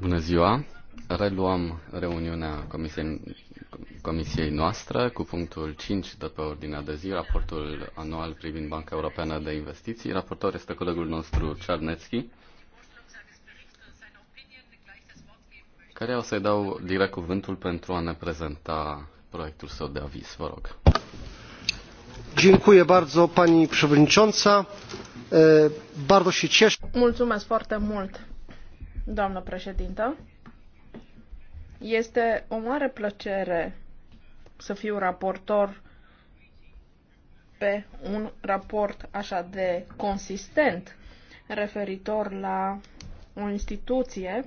Bună ziua. Reluăm reuniunea comisiei, comisiei noastre cu punctul 5 de pe ordinea de zi, raportul anual privind Banca Europeană de Investiții. Raportor este colegul nostru Cernețchi. care o să-i dau direct cuvântul pentru a ne prezenta proiectul său de aviz. Vă rog. Dziękuję bardzo pani przewodnicząca. Bardzo się cieszę. Mulțumesc foarte mult, doamnă președintă. Este o mare plăcere să fiu raportor pe un raport așa de consistent referitor la o instituție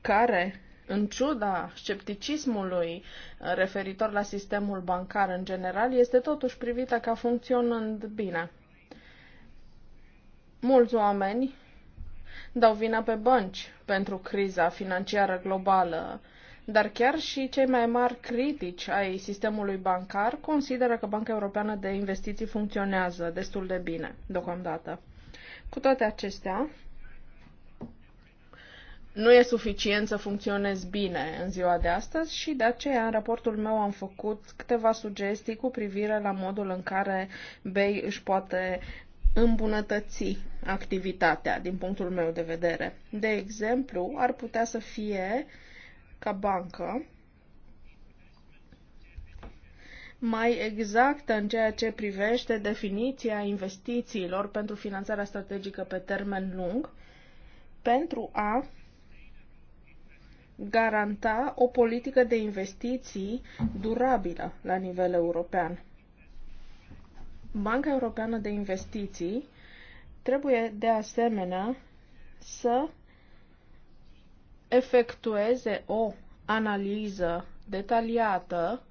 care în ciuda scepticismului uh, referitor la sistemul bancar în general, este totuși privită ca funcționând bine. Mulți oameni dau vina pe bănci pentru criza financiară globală, dar chiar și cei mai mari critici ai sistemului bancar consideră că Banca Europeană de Investiții funcționează destul de bine deocamdată. Cu toate acestea, nu e suficient să funcționez bine în ziua de astăzi și de aceea în raportul meu am făcut câteva sugestii cu privire la modul în care Bay își poate îmbunătăți activitatea din punctul meu de vedere. De exemplu, ar putea să fie ca bancă mai exactă în ceea ce privește definiția investițiilor pentru finanțarea strategică pe termen lung, pentru a garanta o politică de investiții durabilă la nivel european. Banca Europeană de Investiții trebuie de asemenea să efectueze o analiză detaliată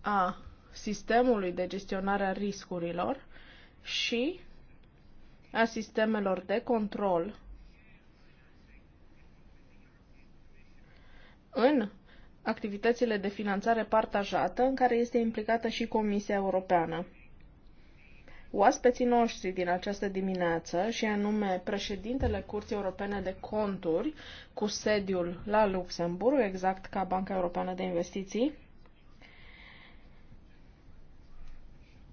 a sistemului de gestionare a riscurilor și a sistemelor de control în activitățile de finanțare partajată în care este implicată și Comisia Europeană. Oaspeții noștri din această dimineață, și anume președintele Curții Europene de Conturi, cu sediul la Luxemburg, exact ca Banca Europeană de Investiții,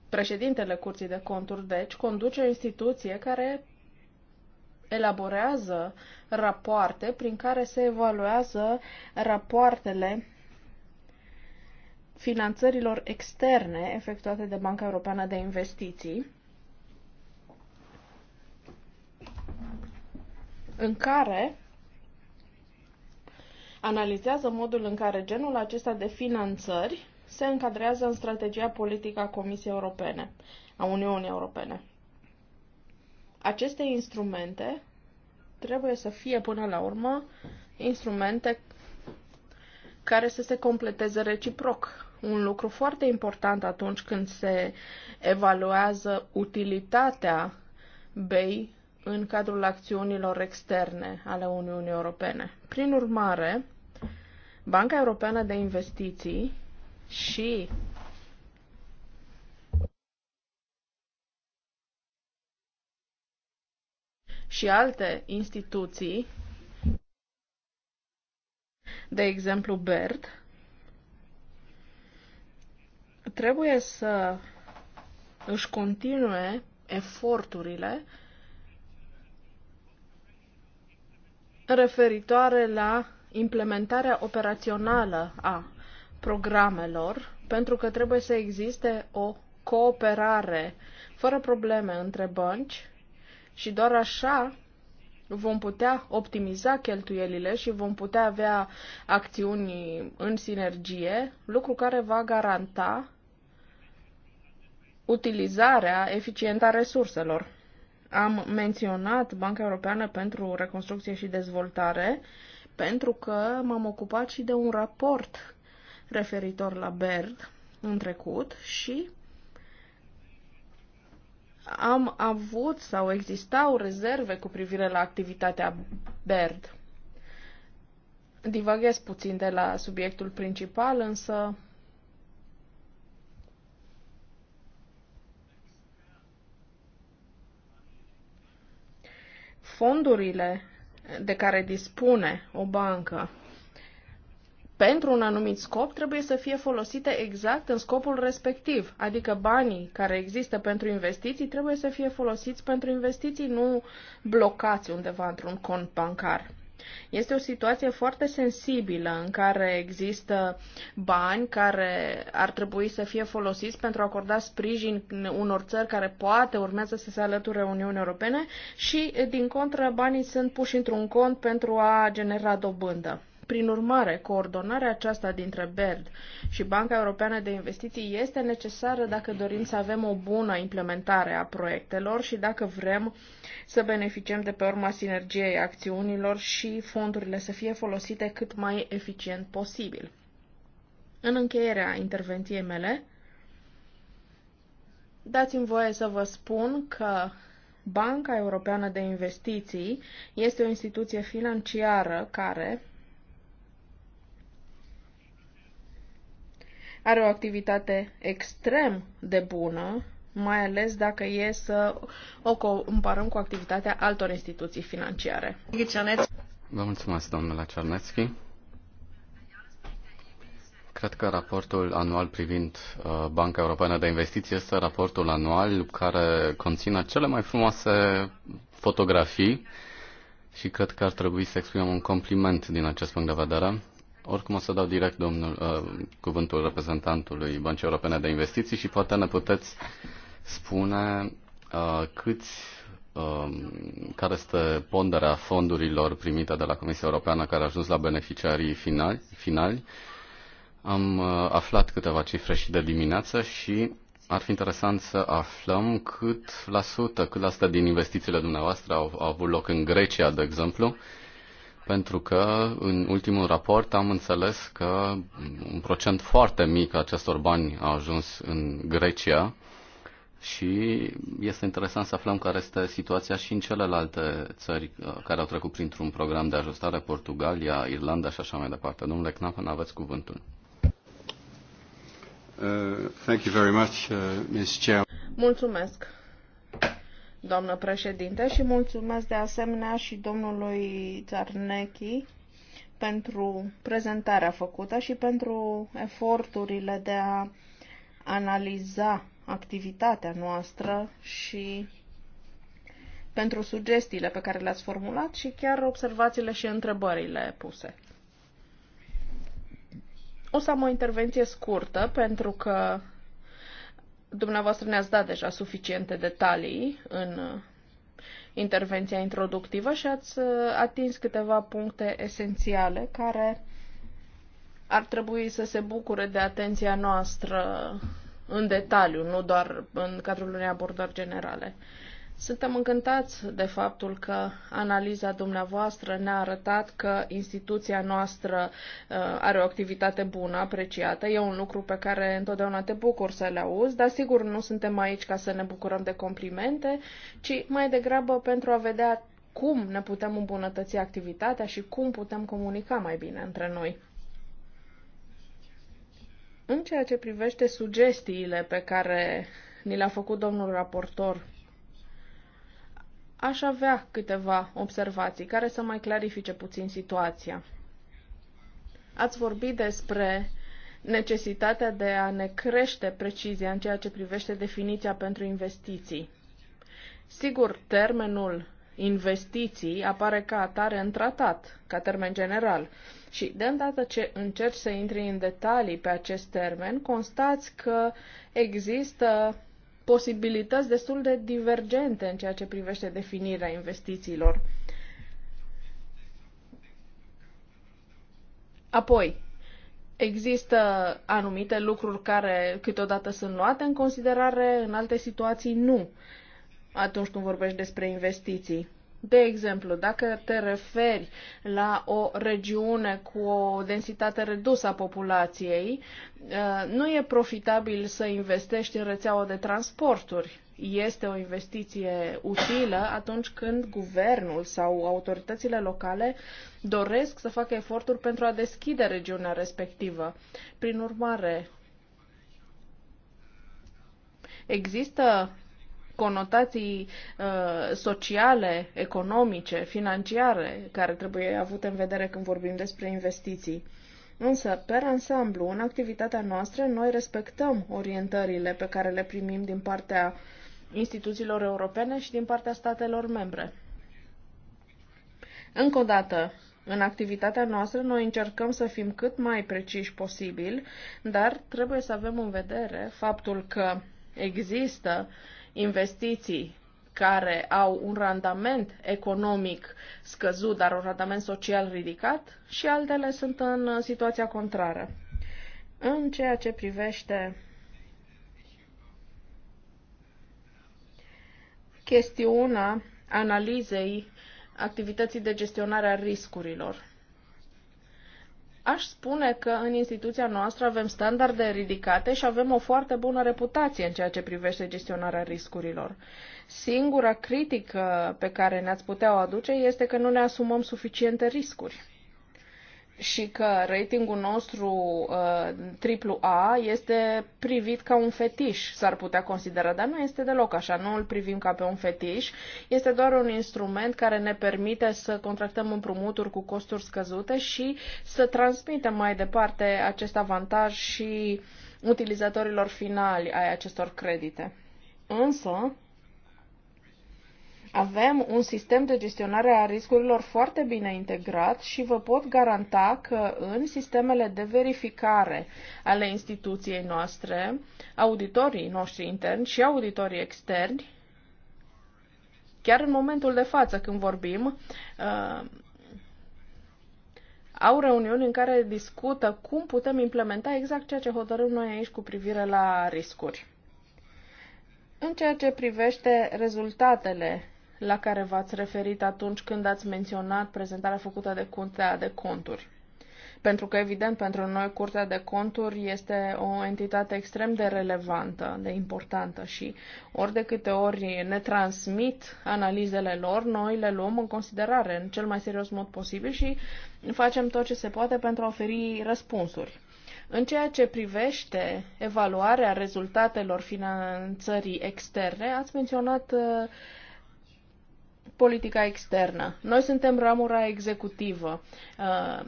președintele Curții de Conturi, deci, conduce o instituție care elaborează rapoarte prin care se evaluează rapoartele finanțărilor externe efectuate de Banca Europeană de Investiții, în care analizează modul în care genul acesta de finanțări se încadrează în strategia politică a Comisiei Europene, a Uniunii Europene. Aceste instrumente trebuie să fie până la urmă instrumente care să se completeze reciproc. Un lucru foarte important atunci când se evaluează utilitatea BEI în cadrul acțiunilor externe ale Uniunii Europene. Prin urmare, Banca Europeană de Investiții și și alte instituții, de exemplu BERD, trebuie să își continue eforturile referitoare la implementarea operațională a programelor, pentru că trebuie să existe o cooperare fără probleme între bănci și doar așa vom putea optimiza cheltuielile și vom putea avea acțiuni în sinergie, lucru care va garanta utilizarea eficientă a resurselor. Am menționat Banca Europeană pentru Reconstrucție și Dezvoltare pentru că m-am ocupat și de un raport referitor la BERD în trecut și am avut sau existau rezerve cu privire la activitatea BERD. Divaghez puțin de la subiectul principal, însă fondurile de care dispune o bancă pentru un anumit scop trebuie să fie folosite exact în scopul respectiv, adică banii care există pentru investiții trebuie să fie folosiți pentru investiții, nu blocați undeva într-un cont bancar. Este o situație foarte sensibilă în care există bani care ar trebui să fie folosiți pentru a acorda sprijin unor țări care poate urmează să se alăture Uniunii Europene și, din contră, banii sunt puși într-un cont pentru a genera dobândă. Prin urmare, coordonarea aceasta dintre BERD și Banca Europeană de Investiții este necesară dacă dorim să avem o bună implementare a proiectelor și dacă vrem să beneficiem de pe urma sinergiei acțiunilor și fondurile să fie folosite cât mai eficient posibil. În încheierea intervenției mele, dați-mi voie să vă spun că Banca Europeană de Investiții este o instituție financiară care Are o activitate extrem de bună, mai ales dacă e să o comparăm cu activitatea altor instituții financiare. Vă mulțumesc, domnule Cernețchi. Cred că raportul anual privind uh, Banca Europeană de Investiții este raportul anual care conține cele mai frumoase fotografii și cred că ar trebui să exprimăm un compliment din acest punct de vedere oricum o să dau direct domnul, uh, cuvântul reprezentantului Băncii Europene de Investiții și poate ne puteți spune uh, câți, uh, care este ponderea fondurilor primite de la Comisia Europeană care a ajuns la beneficiarii finali, finali. Am uh, aflat câteva cifre și de dimineață și ar fi interesant să aflăm cât la sută, cât la sută din investițiile dumneavoastră au, au avut loc în Grecia, de exemplu, uh, pentru că în ultimul raport am înțeles că un procent foarte mic acestor bani a ajuns în Grecia și este interesant să aflăm care este situația și în celelalte țări uh, care au trecut printr-un program de ajustare, Portugalia, Irlanda și așa mai departe. Domnule Knappen, aveți cuvântul. Uh, thank you very much, uh, Ms. Chair. Mulțumesc, doamnă președinte, și mulțumesc de asemenea și domnului Tarnechi pentru prezentarea făcută și pentru eforturile de a analiza activitatea noastră și pentru sugestiile pe care le-ați formulat și chiar observațiile și întrebările puse. O să am o intervenție scurtă pentru că Dumneavoastră ne-ați dat deja suficiente detalii în uh, intervenția introductivă și ați uh, atins câteva puncte esențiale care ar trebui să se bucure de atenția noastră în detaliu, nu doar în cadrul unei abordări generale. Suntem încântați de faptul că analiza dumneavoastră ne-a arătat că instituția noastră uh, are o activitate bună, apreciată. E un lucru pe care întotdeauna te bucur să le auzi, dar sigur nu suntem aici ca să ne bucurăm de complimente, ci mai degrabă pentru a vedea cum ne putem îmbunătăți activitatea și cum putem comunica mai bine între noi. În ceea ce privește sugestiile pe care ni le-a făcut domnul raportor Aș avea câteva observații care să mai clarifice puțin situația. Ați vorbit despre necesitatea de a ne crește precizia în ceea ce privește definiția pentru investiții. Sigur, termenul investiții apare ca atare în tratat, ca termen general. Și de îndată ce încerci să intri în detalii pe acest termen, constați că există posibilități destul de divergente în ceea ce privește definirea investițiilor. Apoi, există anumite lucruri care câteodată sunt luate în considerare, în alte situații nu, atunci când vorbești despre investiții. De exemplu, dacă te referi la o regiune cu o densitate redusă a populației, uh, nu e profitabil să investești în rețeaua de transporturi. Este o investiție utilă atunci când guvernul sau autoritățile locale doresc să facă eforturi pentru a deschide regiunea respectivă. Prin urmare, există conotații uh, sociale, economice, financiare care trebuie avute în vedere când vorbim despre investiții. Însă, per ansamblu, în activitatea noastră, noi respectăm orientările pe care le primim din partea instituțiilor europene și din partea statelor membre. Încă o dată, în activitatea noastră, noi încercăm să fim cât mai preciși posibil, dar trebuie să avem în vedere faptul că există uh, investiții care au un randament economic scăzut, dar un randament social ridicat, și altele sunt în situația contrară. În ceea ce privește chestiunea analizei activității de gestionare a riscurilor. Aș spune că în instituția noastră avem standarde ridicate și avem o foarte bună reputație în ceea ce privește gestionarea riscurilor. Singura critică pe care ne-ați putea o aduce este că nu ne asumăm suficiente riscuri și că ratingul nostru uh, AAA este privit ca un fetiș, s-ar putea considera, dar nu este deloc așa, nu îl privim ca pe un fetiș, este doar un instrument care ne permite să contractăm împrumuturi cu costuri scăzute și să transmitem mai departe acest avantaj și utilizatorilor finali ai acestor credite. Însă, avem un sistem de gestionare a riscurilor foarte bine integrat și vă pot garanta că în sistemele de verificare ale instituției noastre, auditorii noștri interni și auditorii externi, chiar în momentul de față când vorbim, uh, au reuniuni în care discută cum putem implementa exact ceea ce hotărâm noi aici cu privire la riscuri. În ceea ce privește rezultatele la care v-ați referit atunci când ați menționat prezentarea făcută de Curtea de Conturi. Pentru că, evident, pentru noi Curtea de Conturi este o entitate extrem de relevantă, de importantă și ori de câte ori ne transmit analizele lor, noi le luăm în considerare în cel mai serios mod posibil și facem tot ce se poate pentru a oferi răspunsuri. În ceea ce privește evaluarea rezultatelor finanțării externe, ați menționat uh, politica externă. Noi suntem ramura executivă. Uh,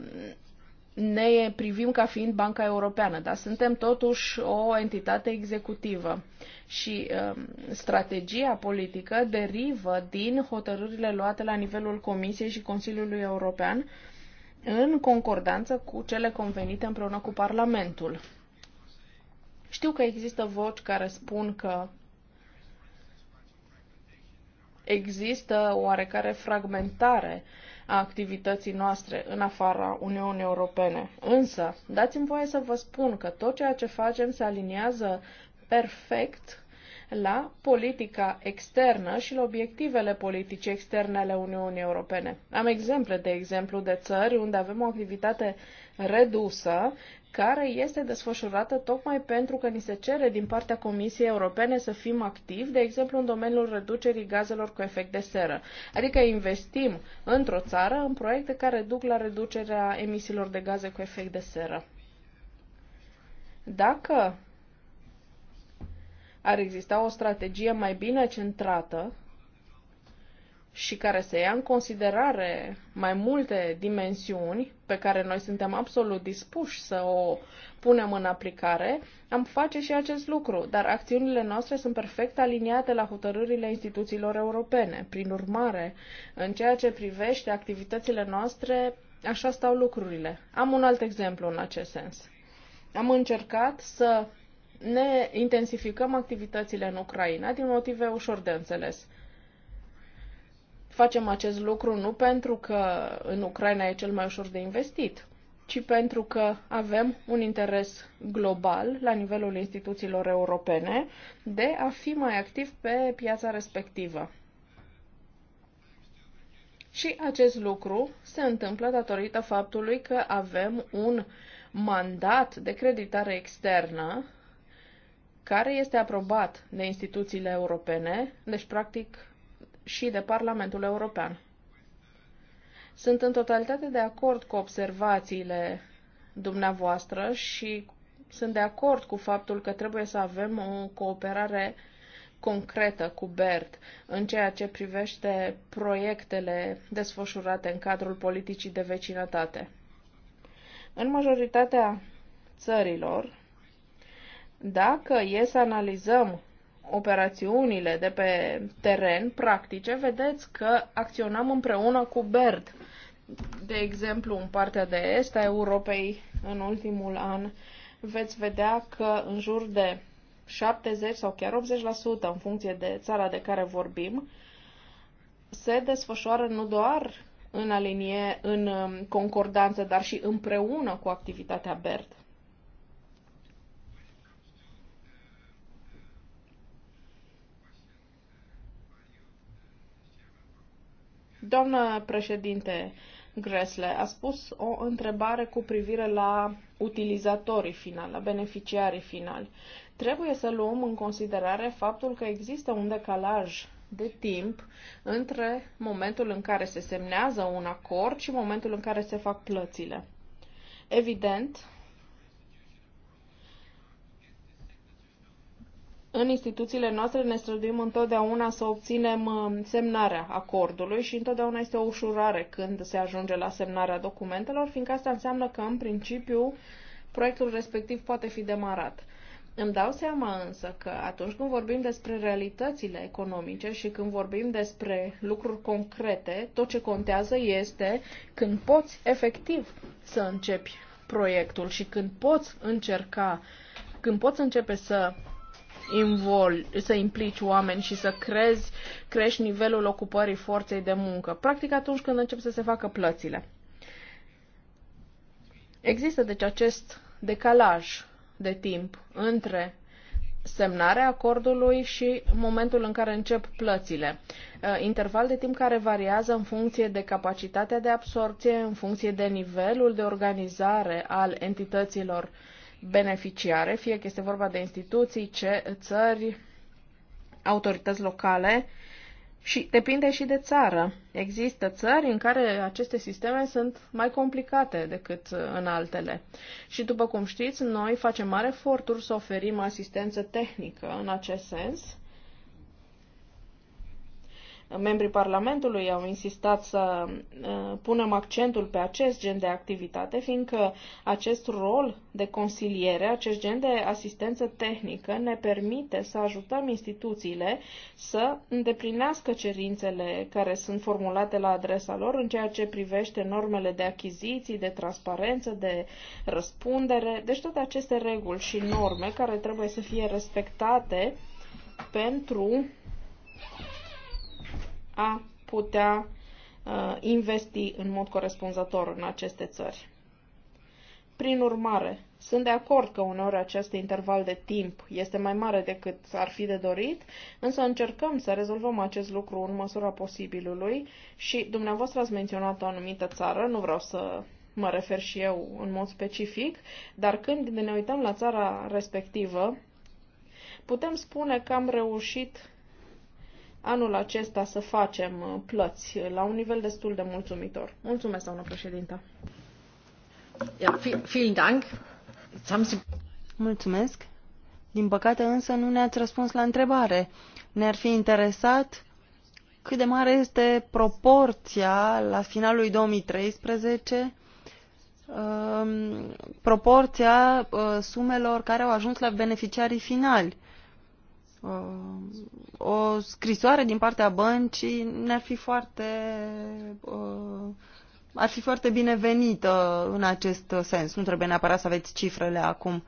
ne privim ca fiind Banca Europeană, dar suntem totuși o entitate executivă și um, strategia politică derivă din hotărârile luate la nivelul Comisiei și Consiliului European în concordanță cu cele convenite împreună cu Parlamentul. Știu că există voci care spun că Există oarecare fragmentare a activității noastre în afara Uniunii Europene. Însă, dați-mi voie să vă spun că tot ceea ce facem se aliniază perfect la politica externă și la obiectivele politice externe ale Uniunii Europene. Am exemple, de exemplu, de țări unde avem o activitate redusă, care este desfășurată tocmai pentru că ni se cere din partea Comisiei Europene să fim activi, de exemplu în domeniul reducerii gazelor cu efect de seră. Adică investim într-o țară în proiecte care duc la reducerea emisiilor de gaze cu efect de seră. Dacă ar exista o strategie mai bine centrată, și care să ia în considerare mai multe dimensiuni pe care noi suntem absolut dispuși să o punem în aplicare, am face și acest lucru, dar acțiunile noastre sunt perfect aliniate la hotărârile instituțiilor europene. Prin urmare, în ceea ce privește activitățile noastre, așa stau lucrurile. Am un alt exemplu în acest sens. Am încercat să ne intensificăm activitățile în Ucraina din motive ușor de înțeles. Facem acest lucru nu pentru că în Ucraina e cel mai ușor de investit, ci pentru că avem un interes global la nivelul instituțiilor europene de a fi mai activ pe piața respectivă. Și acest lucru se întâmplă datorită faptului că avem un mandat de creditare externă care este aprobat de instituțiile europene, deci practic și de Parlamentul European. Sunt în totalitate de acord cu observațiile dumneavoastră și sunt de acord cu faptul că trebuie să avem o cooperare concretă cu BERT în ceea ce privește proiectele desfășurate în cadrul politicii de vecinătate. În majoritatea țărilor, dacă e să analizăm operațiunile de pe teren practice, vedeți că acționam împreună cu BERD. De exemplu, în partea de est a Europei, în ultimul an, veți vedea că în jur de 70 sau chiar 80% în funcție de țara de care vorbim, se desfășoară nu doar în alinie, în um, concordanță, dar și împreună cu activitatea BERD. Doamnă președinte Gresle, a spus o întrebare cu privire la utilizatorii finali, la beneficiarii finali. Trebuie să luăm în considerare faptul că există un decalaj de timp între momentul în care se semnează un acord și momentul în care se fac plățile. Evident, În instituțiile noastre ne străduim întotdeauna să obținem um, semnarea acordului și întotdeauna este o ușurare când se ajunge la semnarea documentelor, fiindcă asta înseamnă că, în principiu, proiectul respectiv poate fi demarat. Îmi dau seama însă că atunci când vorbim despre realitățile economice și când vorbim despre lucruri concrete, tot ce contează este când poți efectiv să începi proiectul și când poți încerca, când poți începe să invol, să implici oameni și să crezi, crești nivelul ocupării forței de muncă. Practic atunci când încep să se facă plățile. Există deci acest decalaj de timp între semnarea acordului și momentul în care încep plățile. Uh, interval de timp care variază în funcție de capacitatea de absorție, în funcție de nivelul de organizare al entităților beneficiare, fie că este vorba de instituții, ce, țări, autorități locale și depinde și de țară. Există țări în care aceste sisteme sunt mai complicate decât uh, în altele. Și după cum știți, noi facem mare eforturi să oferim asistență tehnică în acest sens membrii Parlamentului au insistat să uh, punem accentul pe acest gen de activitate, fiindcă acest rol de consiliere, acest gen de asistență tehnică ne permite să ajutăm instituțiile să îndeplinească cerințele care sunt formulate la adresa lor în ceea ce privește normele de achiziții, de transparență, de răspundere, deci toate aceste reguli și norme care trebuie să fie respectate pentru a putea uh, investi în mod corespunzător în aceste țări. Prin urmare, sunt de acord că uneori acest interval de timp este mai mare decât ar fi de dorit, însă încercăm să rezolvăm acest lucru în măsura posibilului și dumneavoastră ați menționat o anumită țară, nu vreau să mă refer și eu în mod specific, dar când ne uităm la țara respectivă, putem spune că am reușit anul acesta să facem uh, plăți la un nivel destul de mulțumitor. Mulțumesc, doamnă președintă. Mulțumesc. Din păcate însă nu ne-ați răspuns la întrebare. Ne-ar fi interesat cât de mare este proporția la finalul 2013 um, proporția uh, sumelor care au ajuns la beneficiarii finali Uh, o scrisoare din partea băncii ne-ar fi foarte uh, ar fi foarte binevenită în acest sens. Nu trebuie neapărat să aveți cifrele acum.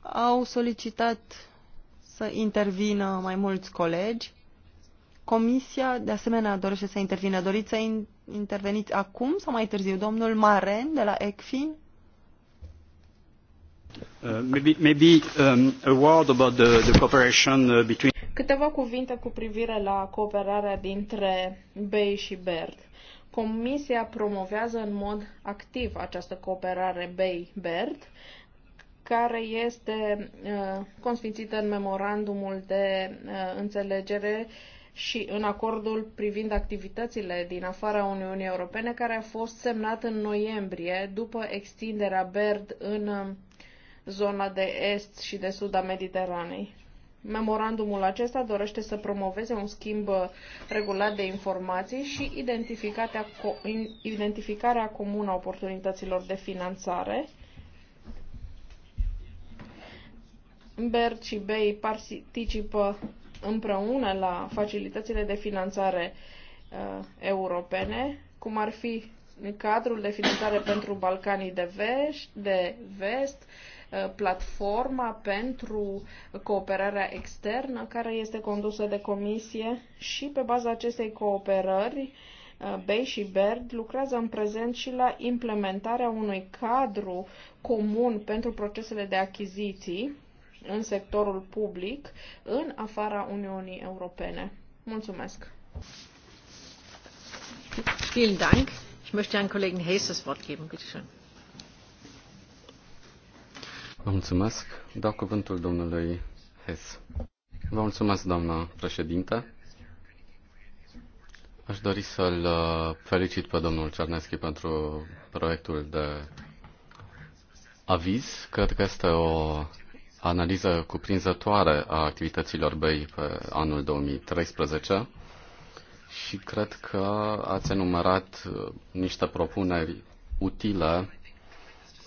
Au solicitat să intervină mai mulți colegi. Comisia, de asemenea, dorește să intervină. Doriți să interveniți acum sau mai târziu? Domnul Maren de la ECFIN? Câteva cuvinte cu privire la cooperarea dintre BEI și BERD. Comisia promovează în mod activ această cooperare BEI-BERD, care este uh, consfințită în memorandumul de uh, înțelegere și în acordul privind activitățile din afara Uniunii Europene, care a fost semnat în noiembrie după extinderea BERD în um, zona de est și de sud a Mediteranei. Memorandumul acesta dorește să promoveze un schimb uh, regulat de informații și identificarea comună a oportunităților de finanțare. BERT și BEI participă împreună la facilitățile de finanțare uh, europene, cum ar fi cadrul de finanțare pentru Balcanii de Vest, de vest Uh, platforma pentru cooperarea externă care este condusă de comisie și pe baza acestei cooperări uh, Bay și Baird lucrează în prezent și la implementarea unui cadru comun pentru procesele de achiziții în sectorul public în afara Uniunii Europene. Mulțumesc! Vielen Dank. Ich möchte Herrn Kollegen Hayes das Wort geben. Bitte schön. Vă mulțumesc. Dau cuvântul domnului Hess. Vă mulțumesc, doamna președinte. Aș dori să-l uh, felicit pe domnul Cerneschi pentru proiectul de aviz. Cred că este o analiză cuprinzătoare a activităților BEI pe anul 2013 și cred că ați enumerat uh, niște propuneri utile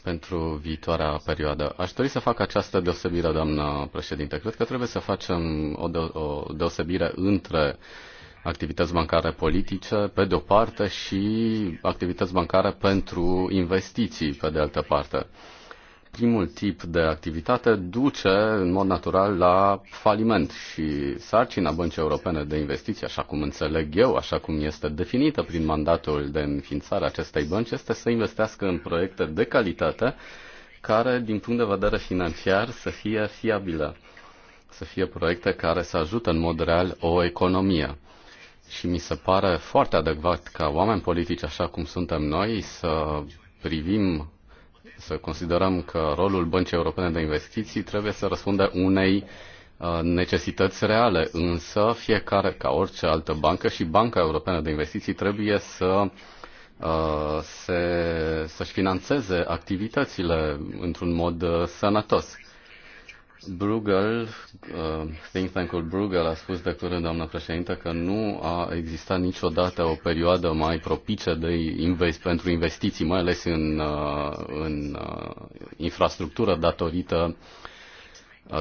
pentru viitoarea perioadă. Aș dori să fac această deosebire, doamnă președinte. Cred că trebuie să facem o, de- o deosebire între activități bancare politice, pe de o parte, și activități bancare pentru investiții, pe de altă parte primul tip de activitate duce în mod natural la faliment și sarcina Băncii Europene de Investiții, așa cum înțeleg eu, așa cum este definită prin mandatul de înființare acestei bănci, este să investească în proiecte de calitate care, din punct de vedere financiar, să fie fiabile, să fie proiecte care să ajute în mod real o economie. Și mi se pare foarte adecvat ca oameni politici, așa cum suntem noi, să privim să considerăm că rolul Băncii Europene de Investiții trebuie să răspundă unei uh, necesități reale, însă fiecare, ca orice altă bancă și Banca Europeană de Investiții trebuie să uh, se, să-și financeze activitățile într-un mod uh, sănătos. Bruegel, uh, think tank-ul Bruegel a spus de curând, doamna președintă, că nu a existat niciodată o perioadă mai propice de invest, pentru investiții, mai ales în, uh, în uh, infrastructură datorită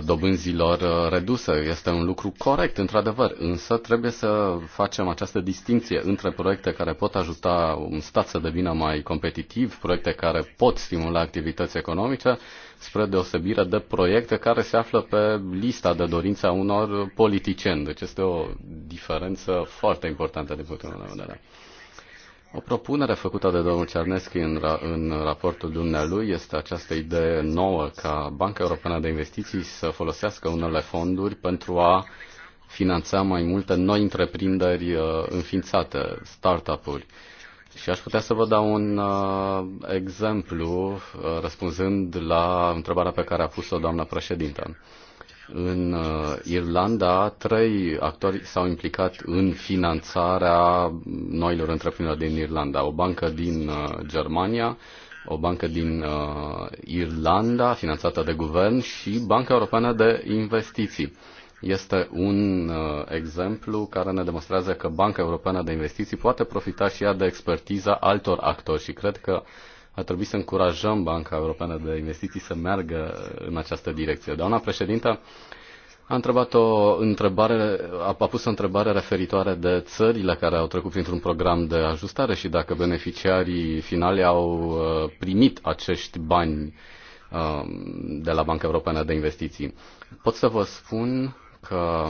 dobânzilor reduse. Este un lucru corect, într-adevăr, însă trebuie să facem această distinție între proiecte care pot ajuta un stat să devină mai competitiv, proiecte care pot stimula activități economice, spre deosebire de proiecte care se află pe lista de dorință a unor politicieni. Deci este o diferență foarte importantă din punctul meu de vedere. O propunere făcută de domnul Cernescu în, ra- în raportul dumnealui este această idee nouă ca Banca Europeană de Investiții să folosească unele fonduri pentru a finanța mai multe noi întreprinderi uh, înființate, up uri Uh, și aș putea să vă dau un uh, exemplu uh, răspunzând la întrebarea pe care a pus-o doamna președintă. În uh, Irlanda, trei actori s-au implicat în finanțarea noilor întreprinderi din Irlanda. O bancă din uh, Germania, o bancă din uh, Irlanda, finanțată de guvern, și Banca Europeană de Investiții. Uh, este un uh, exemplu care ne demonstrează că Banca Europeană de Investiții poate profita și ea de expertiza altor actori și cred că ar trebui să încurajăm Banca Europeană de Investiții să meargă în această direcție. Doamna președintă, a întrebat o întrebare, a pus o întrebare referitoare de țările care au trecut printr-un program de ajustare și dacă beneficiarii finale au uh, primit acești bani uh, de la Banca Europeană de Investiții. Pot să vă spun că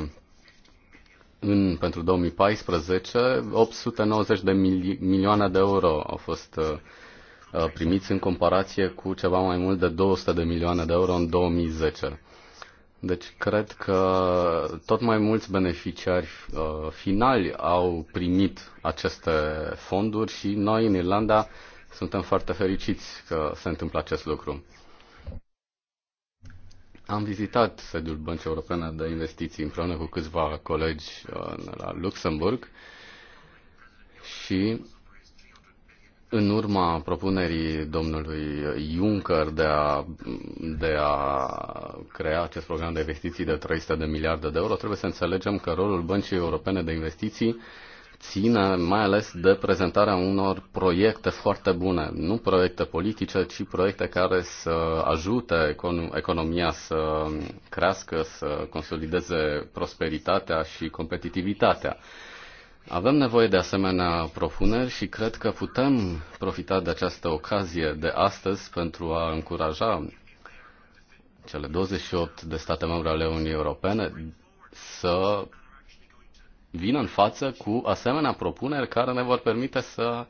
în, pentru 2014 890 de mili- milioane de euro au fost uh, uh, primiți în comparație cu ceva mai mult de 200 de milioane de euro în 2010. Deci cred că tot mai mulți beneficiari uh, finali au primit aceste fonduri și noi în Irlanda suntem foarte fericiți că se întâmplă acest lucru. Am vizitat sediul Băncii Europene de Investiții împreună cu câțiva colegi uh, la Luxemburg și în urma propunerii domnului Juncker de a, de a crea acest program de investiții de 300 de miliarde de euro, trebuie să înțelegem că rolul Băncii Europene de Investiții ține mai ales de prezentarea unor proiecte foarte bune, nu proiecte politice, ci proiecte care să ajute economia să crească, să consolideze prosperitatea și competitivitatea. Avem nevoie de asemenea propuneri și cred că putem profita de această ocazie de astăzi pentru a încuraja cele 28 de state membre ale Uniunii Europene să vin în față cu asemenea propuneri care ne vor permite să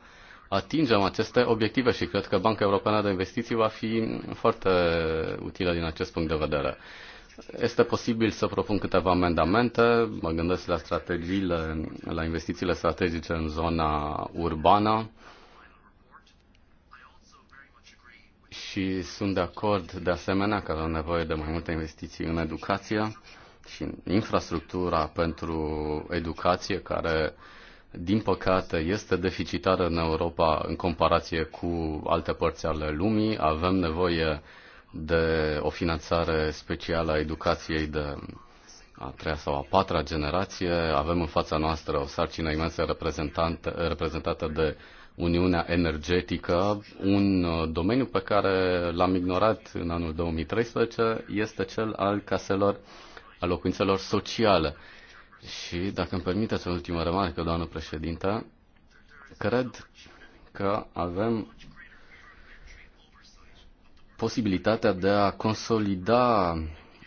atingem aceste obiective și cred că Banca Europeană de Investiții va fi foarte utilă din acest punct de vedere. Este posibil să propun câteva amendamente, mă gândesc la strategiile, la investițiile strategice în zona urbană și sunt de acord de asemenea că avem nevoie de mai multe investiții în educație și infrastructura pentru educație care din păcate, este deficitară în Europa în comparație cu alte părți ale lumii. Avem nevoie de o finanțare specială a educației de a treia sau a patra generație. Avem în fața noastră o sarcină imensă reprezentată de Uniunea Energetică, un domeniu pe care l-am ignorat în anul 2013, este cel al caselor a locuințelor sociale. Și, dacă îmi permiteți o ultimă remarcă, doamnă președintă, cred că avem posibilitatea de a consolida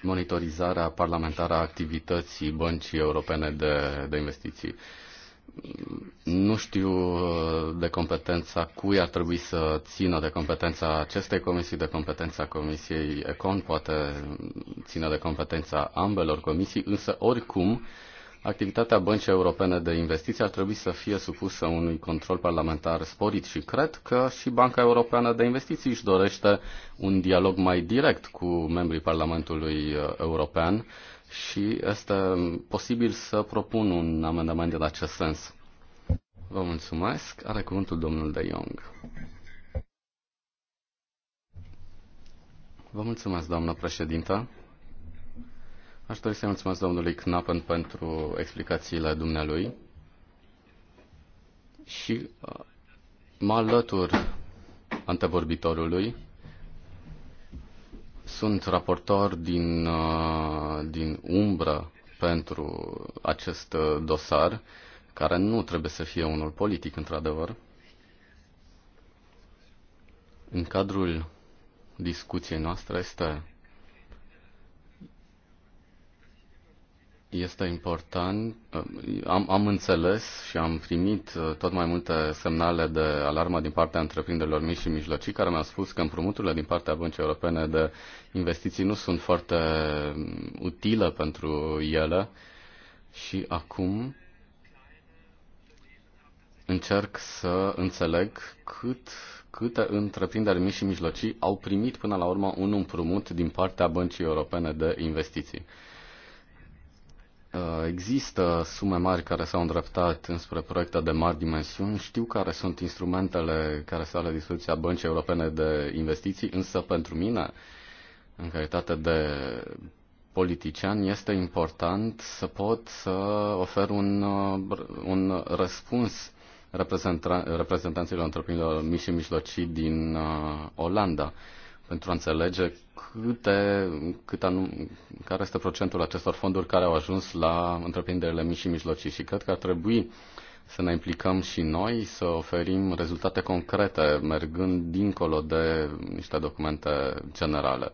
monitorizarea parlamentară a activității Băncii Europene de, de Investiții. Nu știu uh, de competența cui ar trebui să țină de competența acestei comisii, de competența comisiei Econ, poate ține de competența ambelor comisii, însă oricum activitatea Băncii Europene de Investiții ar trebui să fie supusă unui control parlamentar sporit și cred că și Banca Europeană de Investiții își dorește un dialog mai direct cu membrii Parlamentului uh, European și este posibil să propun un amendament în acest sens. Vă mulțumesc. Are cuvântul domnul De Jong. Vă mulțumesc, doamnă președintă. Aș dori să-i mulțumesc domnului Knappen pentru explicațiile dumnealui. Și uh, mă alătur antevorbitorului sunt raportor din, uh, din umbră pentru acest uh, dosar, care nu trebuie să fie unul politic, într-adevăr. În cadrul discuției noastre este este important. Uh, am, am înțeles și am primit uh, tot mai multe semnale de alarmă din partea întreprinderilor mici și mijlocii care mi-au spus că împrumuturile din partea Băncii Europene de Investiții nu sunt foarte um, utile pentru ele și acum încerc să înțeleg cât, câte întreprinderi mici și mijlocii au primit până la urmă un împrumut din partea Băncii Europene de Investiții. Uh, există sume mari care s-au îndreptat înspre proiecte de mari dimensiuni. Știu care sunt instrumentele care s au la dispoziția Băncii Europene de Investiții, însă pentru mine, în calitate de politician, este important să pot să ofer un, uh, un răspuns reprezentanților întreprinderilor mici și mijlocii din uh, Olanda. Uh, pentru a înțelege câte, cât anum, care este procentul acestor fonduri care au ajuns la întreprinderile mici și mijlocii. Și cred că ar trebui să ne implicăm și noi, să oferim rezultate concrete, mergând dincolo de niște documente generale.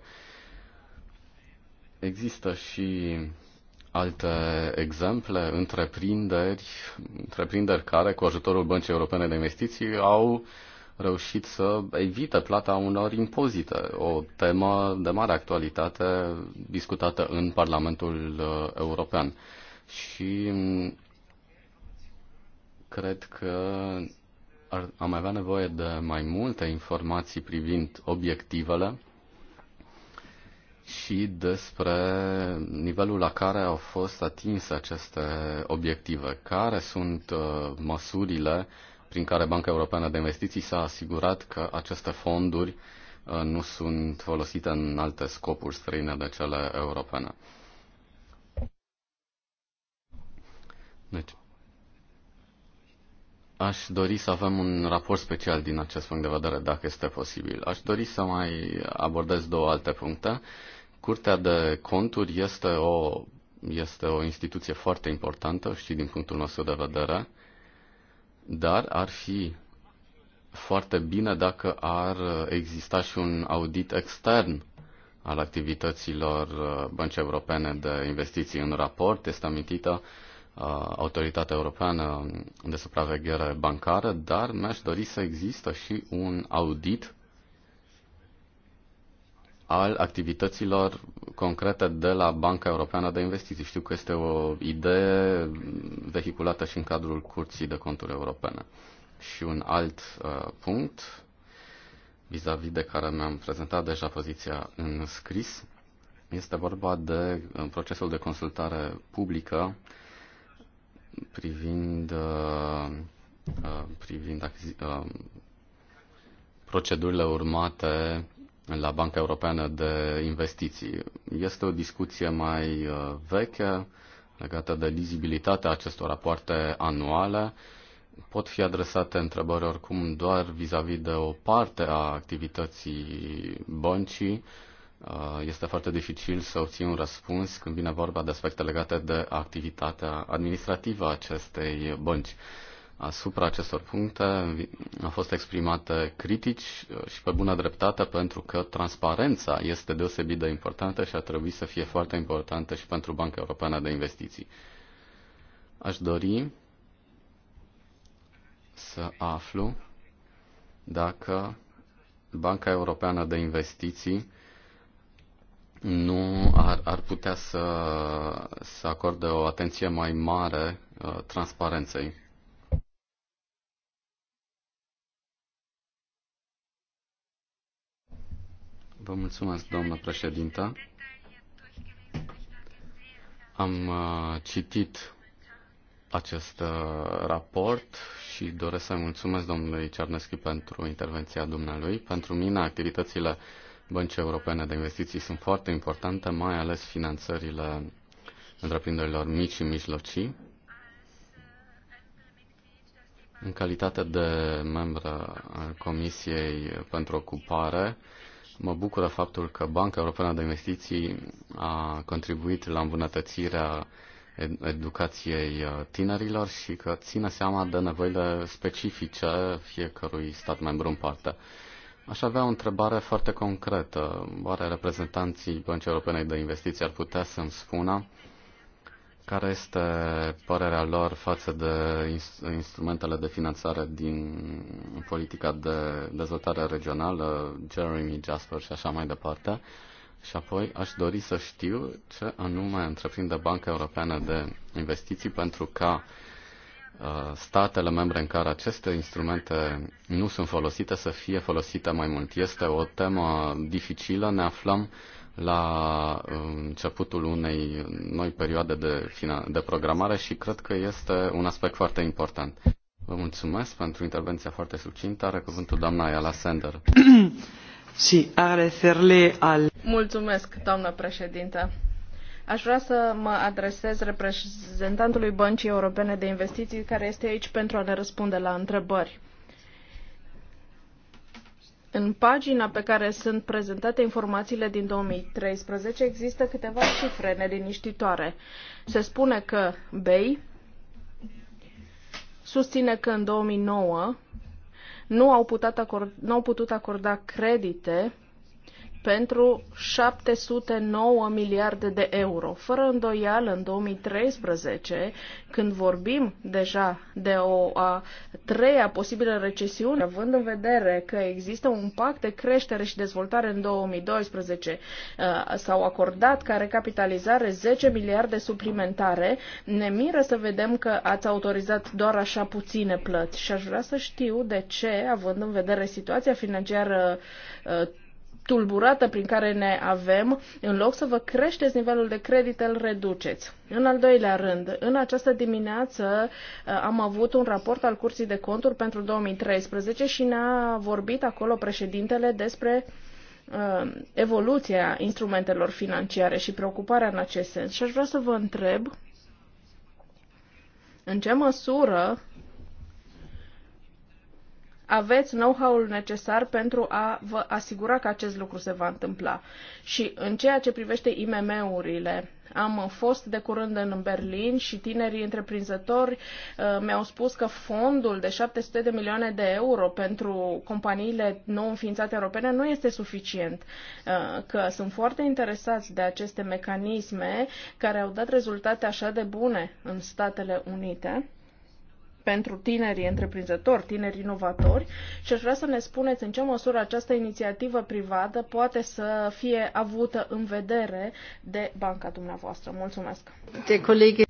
Există și alte exemple, întreprinderi, întreprinderi care, cu ajutorul Băncii Europene de Investiții, au uh, reușit să evite plata unor impozite, o temă de mare actualitate discutată în Parlamentul uh, European. Și mm, cred că ar, am avea nevoie de mai multe informații privind obiectivele și despre nivelul la care au fost atinse aceste obiective, care sunt uh, măsurile prin care Banca Europeană de Investiții s-a asigurat că aceste fonduri uh, nu sunt folosite în alte scopuri străine de cele europene. Deci, aș dori să avem un raport special din acest punct de vedere, dacă este posibil. Aș dori să mai abordez două alte puncte. Curtea de conturi este o, este o instituție foarte importantă și din punctul nostru de vedere dar ar fi foarte bine dacă ar exista și un audit extern al activităților uh, Băncii Europene de Investiții în raport. Este amintită uh, Autoritatea Europeană de Supraveghere Bancară, dar mi-aș dori să există și un audit al activităților concrete de la Banca Europeană de Investiții. Știu că este o idee vehiculată și în cadrul Curții de Conturi Europene. Și un alt uh, punct vis-a-vis -vis de care mi-am prezentat deja poziția în scris este vorba de uh, procesul de consultare publică privind, uh, uh, privind uh, procedurile urmate la Banca Europeană de Investiții. Este o discuție mai uh, veche legată de lizibilitatea acestor rapoarte anuale. Pot fi adresate întrebări oricum doar vis-a-vis -vis de o parte a activității băncii. Uh, este foarte dificil să obții un răspuns când vine vorba de aspecte legate de activitatea administrativă a acestei bănci. Asupra acestor puncte au fost exprimate critici uh, și pe bună dreptate pentru că transparența este deosebit de importantă și ar trebui să fie foarte importantă și pentru Banca Europeană de Investiții. Aș dori să aflu dacă Banca Europeană de Investiții nu ar, ar putea să, să acorde o atenție mai mare uh, transparenței Vă mulțumesc, doamnă președintă. Am uh, citit acest uh, raport și doresc să-i mulțumesc domnului Cernescu pentru intervenția dumnealui. Pentru mine, activitățile băncii europene de investiții sunt foarte importante, mai ales finanțările întreprinderilor mici și mijlocii. În calitate de membră al Comisiei pentru Ocupare, Mă bucură faptul că Banca Europeană de Investiții a contribuit la îmbunătățirea educației uh, tinerilor și că ține seama de nevoile specifice fiecărui stat membru în parte. Aș avea o întrebare foarte concretă. Oare reprezentanții Băncii Europene de Investiții ar putea să-mi spună care este părerea lor față de instrumentele de finanțare din politica de dezvoltare regională, Jeremy Jasper și așa mai departe. Și apoi aș dori să știu ce anume întreprinde Banca Europeană de Investiții pentru ca uh, statele membre în care aceste instrumente nu sunt folosite să fie folosite mai mult. Este o temă dificilă, ne aflăm uh, la um, începutul unei noi perioade de, de programare și cred că este un aspect foarte important. Vă mulțumesc pentru intervenția foarte succintă. Are cuvântul doamna Ayala Sender. și agradecerle al... Mulțumesc, doamnă președintă. Aș vrea să mă adresez reprezentantului Băncii Europene de Investiții, care este aici pentru a ne răspunde la întrebări. În pagina pe care sunt prezentate informațiile din 2013 există câteva cifre neliniștitoare. Se spune că BEI susține că în 2009 nu au putut acorda, nu au putut acorda credite pentru 709 miliarde de euro. Fără îndoială, în 2013, când vorbim deja de o a treia posibilă recesiune, având în vedere că există un pact de creștere și dezvoltare în 2012, uh, s-au acordat ca recapitalizare 10 miliarde suplimentare, ne miră să vedem că ați autorizat doar așa puține plăți și aș vrea să știu de ce, având în vedere situația financiară uh, tulburată prin care ne avem, în loc să vă creșteți nivelul de credit, îl reduceți. În al doilea rând, în această dimineață uh, am avut un raport al Curții de Conturi pentru 2013 și ne-a vorbit acolo președintele despre uh, evoluția instrumentelor financiare și preocuparea în acest sens. Și aș vrea să vă întreb în ce măsură aveți know-how-ul necesar pentru a vă asigura că acest lucru se va întâmpla. Și în ceea ce privește IMM-urile, am fost de curând în Berlin și tinerii întreprinzători uh, mi-au spus că fondul de 700 de milioane de euro pentru companiile nou înființate europene nu este suficient, uh, că sunt foarte interesați de aceste mecanisme care au dat rezultate așa de bune în Statele Unite pentru tinerii întreprinzători, tineri inovatori și aș vrea să ne spuneți în ce măsură această inițiativă privată poate să fie avută în vedere de banca dumneavoastră. Mulțumesc! De colegi.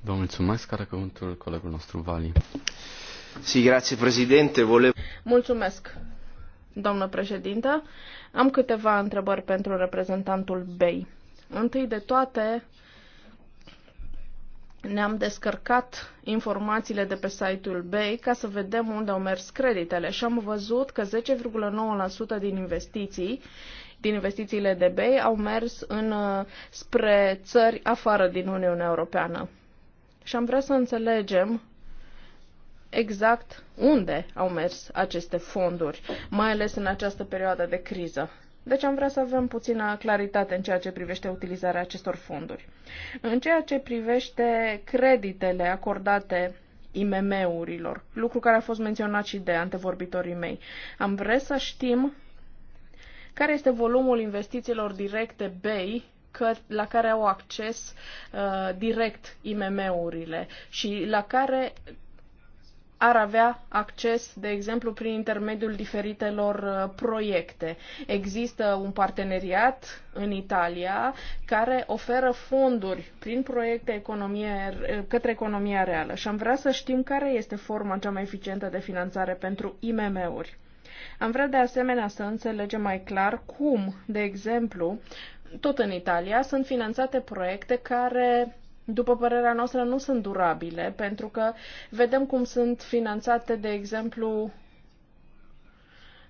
Vă mulțumesc, are cuvântul colegul nostru Vali. Si, grazie, președinte. Vole... Mulțumesc, doamnă președintă. Am câteva întrebări pentru reprezentantul BEI. Întâi de toate, ne-am descărcat informațiile de pe site-ul BEI ca să vedem unde au mers creditele și am văzut că 10,9% din investiții din investițiile de BEI au mers în, uh, spre țări afară din Uniunea Europeană. Și am vrea să înțelegem exact unde au mers aceste fonduri, mai ales în această perioadă de criză. Deci am vrea să avem puțină claritate în ceea ce privește utilizarea acestor fonduri. În ceea ce privește creditele acordate IMM-urilor, lucru care a fost menționat și de antevorbitorii mei, am vrea să știm care este volumul investițiilor directe BEI la care au acces uh, direct IMM-urile și la care ar avea acces, de exemplu, prin intermediul diferitelor uh, proiecte. Există un parteneriat în Italia care oferă fonduri prin proiecte economie, uh, către economia reală și am vrea să știm care este forma cea mai eficientă de finanțare pentru IMM-uri. Am vrea de asemenea să înțelegem mai clar cum, de exemplu, tot în Italia, sunt finanțate proiecte care după părerea noastră, nu sunt durabile, pentru că vedem cum sunt finanțate, de exemplu,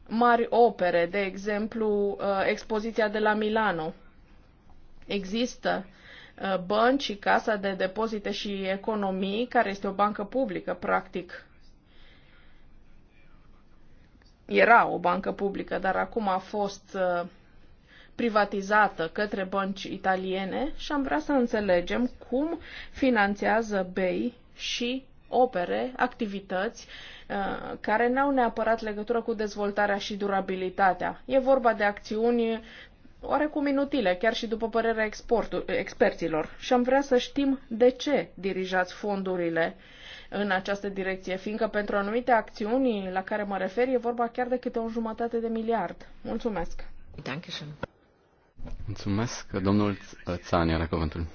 mari opere, de exemplu, uh, expoziția de la Milano. Există uh, bănci Casa de Depozite și Economii, care este o bancă publică, practic. Era o bancă publică, dar acum a fost uh, privatizată către bănci italiene și am vrea să înțelegem cum finanțează BEI și opere, activități uh, care n-au neapărat legătură cu dezvoltarea și durabilitatea. E vorba de acțiuni oarecum inutile, chiar și după părerea experților. Și am vrea să știm de ce dirijați fondurile în această direcție, fiindcă pentru anumite acțiuni la care mă refer e vorba chiar de câte o jumătate de miliard. Mulțumesc! Dankeschön. Mulțumesc, domnul Țani are cuvântul.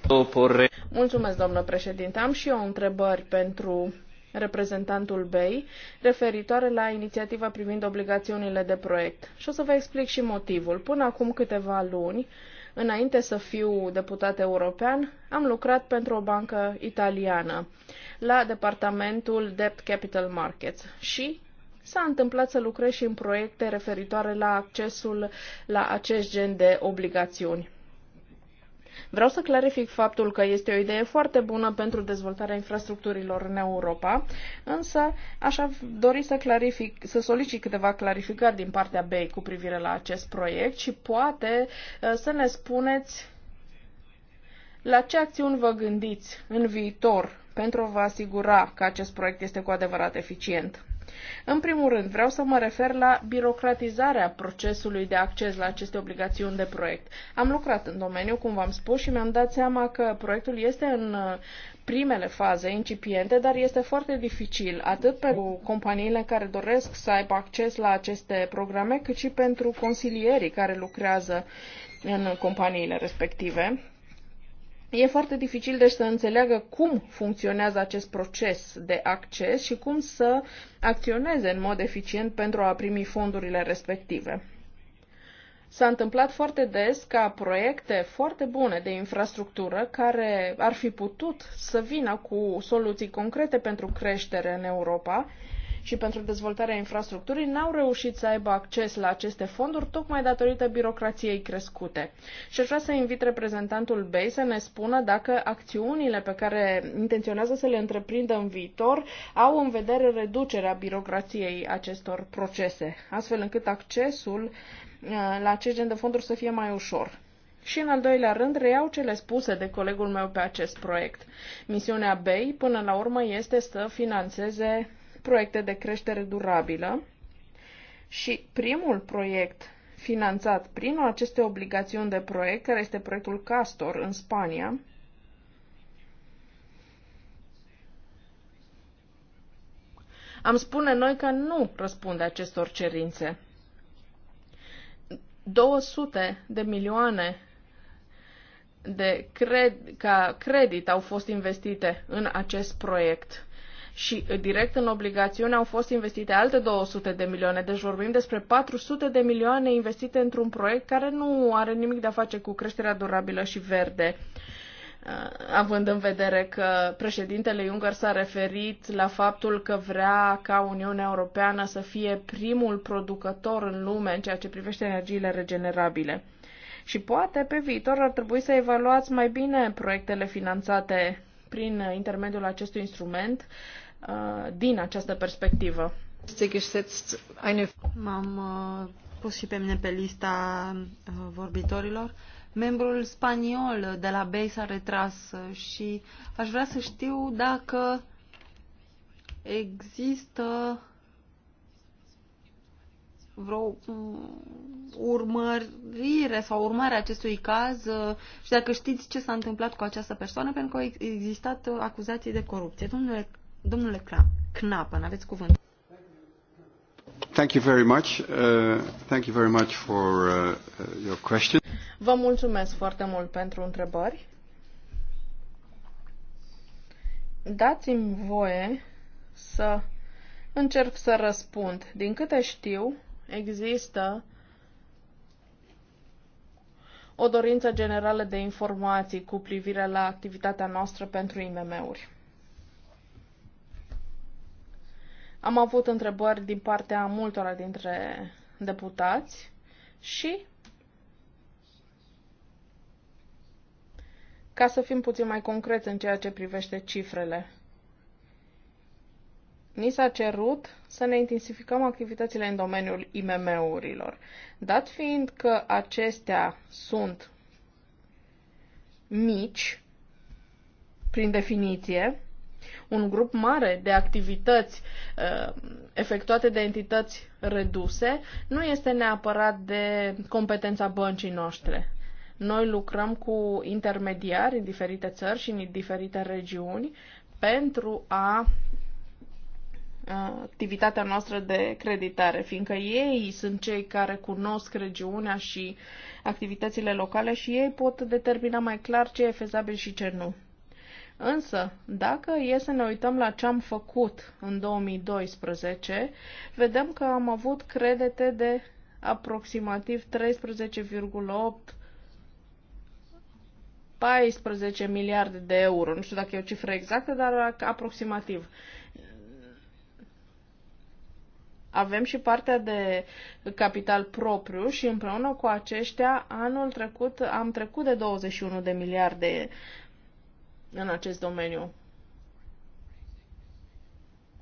Mulțumesc, domnule președinte. Am și eu întrebări pentru reprezentantul BEI, referitoare la inițiativa privind obligațiunile de proiect. Și o să vă explic și motivul. Până acum câteva luni, înainte să fiu deputat european, am lucrat pentru o bancă italiană la departamentul Debt Capital Markets și S-a întâmplat să lucrez și în proiecte referitoare la accesul la acest gen de obligațiuni. Vreau să clarific faptul că este o idee foarte bună pentru dezvoltarea infrastructurilor în Europa, însă aș dori să, clarific, să solicit câteva clarificări din partea BEI cu privire la acest proiect și poate ă, să ne spuneți la ce acțiuni vă gândiți în viitor pentru a vă asigura că acest proiect este cu adevărat eficient. În primul rând, vreau să mă refer la birocratizarea procesului de acces la aceste obligațiuni de proiect. Am lucrat în domeniu, cum v-am spus, și mi-am dat seama că proiectul este în uh, primele faze incipiente, dar este foarte dificil, atât pentru companiile care doresc să aibă acces la aceste programe, cât și pentru consilierii care lucrează în companiile respective E foarte dificil deci să înțeleagă cum funcționează acest proces de acces și cum să acționeze în mod eficient pentru a primi fondurile respective. S-a întâmplat foarte des ca proiecte foarte bune de infrastructură care ar fi putut să vină cu soluții concrete pentru creștere în Europa și pentru dezvoltarea infrastructurii n-au reușit să aibă acces la aceste fonduri tocmai datorită birocrației crescute. Și aș vrea să invit reprezentantul BEI să ne spună dacă acțiunile pe care intenționează să le întreprindă în viitor au în vedere reducerea birocrației acestor procese, astfel încât accesul uh, la acest gen de fonduri să fie mai ușor. Și în al doilea rând, reiau cele spuse de colegul meu pe acest proiect. Misiunea BEI, până la urmă, este să financeze proiecte de creștere durabilă și primul proiect finanțat prin aceste obligațiuni de proiect, care este proiectul Castor în Spania, am spune noi că nu răspunde acestor cerințe. 200 de milioane de cred, ca credit au fost investite în acest proiect și eh, direct în obligațiuni au fost investite alte 200 de milioane. Deci vorbim despre 400 de milioane investite într-un proiect care nu are nimic de a face cu creșterea durabilă și verde eh, având în vedere că președintele Juncker s-a referit la faptul că vrea ca Uniunea Europeană să fie primul producător în lume în ceea ce privește energiile regenerabile. Și poate pe viitor ar trebui să evaluați mai bine proiectele finanțate prin intermediul acestui instrument Uh, din această perspectivă. M-am uh, pus și pe mine pe lista uh, vorbitorilor. Membrul spaniol de la BEI s-a retras și aș vrea să știu dacă există vreo urmărire sau urmare acestui caz și dacă știți ce s-a întâmplat cu această persoană, pentru că au existat acuzații de corupție. Domnule Domnule Knapan, aveți cuvânt. Thank you very much. Uh, thank you very much for uh, uh, your question. Vă mulțumesc foarte mult pentru întrebări. Dați-mi voie să încerc să răspund. Din câte știu, există o dorință generală de informații cu privire la activitatea noastră pentru IMM-uri. Am avut întrebări din partea multora dintre deputați și ca să fim puțin mai concreți în ceea ce privește cifrele. Ni s-a cerut să ne intensificăm activitățile în domeniul IMM-urilor, dat fiind că acestea sunt mici, prin definiție, un grup mare de activități uh, efectuate de entități reduse nu este neapărat de competența băncii noastre. Noi lucrăm cu intermediari în diferite țări și în diferite regiuni pentru a uh, activitatea noastră de creditare, fiindcă ei sunt cei care cunosc regiunea și activitățile locale și ei pot determina mai clar ce e fezabil și ce nu. Însă, dacă e să ne uităm la ce am făcut în 2012, vedem că am avut credite de aproximativ 13,8 14 miliarde de euro. Nu știu dacă e o cifră exactă, dar aproximativ. Avem și partea de capital propriu și împreună cu aceștia, anul trecut am trecut de 21 de miliarde în acest domeniu.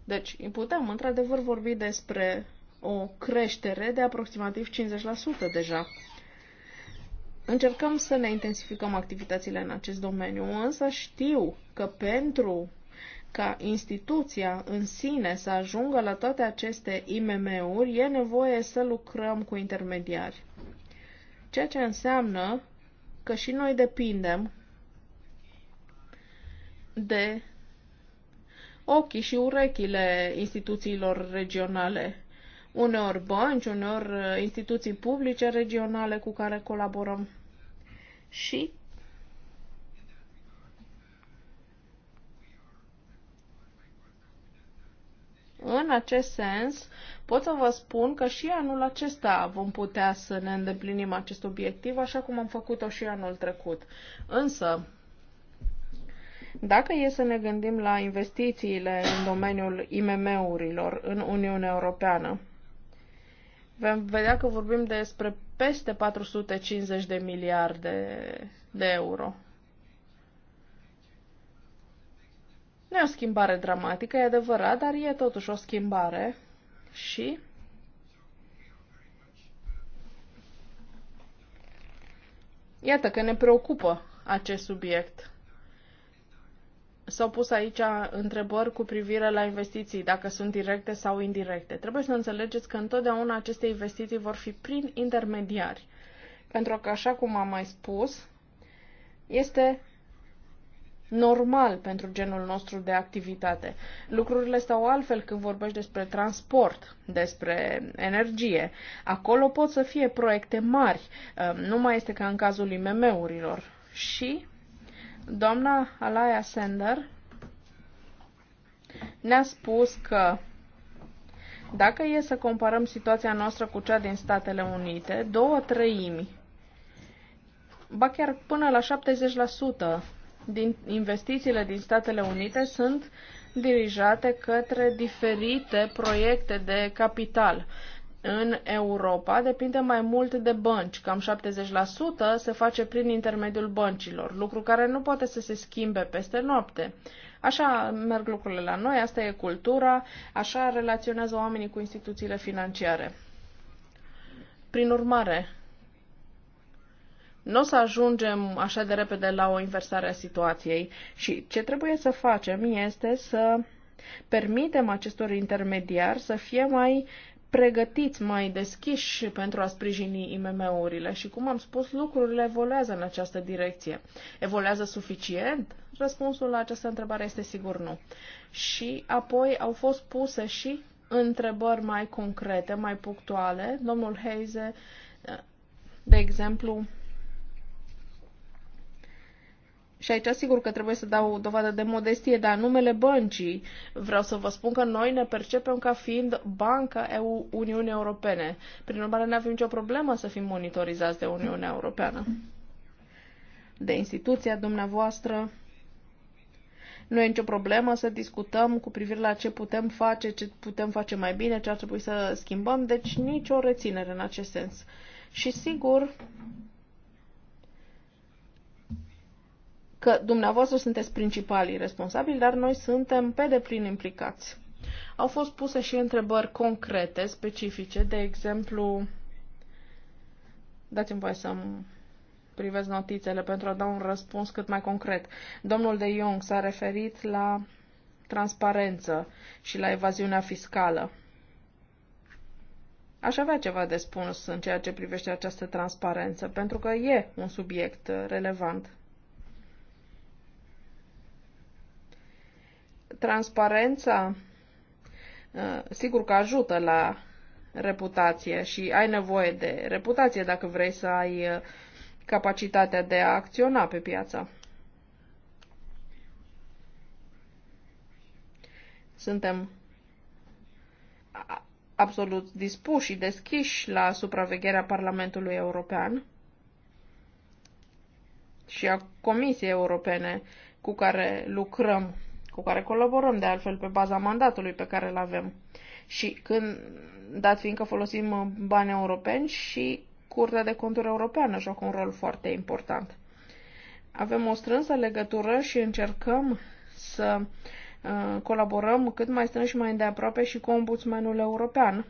Deci, putem într-adevăr vorbi despre o creștere de aproximativ 50% deja. Încercăm să ne intensificăm activitățile în acest domeniu, însă știu că pentru ca instituția în sine să ajungă la toate aceste IMM-uri, e nevoie să lucrăm cu intermediari. Ceea ce înseamnă că și noi depindem de ochii și urechile instituțiilor regionale. Uneori bănci, uneori uh, instituții publice regionale cu care colaborăm. Și În acest sens, pot să vă spun că și anul acesta vom putea să ne îndeplinim acest obiectiv, așa cum am făcut-o și anul trecut. Însă, dacă e să ne gândim la investițiile în domeniul IMM-urilor în Uniunea Europeană, vom vedea că vorbim despre peste 450 de miliarde de euro. Nu e o schimbare dramatică, e adevărat, dar e totuși o schimbare și Iată că ne preocupă acest subiect. S-au pus aici întrebări cu privire la investiții, dacă sunt directe sau indirecte. Trebuie să înțelegeți că întotdeauna aceste investiții vor fi prin intermediari. Pentru că, așa cum am mai spus, este normal pentru genul nostru de activitate. Lucrurile stau altfel când vorbești despre transport, despre energie. Acolo pot să fie proiecte mari, ă, nu mai este ca în cazul IMM-urilor. Și Doamna Alaya Sender ne-a spus că dacă e să comparăm situația noastră cu cea din Statele Unite, două treimi, ba chiar până la 70% din investițiile din Statele Unite sunt dirijate către diferite proiecte de capital în Europa depinde mai mult de bănci. Cam 70% se face prin intermediul băncilor, lucru care nu poate să se schimbe peste noapte. Așa merg lucrurile la noi, asta e cultura, așa relaționează oamenii cu instituțiile financiare. Prin urmare, nu o să ajungem așa de repede la o inversare a situației și ce trebuie să facem este să permitem acestor intermediari să fie mai uh, pregătiți, mai deschiși pentru a sprijini IMM-urile și, cum am spus, lucrurile evoluează în această direcție. Evoluează suficient? Răspunsul la această întrebare este sigur nu. Și apoi au fost puse și întrebări mai concrete, mai punctuale. Domnul Heize, de exemplu, și aici sigur că trebuie să dau o dovadă de modestie, dar numele băncii vreau să vă spun că noi ne percepem ca fiind Banca EU Uniunii Europene. Prin urmare, nu avem nicio problemă să fim monitorizați de Uniunea Europeană, de instituția dumneavoastră. Nu e nicio problemă să discutăm cu privire la ce putem face, ce putem face mai bine, ce ar trebui să schimbăm, deci nicio reținere în acest sens. Și sigur, că dumneavoastră sunteți principalii responsabili, dar noi suntem pe deplin implicați. Au fost puse și întrebări concrete, specifice, de exemplu, dați-mi voie să privesc notițele pentru a da un răspuns cât mai concret. Domnul de Jong s-a referit la transparență și la evaziunea fiscală. Aș avea ceva de spus în ceea ce privește această transparență, pentru că e un subiect relevant. transparența uh, sigur că ajută la reputație și ai nevoie de reputație dacă vrei să ai uh, capacitatea de a acționa pe piață. Suntem absolut dispuși și deschiși la supravegherea Parlamentului European și a Comisiei Europene cu care lucrăm cu care colaborăm de altfel pe baza mandatului pe care îl avem. Și când, dat fiindcă folosim uh, bani europeni și Curtea de Conturi Europeană joacă un rol foarte important. Avem o strânsă legătură și încercăm să uh, colaborăm cât mai strâns și mai îndeaproape și cu Ombudsmanul European,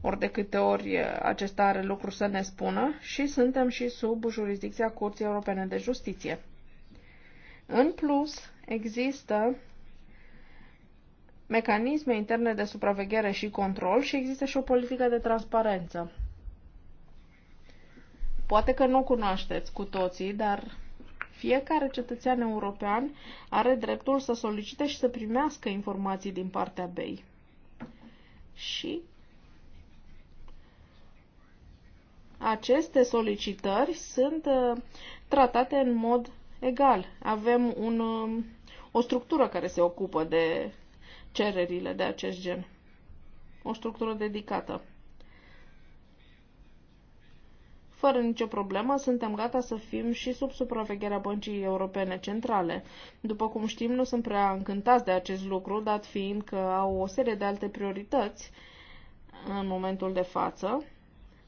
ori de câte ori uh, acesta are lucruri să ne spună, și suntem și sub jurisdicția Curții Europene de Justiție. În plus, Există mecanisme interne de supraveghere și control și există și o politică de transparență. Poate că nu o cunoașteți cu toții, dar fiecare cetățean european are dreptul să solicite și să primească informații din partea BEI. Și aceste solicitări sunt uh, tratate în mod egal. Avem un uh, o structură care se ocupă de cererile de acest gen. O structură dedicată. Fără nicio problemă, suntem gata să fim și sub supravegherea Băncii Europene Centrale. După cum știm, nu sunt prea încântați de acest lucru, dat fiind că au o serie de alte priorități în momentul de față,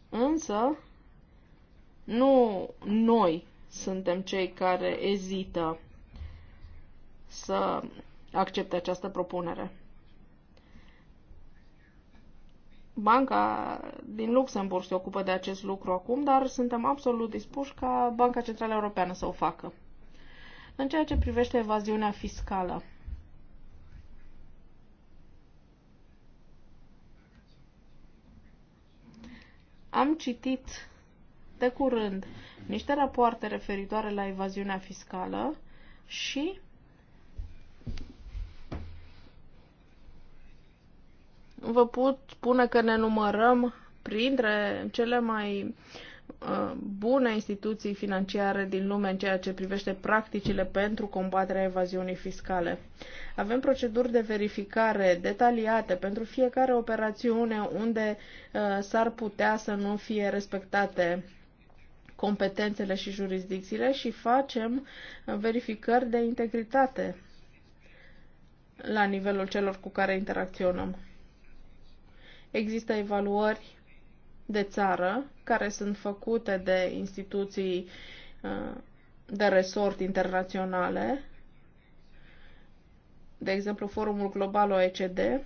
însă nu noi suntem cei care ezită să accepte această propunere. Banca din Luxemburg se ocupă de acest lucru acum, dar suntem absolut dispuși ca Banca Centrală Europeană să o facă. În ceea ce privește evaziunea fiscală, am citit de curând niște rapoarte referitoare la evaziunea fiscală și vă pot spune că ne numărăm printre cele mai uh, bune instituții financiare din lume în ceea ce privește practicile pentru combaterea evaziunii fiscale. Avem proceduri de verificare detaliate pentru fiecare operațiune unde uh, s-ar putea să nu fie respectate competențele și jurisdicțiile și facem uh, verificări de integritate la nivelul celor cu care interacționăm. Există evaluări de țară care sunt făcute de instituții uh, de resort internaționale, de exemplu Forumul Global OECD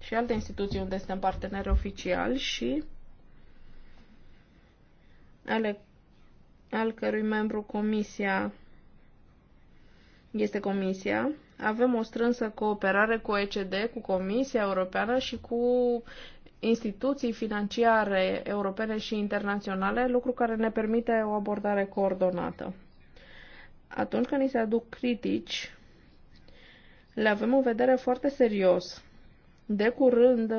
și alte instituții unde suntem parteneri oficiali și ale, al cărui membru comisia este comisia avem o strânsă cooperare cu OECD, cu Comisia Europeană și cu instituții financiare europene și internaționale, lucru care ne permite o abordare coordonată. Atunci când ni se aduc critici, le avem în vedere foarte serios. De curând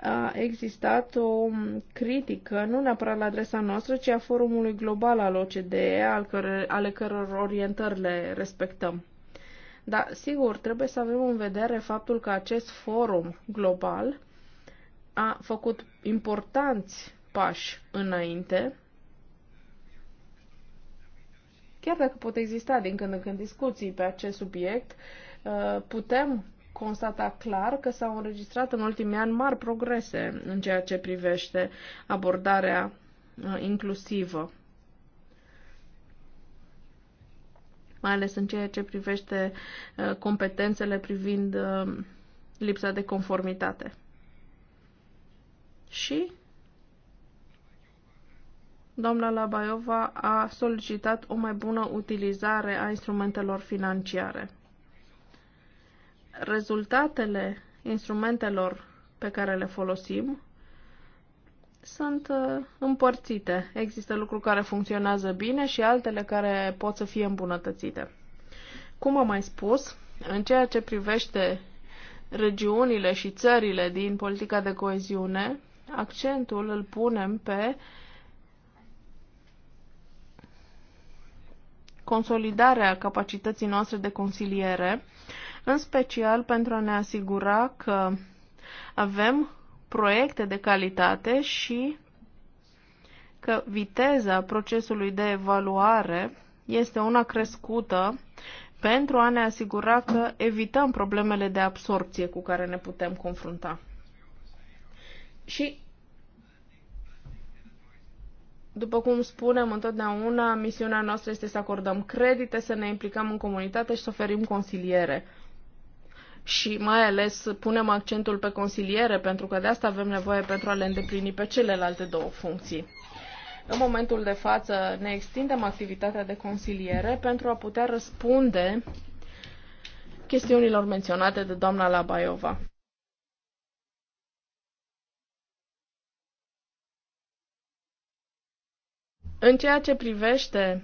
a existat o critică, nu neapărat la adresa noastră, ci a Forumului Global al OCDE, al căre, ale căror orientări le respectăm. Dar, sigur, trebuie să avem în vedere faptul că acest forum global a făcut importanți pași înainte, chiar dacă pot exista din când în când discuții pe acest subiect, uh, putem constata clar că s-au înregistrat în ultimii ani mari progrese în ceea ce privește abordarea uh, inclusivă mai ales în ceea ce privește uh, competențele privind uh, lipsa de conformitate. Și doamna Labaiova a solicitat o mai bună utilizare a instrumentelor financiare. Rezultatele instrumentelor pe care le folosim sunt uh, împărțite. Există lucruri care funcționează bine și altele care pot să fie îmbunătățite. Cum am mai spus, în ceea ce privește regiunile și țările din politica de coeziune, accentul îl punem pe consolidarea capacității noastre de consiliere, în special pentru a ne asigura că avem proiecte de calitate și că viteza procesului de evaluare este una crescută pentru a ne asigura că evităm problemele de absorpție cu care ne putem confrunta. Și, după cum spunem întotdeauna, misiunea noastră este să acordăm credite, să ne implicăm în comunitate și să oferim consiliere și mai ales punem accentul pe consiliere, pentru că de asta avem nevoie pentru a le îndeplini pe celelalte două funcții. În momentul de față ne extindem activitatea de consiliere pentru a putea răspunde chestiunilor menționate de doamna Labaiova. În ceea ce privește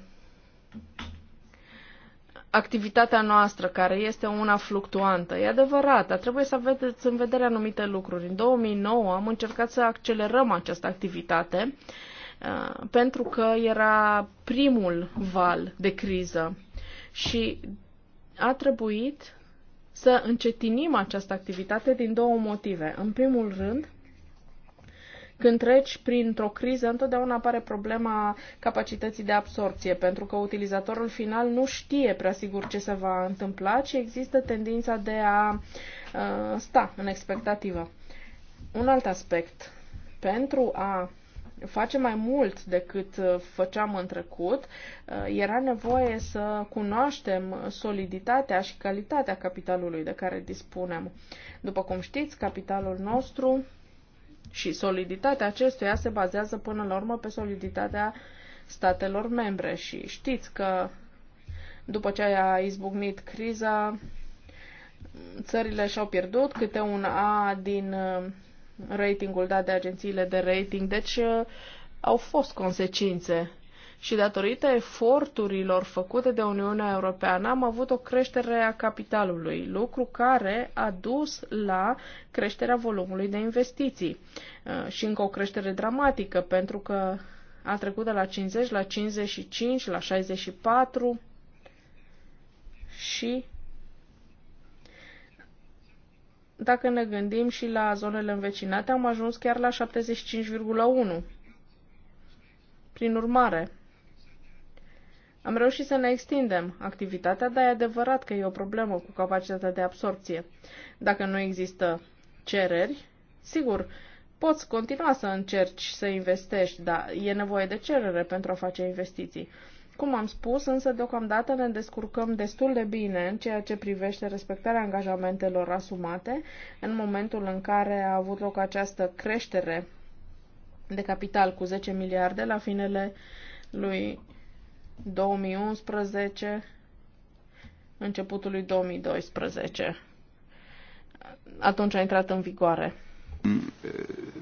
activitatea noastră, care este una fluctuantă. E adevărat, dar trebuie să aveți în vedere anumite lucruri. În 2009 am încercat să accelerăm această activitate uh, pentru că era primul val de criză și a trebuit să încetinim această activitate din două motive. În primul rând, când treci printr-o criză, întotdeauna apare problema capacității de absorpție, pentru că utilizatorul final nu știe prea sigur ce se va întâmpla, ci există tendința de a uh, sta în expectativă. Un alt aspect. Pentru a face mai mult decât uh, făceam în trecut, uh, era nevoie să cunoaștem soliditatea și calitatea capitalului de care dispunem. După cum știți, capitalul nostru și soliditatea acestuia se bazează până la urmă pe soliditatea statelor membre. Și știți că după ce a izbucnit criza, țările și-au pierdut câte un A din uh, ratingul dat de agențiile de rating, deci uh, au fost consecințe și datorită eforturilor făcute de Uniunea Europeană am avut o creștere a capitalului, lucru care a dus la creșterea volumului de investiții uh, și încă o creștere dramatică pentru că a trecut de la 50 la 55 la 64 și dacă ne gândim și la zonele învecinate, am ajuns chiar la 75,1. Prin urmare, am reușit să ne extindem activitatea, dar e adevărat că e o problemă cu capacitatea de absorpție. Dacă nu există cereri, sigur, poți continua să încerci să investești, dar e nevoie de cerere pentru a face investiții. Cum am spus, însă deocamdată ne descurcăm destul de bine în ceea ce privește respectarea angajamentelor asumate în momentul în care a avut loc această creștere de capital cu 10 miliarde la finele lui 2011, începutul lui 2012. Atunci a intrat în vigoare. Mr.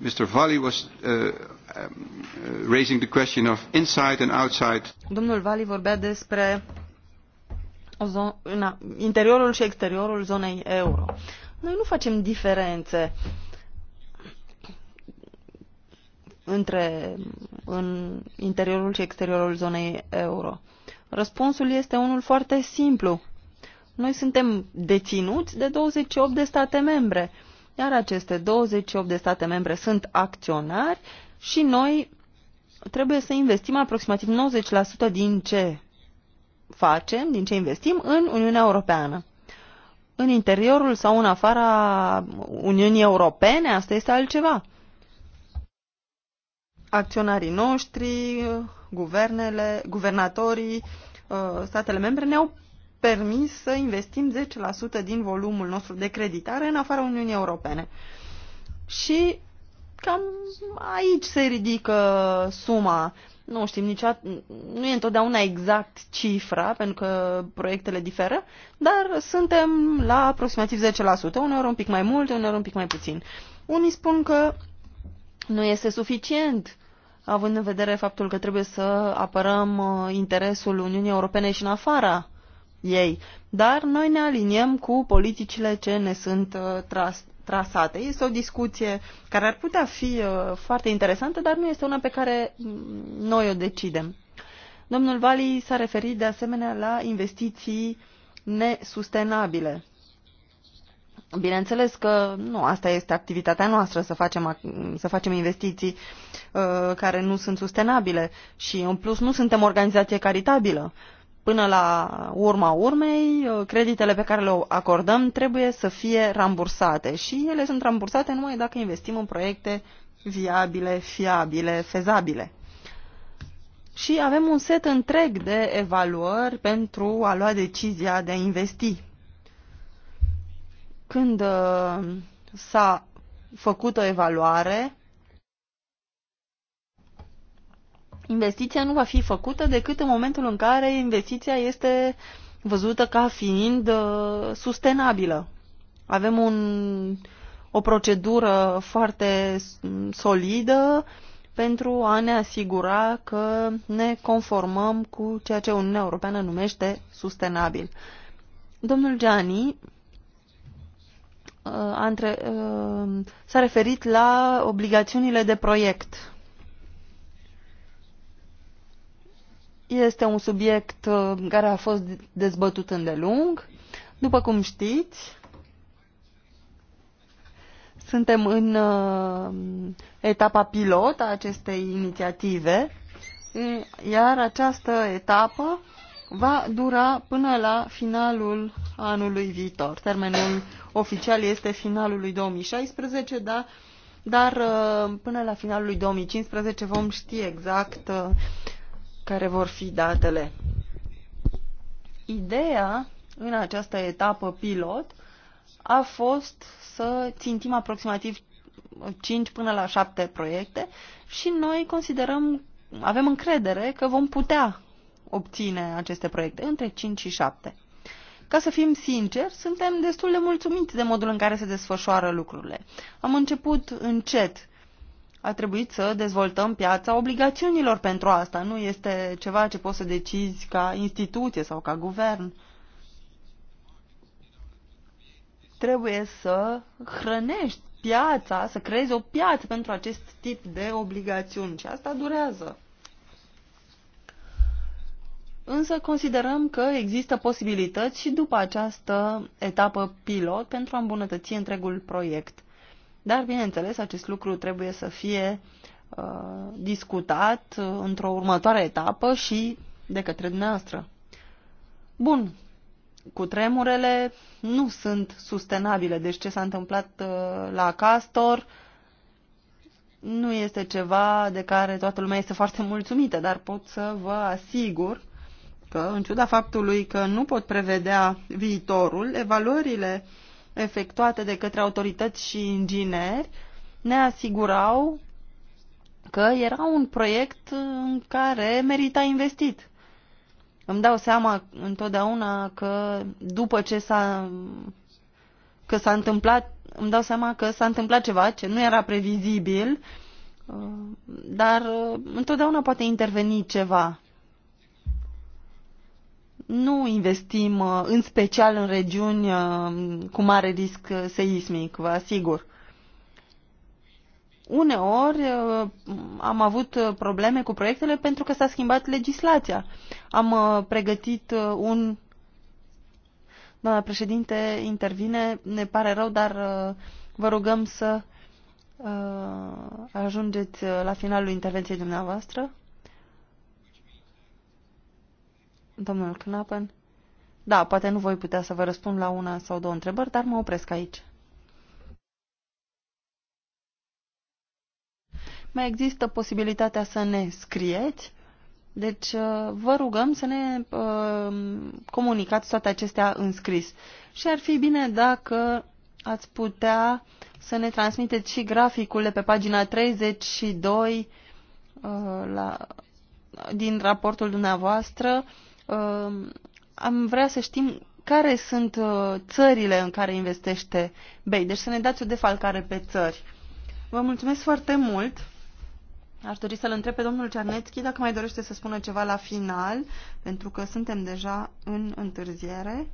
Mm, uh, Valley was uh, um, raising the question of inside and outside. Domnul Valley vorbea despre o zon, na, interiorul și exteriorul zonei euro. Noi nu facem diferențe. Uh, între în interiorul și exteriorul zonei euro? Răspunsul este unul foarte simplu. Noi suntem deținuți de 28 de state membre, iar aceste 28 de state membre sunt acționari și noi trebuie să investim aproximativ 90% din ce facem, din ce investim în Uniunea Europeană. În interiorul sau în afara Uniunii Europene, asta este altceva acționarii noștri, guvernele, guvernatorii, uh, statele membre ne-au permis să investim 10% din volumul nostru de creditare în afara Uniunii Europene. Și cam aici se ridică suma. Nu știm niciodată, nu e întotdeauna exact cifra, pentru că proiectele diferă, dar suntem la aproximativ 10%, uneori un pic mai mult, uneori un pic mai puțin. Unii spun că nu este suficient, având în vedere faptul că trebuie să apărăm uh, interesul Uniunii Europene și în afara ei. Dar noi ne aliniem cu politicile ce ne sunt uh, tras, trasate. Este o discuție care ar putea fi uh, foarte interesantă, dar nu este una pe care mm, noi o decidem. Domnul Vali s-a referit de asemenea la investiții nesustenabile. Bineînțeles că nu, asta este activitatea noastră, să facem, să facem investiții uh, care nu sunt sustenabile și, în plus, nu suntem organizație caritabilă. Până la urma urmei, uh, creditele pe care le acordăm trebuie să fie rambursate și ele sunt rambursate numai dacă investim în proiecte viabile, fiabile, fezabile. Și avem un set întreg de evaluări pentru a lua decizia de a investi când uh, s-a făcut o evaluare, investiția nu va fi făcută decât în momentul în care investiția este văzută ca fiind uh, sustenabilă. Avem un, o procedură foarte solidă pentru a ne asigura că ne conformăm cu ceea ce Uniunea Europeană numește sustenabil. Domnul Gianni Uh, uh, s-a referit la obligațiunile de proiect. Este un subiect uh, care a fost dezbătut îndelung. După cum știți, suntem în uh, etapa pilot a acestei inițiative, iar această etapă va dura până la finalul anului viitor. Termenul oficial este finalul lui 2016, da? dar uh, până la finalul lui 2015 vom ști exact uh, care vor fi datele. Ideea în această etapă pilot a fost să țintim aproximativ 5 până la 7 proiecte și noi considerăm, avem încredere că vom putea obține aceste proiecte între 5 și 7. Ca să fim sinceri, suntem destul de mulțumiți de modul în care se desfășoară lucrurile. Am început încet. A trebuit să dezvoltăm piața obligațiunilor pentru asta. Nu este ceva ce poți să decizi ca instituție sau ca guvern. Trebuie să hrănești piața, să creezi o piață pentru acest tip de obligațiuni și asta durează. Însă considerăm că există posibilități și după această etapă pilot pentru a îmbunătăți întregul proiect. Dar, bineînțeles, acest lucru trebuie să fie uh, discutat uh, într-o următoare etapă și de către dumneavoastră. Bun, cu tremurele nu sunt sustenabile, deci ce s-a întâmplat uh, la Castor nu este ceva de care toată lumea este foarte mulțumită, dar pot să vă asigur că, în ciuda faptului că nu pot prevedea viitorul, evaluările efectuate de către autorități și ingineri ne asigurau că era un proiect în care merita investit. Îmi dau seama întotdeauna că după ce s-a că s-a întâmplat, îmi dau seama că s-a întâmplat ceva ce nu era previzibil, uh, dar uh, întotdeauna poate interveni ceva nu investim uh, în special în regiuni uh, cu mare risc uh, seismic, vă asigur. Uneori am avut probleme cu proiectele pentru că s-a schimbat legislația. Am pregătit un. Doamna președinte intervine, ne pare rău, dar vă rugăm să ajungeți la finalul intervenției dumneavoastră. Domnul Knappen? Da, poate nu voi putea să vă răspund la una sau două întrebări, dar mă opresc aici. Mai există posibilitatea să ne scrieți, deci uh, vă rugăm să ne uh, comunicați toate acestea în scris. Și ar fi bine dacă ați putea să ne transmiteți și graficurile pe pagina 32 uh, la, din raportul dumneavoastră uh, Um, am vrea să știm care sunt uh, țările în care investește BEI. Deci să ne dați o defalcare pe țări. Vă mulțumesc foarte mult. Aș dori să-l întreb pe domnul Cernetschi dacă mai dorește să spună ceva la final, pentru că suntem deja în întârziere.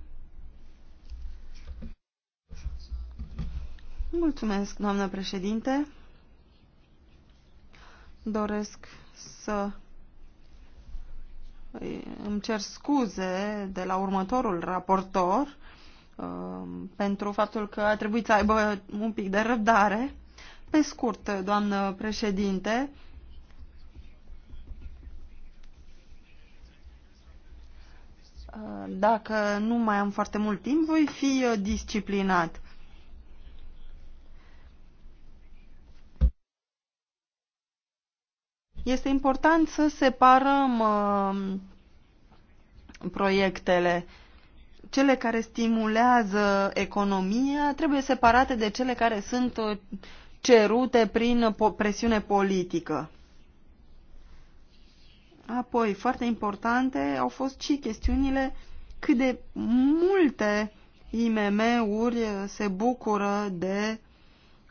Mulțumesc, doamnă președinte. Doresc să Păi, îmi cer scuze de la următorul raportor um, pentru faptul că a trebuit să aibă un pic de răbdare. Pe scurt, doamnă președinte, uh, dacă nu mai am foarte mult timp, voi fi uh, disciplinat. Este important să separăm uh, proiectele. Cele care stimulează economia trebuie separate de cele care sunt uh, cerute prin presiune politică. Apoi, foarte importante au fost și chestiunile cât de multe IMM-uri uh, se bucură de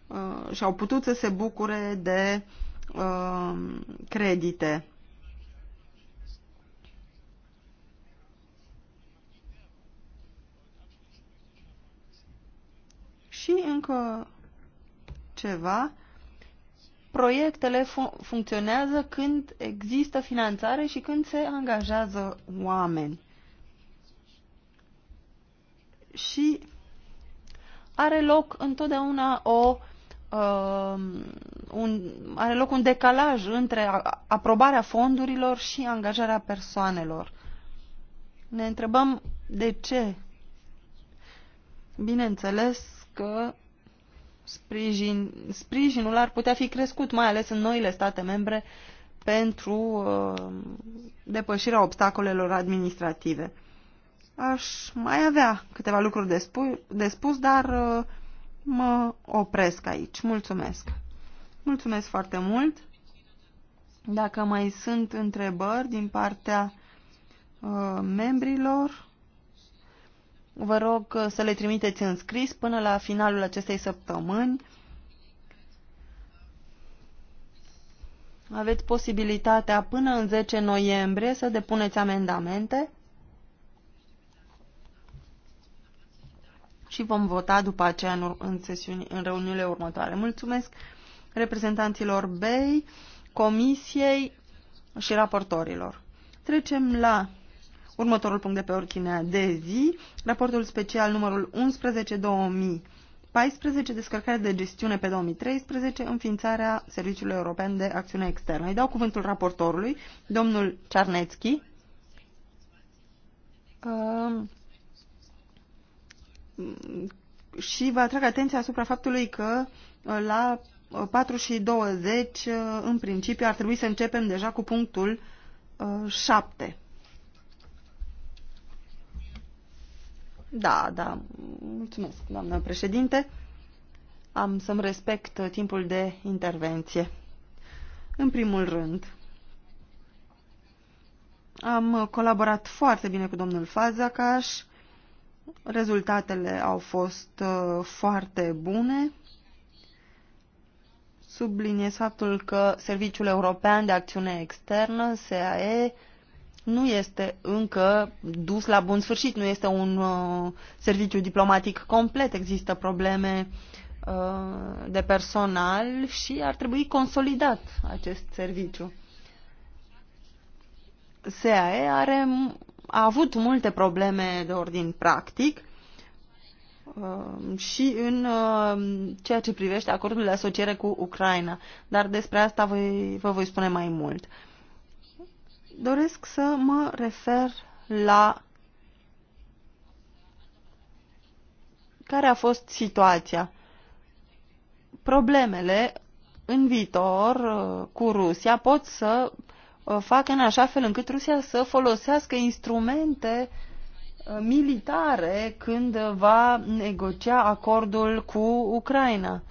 uh, și au putut să se bucure de uh, Um, credite. Și încă ceva, proiectele fun funcționează când există finanțare și când se angajează oameni. Și are loc întotdeauna o uh, uh, un, are loc un decalaj între aprobarea fondurilor și angajarea persoanelor. Ne întrebăm de ce. Bineînțeles că sprijin, sprijinul ar putea fi crescut, mai ales în noile state membre, pentru uh, depășirea obstacolelor administrative. Aș mai avea câteva lucruri de, spu- de spus, dar uh, mă opresc aici. Mulțumesc! Mulțumesc foarte mult! Dacă mai sunt întrebări din partea uh, membrilor, vă rog uh, să le trimiteți în scris până la finalul acestei săptămâni. Aveți posibilitatea până în 10 noiembrie să depuneți amendamente. și vom vota după aceea în, în, sesiuni, în reuniunile următoare. Mulțumesc reprezentanților BEI, Comisiei și raportorilor. Trecem la următorul punct de pe ordinea de zi, raportul special numărul 11-2000. 14. Descărcare de gestiune pe 2013, înființarea Serviciului European de Acțiune Externă. Îi dau cuvântul raportorului, domnul Cernețchi și vă atrag atenția asupra faptului că uh, la 4 uh, și 20 uh, în principiu ar trebui să începem deja cu punctul 7. Da, da, mulțumesc, doamnă președinte. Am să-mi respect timpul de intervenție. În primul rând, am colaborat foarte bine cu domnul Fazakaș Rezultatele au fost uh, foarte bune. Subliniez faptul că Serviciul European de Acțiune Externă, SAE, nu este încă dus la bun sfârșit, nu este un uh, serviciu diplomatic complet, există probleme uh, de personal și ar trebui consolidat acest serviciu. SAE are a avut multe probleme de ordin practic uh, și în uh, ceea ce privește acordul de asociere cu Ucraina, dar despre asta voi, vă voi spune mai mult. Doresc să mă refer la care a fost situația. Problemele în viitor uh, cu Rusia pot să Uh, facă în așa fel încât Rusia să folosească instrumente uh, militare când va negocia acordul cu Ucraina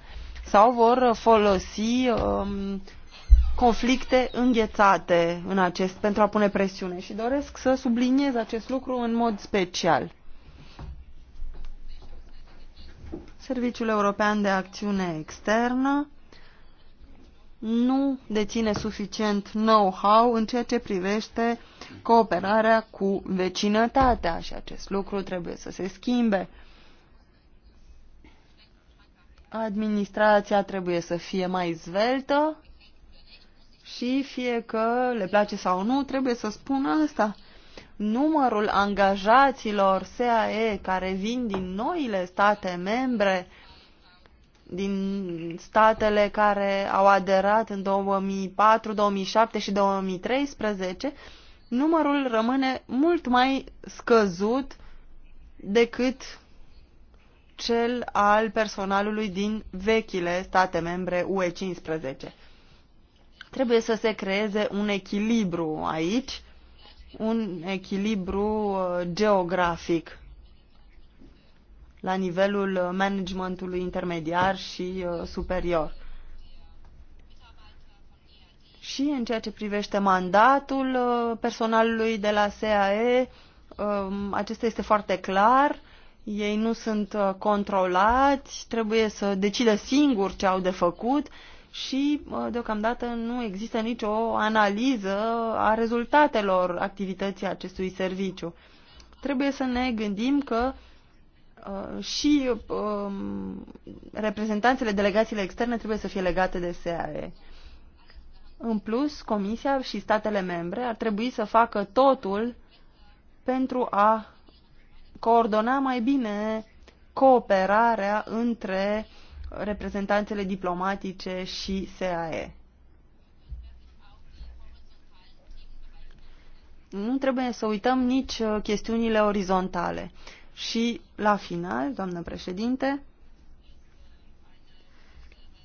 sau vor folosi um, conflicte înghețate în acest, pentru a pune presiune și doresc să subliniez acest lucru în mod special. Serviciul European de Acțiune Externă nu deține suficient know-how în ceea ce privește cooperarea cu vecinătatea și acest lucru trebuie să se schimbe. Administrația trebuie să fie mai zveltă și fie că le place sau nu, trebuie să spun asta. Numărul angajaților SAE care vin din noile state membre din statele care au aderat în 2004, 2007 și 2013, numărul rămâne mult mai scăzut decât cel al personalului din vechile state membre UE15. Trebuie să se creeze un echilibru aici, un echilibru uh, geografic la nivelul managementului intermediar și uh, superior. Și în ceea ce privește mandatul uh, personalului de la SAE, um, acesta este foarte clar, ei nu sunt uh, controlați, trebuie să decidă singur ce au de făcut și deocamdată nu există nicio analiză a rezultatelor activității acestui serviciu. Trebuie să ne gândim că uh, Uh, și um, reprezentanțele delegațiile externe trebuie să fie legate de SAE. În plus, Comisia și statele membre ar trebui să facă totul pentru a coordona mai bine cooperarea între reprezentanțele diplomatice și SAE. Nu trebuie să uităm nici uh, chestiunile orizontale. Și, la final, doamnă președinte,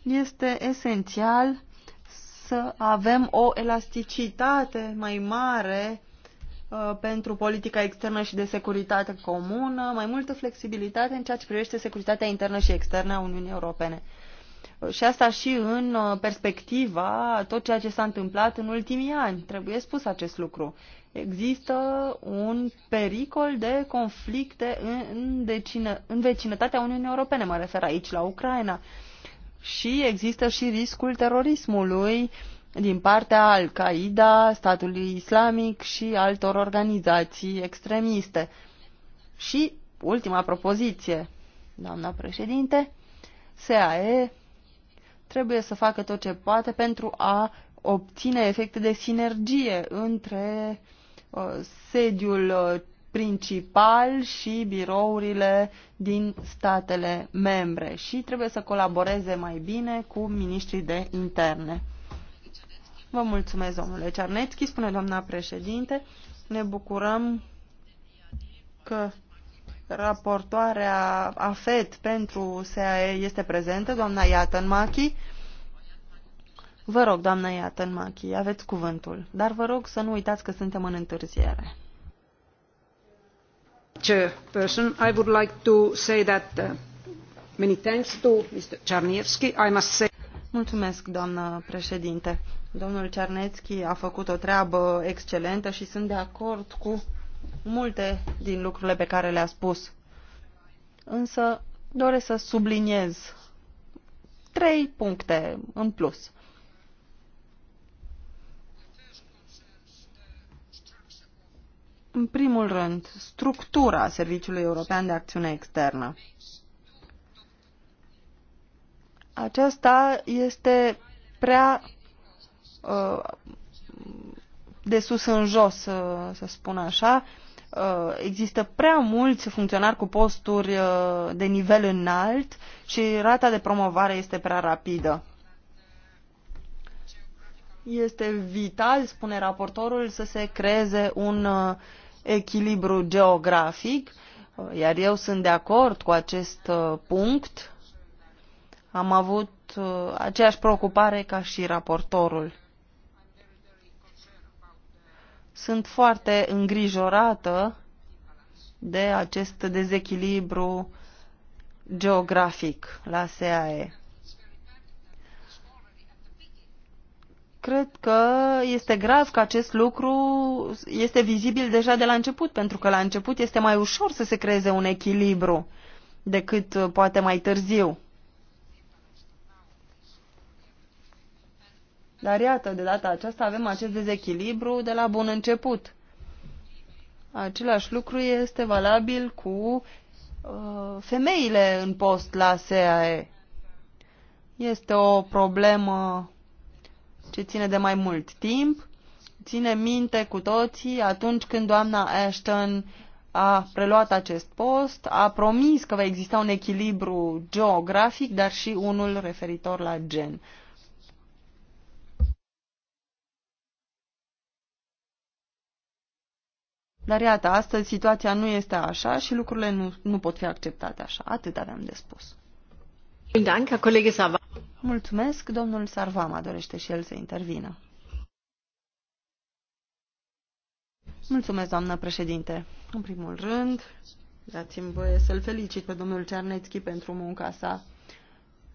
este esențial să avem o elasticitate mai mare uh, pentru politica externă și de securitate comună, mai multă flexibilitate în ceea ce privește securitatea internă și externă a Uniunii Europene. Și asta și în uh, perspectiva tot ceea ce s-a întâmplat în ultimii ani. Trebuie spus acest lucru. Există un pericol de conflicte în, decină, în vecinătatea Uniunii Europene, mă refer aici la Ucraina. Și există și riscul terorismului din partea Al-Qaeda, statului islamic și altor organizații extremiste. Și ultima propoziție, doamna președinte, SAE trebuie să facă tot ce poate pentru a obține efecte de sinergie între uh, sediul uh, principal și birourile din statele membre și trebuie să colaboreze mai bine cu ministrii de interne. Vă mulțumesc, domnule Cernețchi, spune doamna președinte. Ne bucurăm că Raportoarea AFET pentru SAE este prezentă, doamna Machi. Vă rog, doamna Machi, aveți cuvântul, dar vă rog să nu uitați că suntem în întârziere. Chairperson, I would like to say that uh, many thanks to Mr. Czarniewski. I must say Mulțumesc, doamnă președinte. Domnul Cernețchi a făcut o treabă excelentă și sunt de acord cu multe din lucrurile pe care le-a spus, însă doresc să subliniez trei puncte în plus. În primul rând, structura Serviciului European de Acțiune Externă. Aceasta este prea uh, de sus în jos, să spun așa. Uh, există prea mulți funcționari cu posturi uh, de nivel înalt și rata de promovare este prea rapidă. Este vital, spune raportorul, să se creeze un uh, echilibru geografic, iar eu sunt de acord cu acest punct. Am avut aceeași preocupare ca și raportorul. Sunt foarte îngrijorată de acest dezechilibru geografic la SEAE. Cred că este grav că acest lucru este vizibil deja de la început, pentru că la început este mai ușor să se creeze un echilibru decât poate mai târziu. Dar iată, de data aceasta avem acest dezechilibru de la bun început. Același lucru este valabil cu uh, femeile în post la SAE. Este o problemă ce ține de mai mult timp. Ține minte cu toții atunci când doamna Ashton a preluat acest post, a promis că va exista un echilibru geografic, dar și unul referitor la gen. Dar iată, astăzi situația nu este așa și lucrurile nu, nu pot fi acceptate așa. Atât aveam de spus. Mulțumesc. Domnul Sarvama dorește și el să intervină. Mulțumesc, doamnă președinte. În primul rând, dați-mi voie să-l felicit pe domnul Cernețchi pentru munca sa.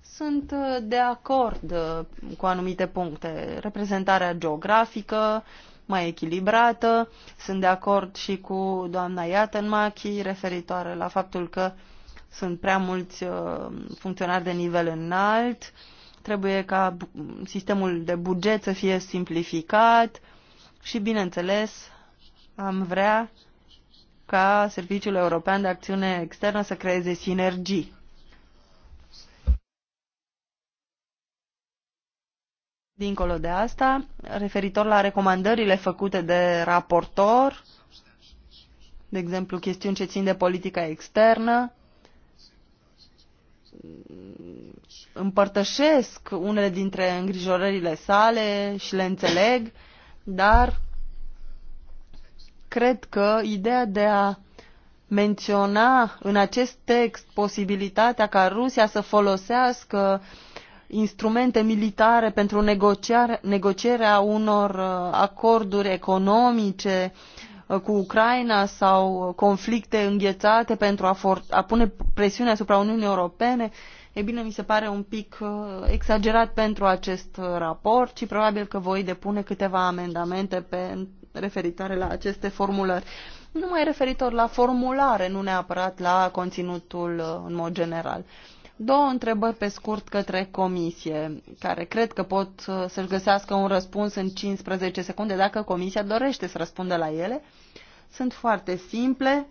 Sunt uh, de acord uh, cu anumite puncte. Reprezentarea geografică, mai echilibrată. Sunt de acord și cu doamna Iatenmachi referitoare la faptul că sunt prea mulți uh, funcționari de nivel înalt, trebuie ca sistemul de buget să fie simplificat și, bineînțeles, am vrea ca Serviciul European de Acțiune Externă să creeze sinergii. Dincolo de asta, referitor la recomandările făcute de raportor, de exemplu, chestiuni ce țin de politica externă, împărtășesc unele dintre îngrijorările sale și le înțeleg, dar cred că ideea de a menționa în acest text posibilitatea ca Rusia să folosească uh, instrumente militare pentru negociare, negocierea unor uh, acorduri economice uh, cu Ucraina sau uh, conflicte înghețate pentru a, for- a pune presiune asupra Uniunii Europene, e bine, mi se pare un pic exagerat pentru acest raport și probabil că voi depune câteva amendamente pe referitoare la aceste formulări. Numai referitor la formulare, nu neapărat la conținutul în mod general. Două întrebări pe scurt către comisie, care cred că pot uh, să-și găsească un răspuns în 15 secunde dacă comisia dorește să răspundă la ele. Sunt foarte simple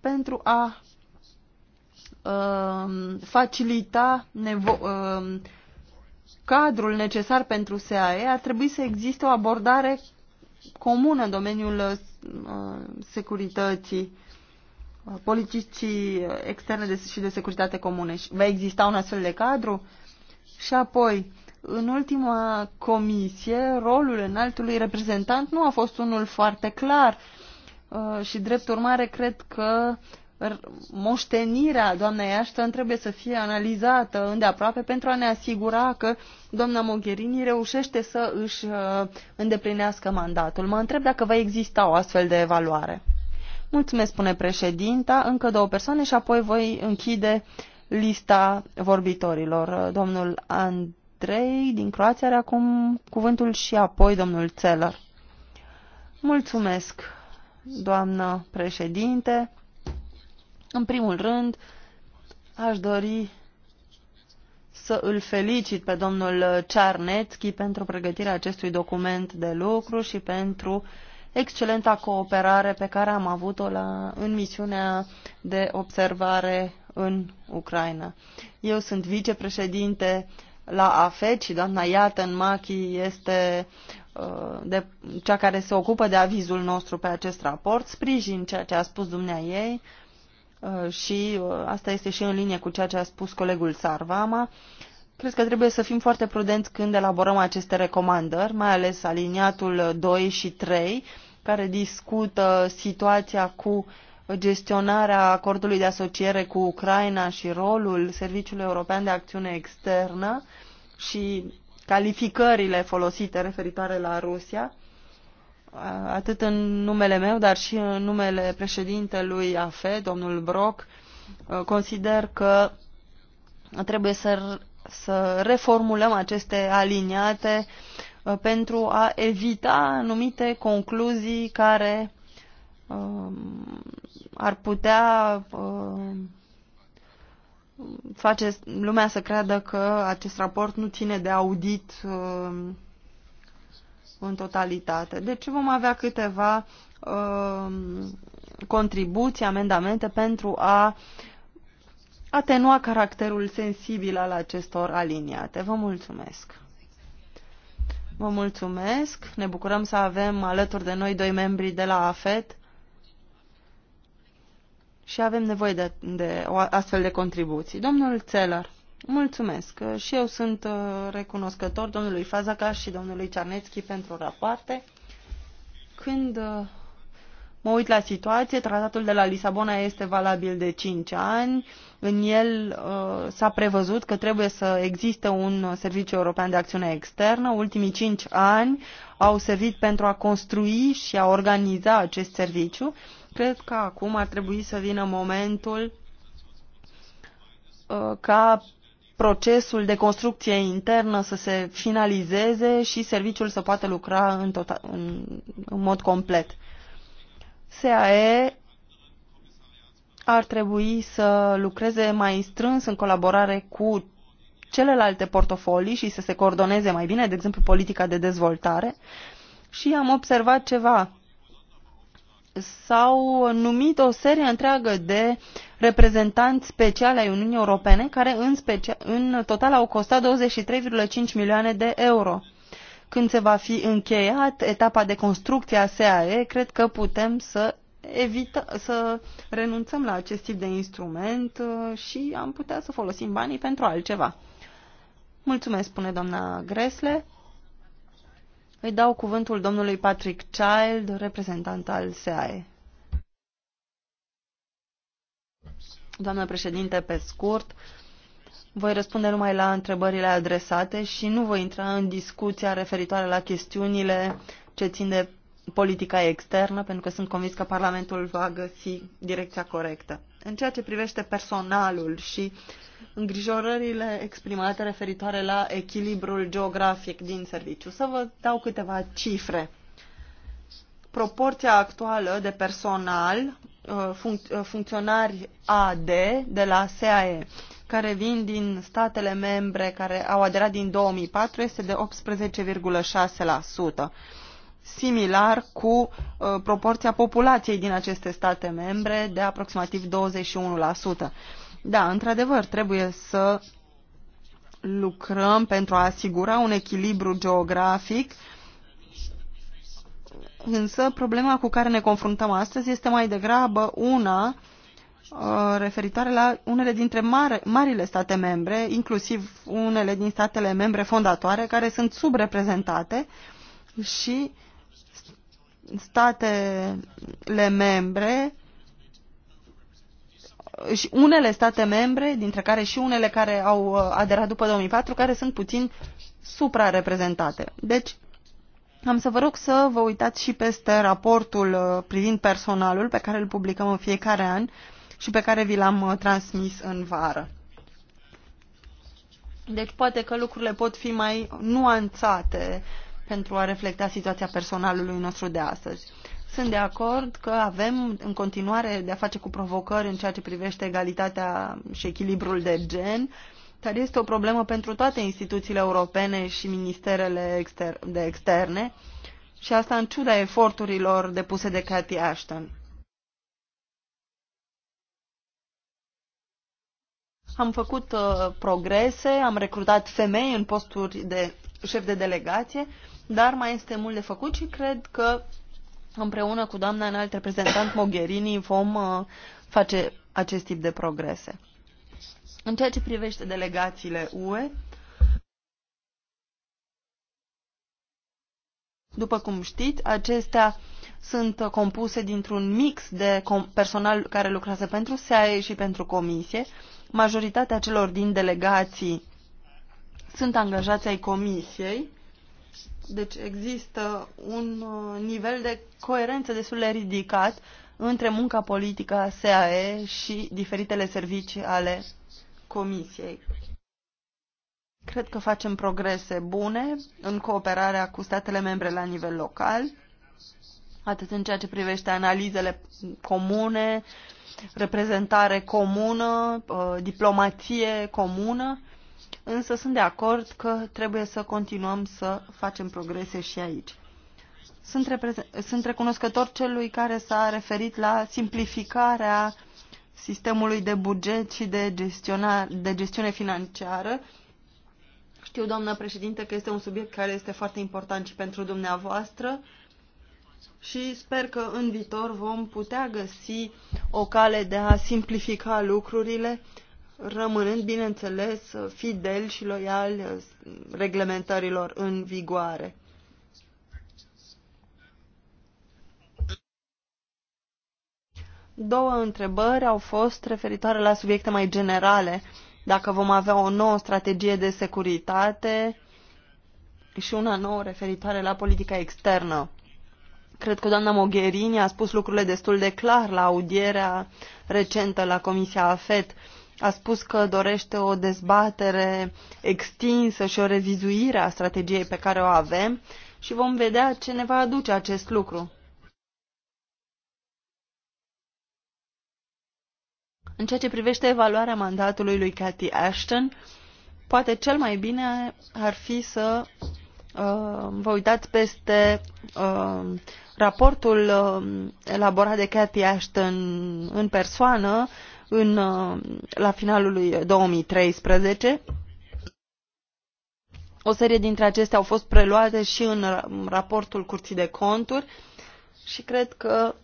pentru a uh, facilita nevo- uh, cadrul necesar pentru SAE, ar trebui să existe o abordare comună în domeniul uh, securității politicii externe de, și de securitate comune. Va exista un astfel de cadru? Și apoi, în ultima comisie, rolul înaltului reprezentant nu a fost unul foarte clar uh, și, drept urmare, cred că moștenirea doamnei Ashton trebuie să fie analizată îndeaproape pentru a ne asigura că doamna Mogherini reușește să își uh, îndeplinească mandatul. Mă întreb dacă va exista o astfel de evaluare. Mulțumesc, spune președinta, încă două persoane și apoi voi închide lista vorbitorilor. Domnul Andrei din Croația are acum cuvântul și apoi domnul Țelăr. Mulțumesc, doamnă președinte. În primul rând, aș dori să îl felicit pe domnul Cearnețchi pentru pregătirea acestui document de lucru și pentru uh, excelenta cooperare pe care am avut-o la, în misiunea de observare în Ucraina. Eu sunt vicepreședinte la AFET și doamna Iaten Machi este uh, de, cea care se ocupă de avizul nostru pe acest raport, sprijin ceea ce a spus dumnea ei uh, și uh, asta este și în linie cu ceea ce a spus colegul Sarvama. Cred că trebuie să fim foarte prudenți când elaborăm aceste recomandări, mai ales aliniatul 2 și 3, care discută situația cu gestionarea acordului de asociere cu Ucraina și rolul Serviciului European de Acțiune Externă și calificările folosite referitoare la Rusia, atât în numele meu, dar și în numele președintelui AFE, domnul Brock, consider că trebuie să să reformulăm aceste aliniate uh, pentru a evita anumite concluzii care um, ar putea um, face lumea să creadă că acest raport nu ține de audit um, în totalitate. Deci vom avea câteva contribuții, amendamente pentru a atenua caracterul sensibil al acestor aliniate. Vă mulțumesc! Vă mulțumesc! Ne bucurăm să avem alături de noi doi membri de la AFET și avem nevoie de, de o astfel de contribuții. Domnul Țelar, mulțumesc! Și eu sunt uh, recunoscător domnului Fazaca și domnului Cernețchi pentru rapoarte. Când uh, Mă uit la situație, tratatul de la Lisabona este valabil de 5 ani, în el uh, s-a prevăzut că trebuie să existe un serviciu european de acțiune externă. Ultimii 5 ani au servit pentru a construi și a organiza acest serviciu. Cred că acum ar trebui să vină momentul uh, ca procesul de construcție internă să se finalizeze și serviciul să poată lucra în, total, în, în mod complet. SAE ar trebui să lucreze mai strâns în colaborare cu celelalte portofolii și să se coordoneze mai bine, de exemplu politica de dezvoltare. Și am observat ceva. S-au numit o serie întreagă de reprezentanți speciale ai Uniunii Europene, care în, special, în total au costat 23,5 milioane de euro când se va fi încheiat etapa de construcție a SAE, cred că putem să evită, să renunțăm la acest tip de instrument uh, și am putea să folosim banii pentru altceva. Mulțumesc, spune doamna Gresle. Îi dau cuvântul domnului Patrick Child, reprezentant al SAE. Doamnă președinte, pe scurt, uh, voi răspunde numai la întrebările adresate și nu voi intra în discuția referitoare la chestiunile ce țin de politica externă, pentru că sunt convins că Parlamentul va găsi direcția corectă. În ceea ce privește personalul și îngrijorările exprimate referitoare la echilibrul geografic din serviciu, să vă dau câteva cifre. Proporția actuală de personal uh, func uh, funcționari AD de la SAE care vin din statele membre care au aderat din 2004 este de 18,6%, similar cu uh, proporția populației din aceste state membre de aproximativ 21%. Da, într-adevăr, trebuie să lucrăm pentru a asigura un echilibru geografic, însă problema cu care ne confruntăm astăzi este mai degrabă una uh, Uh, referitoare la unele dintre mari, marile state membre, inclusiv unele din statele membre fondatoare, care sunt subreprezentate și statele membre și unele state membre, dintre care și unele care au uh, aderat după 2004, care sunt puțin suprareprezentate. Deci, am să vă rog să vă uitați și peste raportul uh, privind personalul, pe care îl publicăm în fiecare an, uh, și pe care vi l-am uh, transmis în vară. Deci poate că lucrurile pot fi mai nuanțate pentru a reflecta situația personalului nostru de astăzi. Sunt de acord că avem în continuare de a face cu provocări în ceea ce privește egalitatea și echilibrul de gen, dar este o problemă pentru toate instituțiile europene și ministerele exter de externe și asta în ciuda eforturilor depuse de Cathy Ashton. Am făcut uh, progrese, am recrutat femei în posturi de șef de delegație, dar mai este mult de făcut și cred că împreună cu doamna înalt reprezentant Mogherini vom uh, face acest tip de progrese. În ceea ce privește delegațiile UE, după cum știți, acestea sunt uh, compuse dintr-un mix de personal care lucrează pentru SAE și pentru Comisie majoritatea celor din delegații sunt angajați ai comisiei, deci există un uh, nivel de coerență destul de ridicat între munca politică a SAE și diferitele servicii ale comisiei. Cred că facem progrese bune în cooperarea cu statele membre la nivel local, atât în ceea ce privește analizele comune, reprezentare comună, uh, diplomație comună, însă sunt de acord că trebuie să continuăm să facem progrese și aici. Sunt, sunt recunoscător celui care s-a referit la simplificarea sistemului de buget și de, de gestiune financiară. Știu, doamnă președinte, că este un subiect care este foarte important și pentru dumneavoastră și sper că în viitor vom putea găsi o cale de a simplifica lucrurile, rămânând, bineînțeles, fidel și loial reglementărilor în vigoare. Două întrebări au fost referitoare la subiecte mai generale, dacă vom avea o nouă strategie de securitate și una nouă referitoare la politica externă. Cred că doamna Mogherini a spus lucrurile destul de clar la audierea recentă la Comisia AFET. A spus că dorește o dezbatere extinsă și o revizuire a strategiei pe care o avem și vom vedea ce ne va aduce acest lucru. În ceea ce privește evaluarea mandatului lui Cathy Ashton, poate cel mai bine ar fi să Uh, vă uitați peste uh, raportul uh, elaborat de Cathy Ashton în persoană în, la finalul lui 2013, o serie dintre acestea au fost preluate și în raportul Curții de Conturi și cred că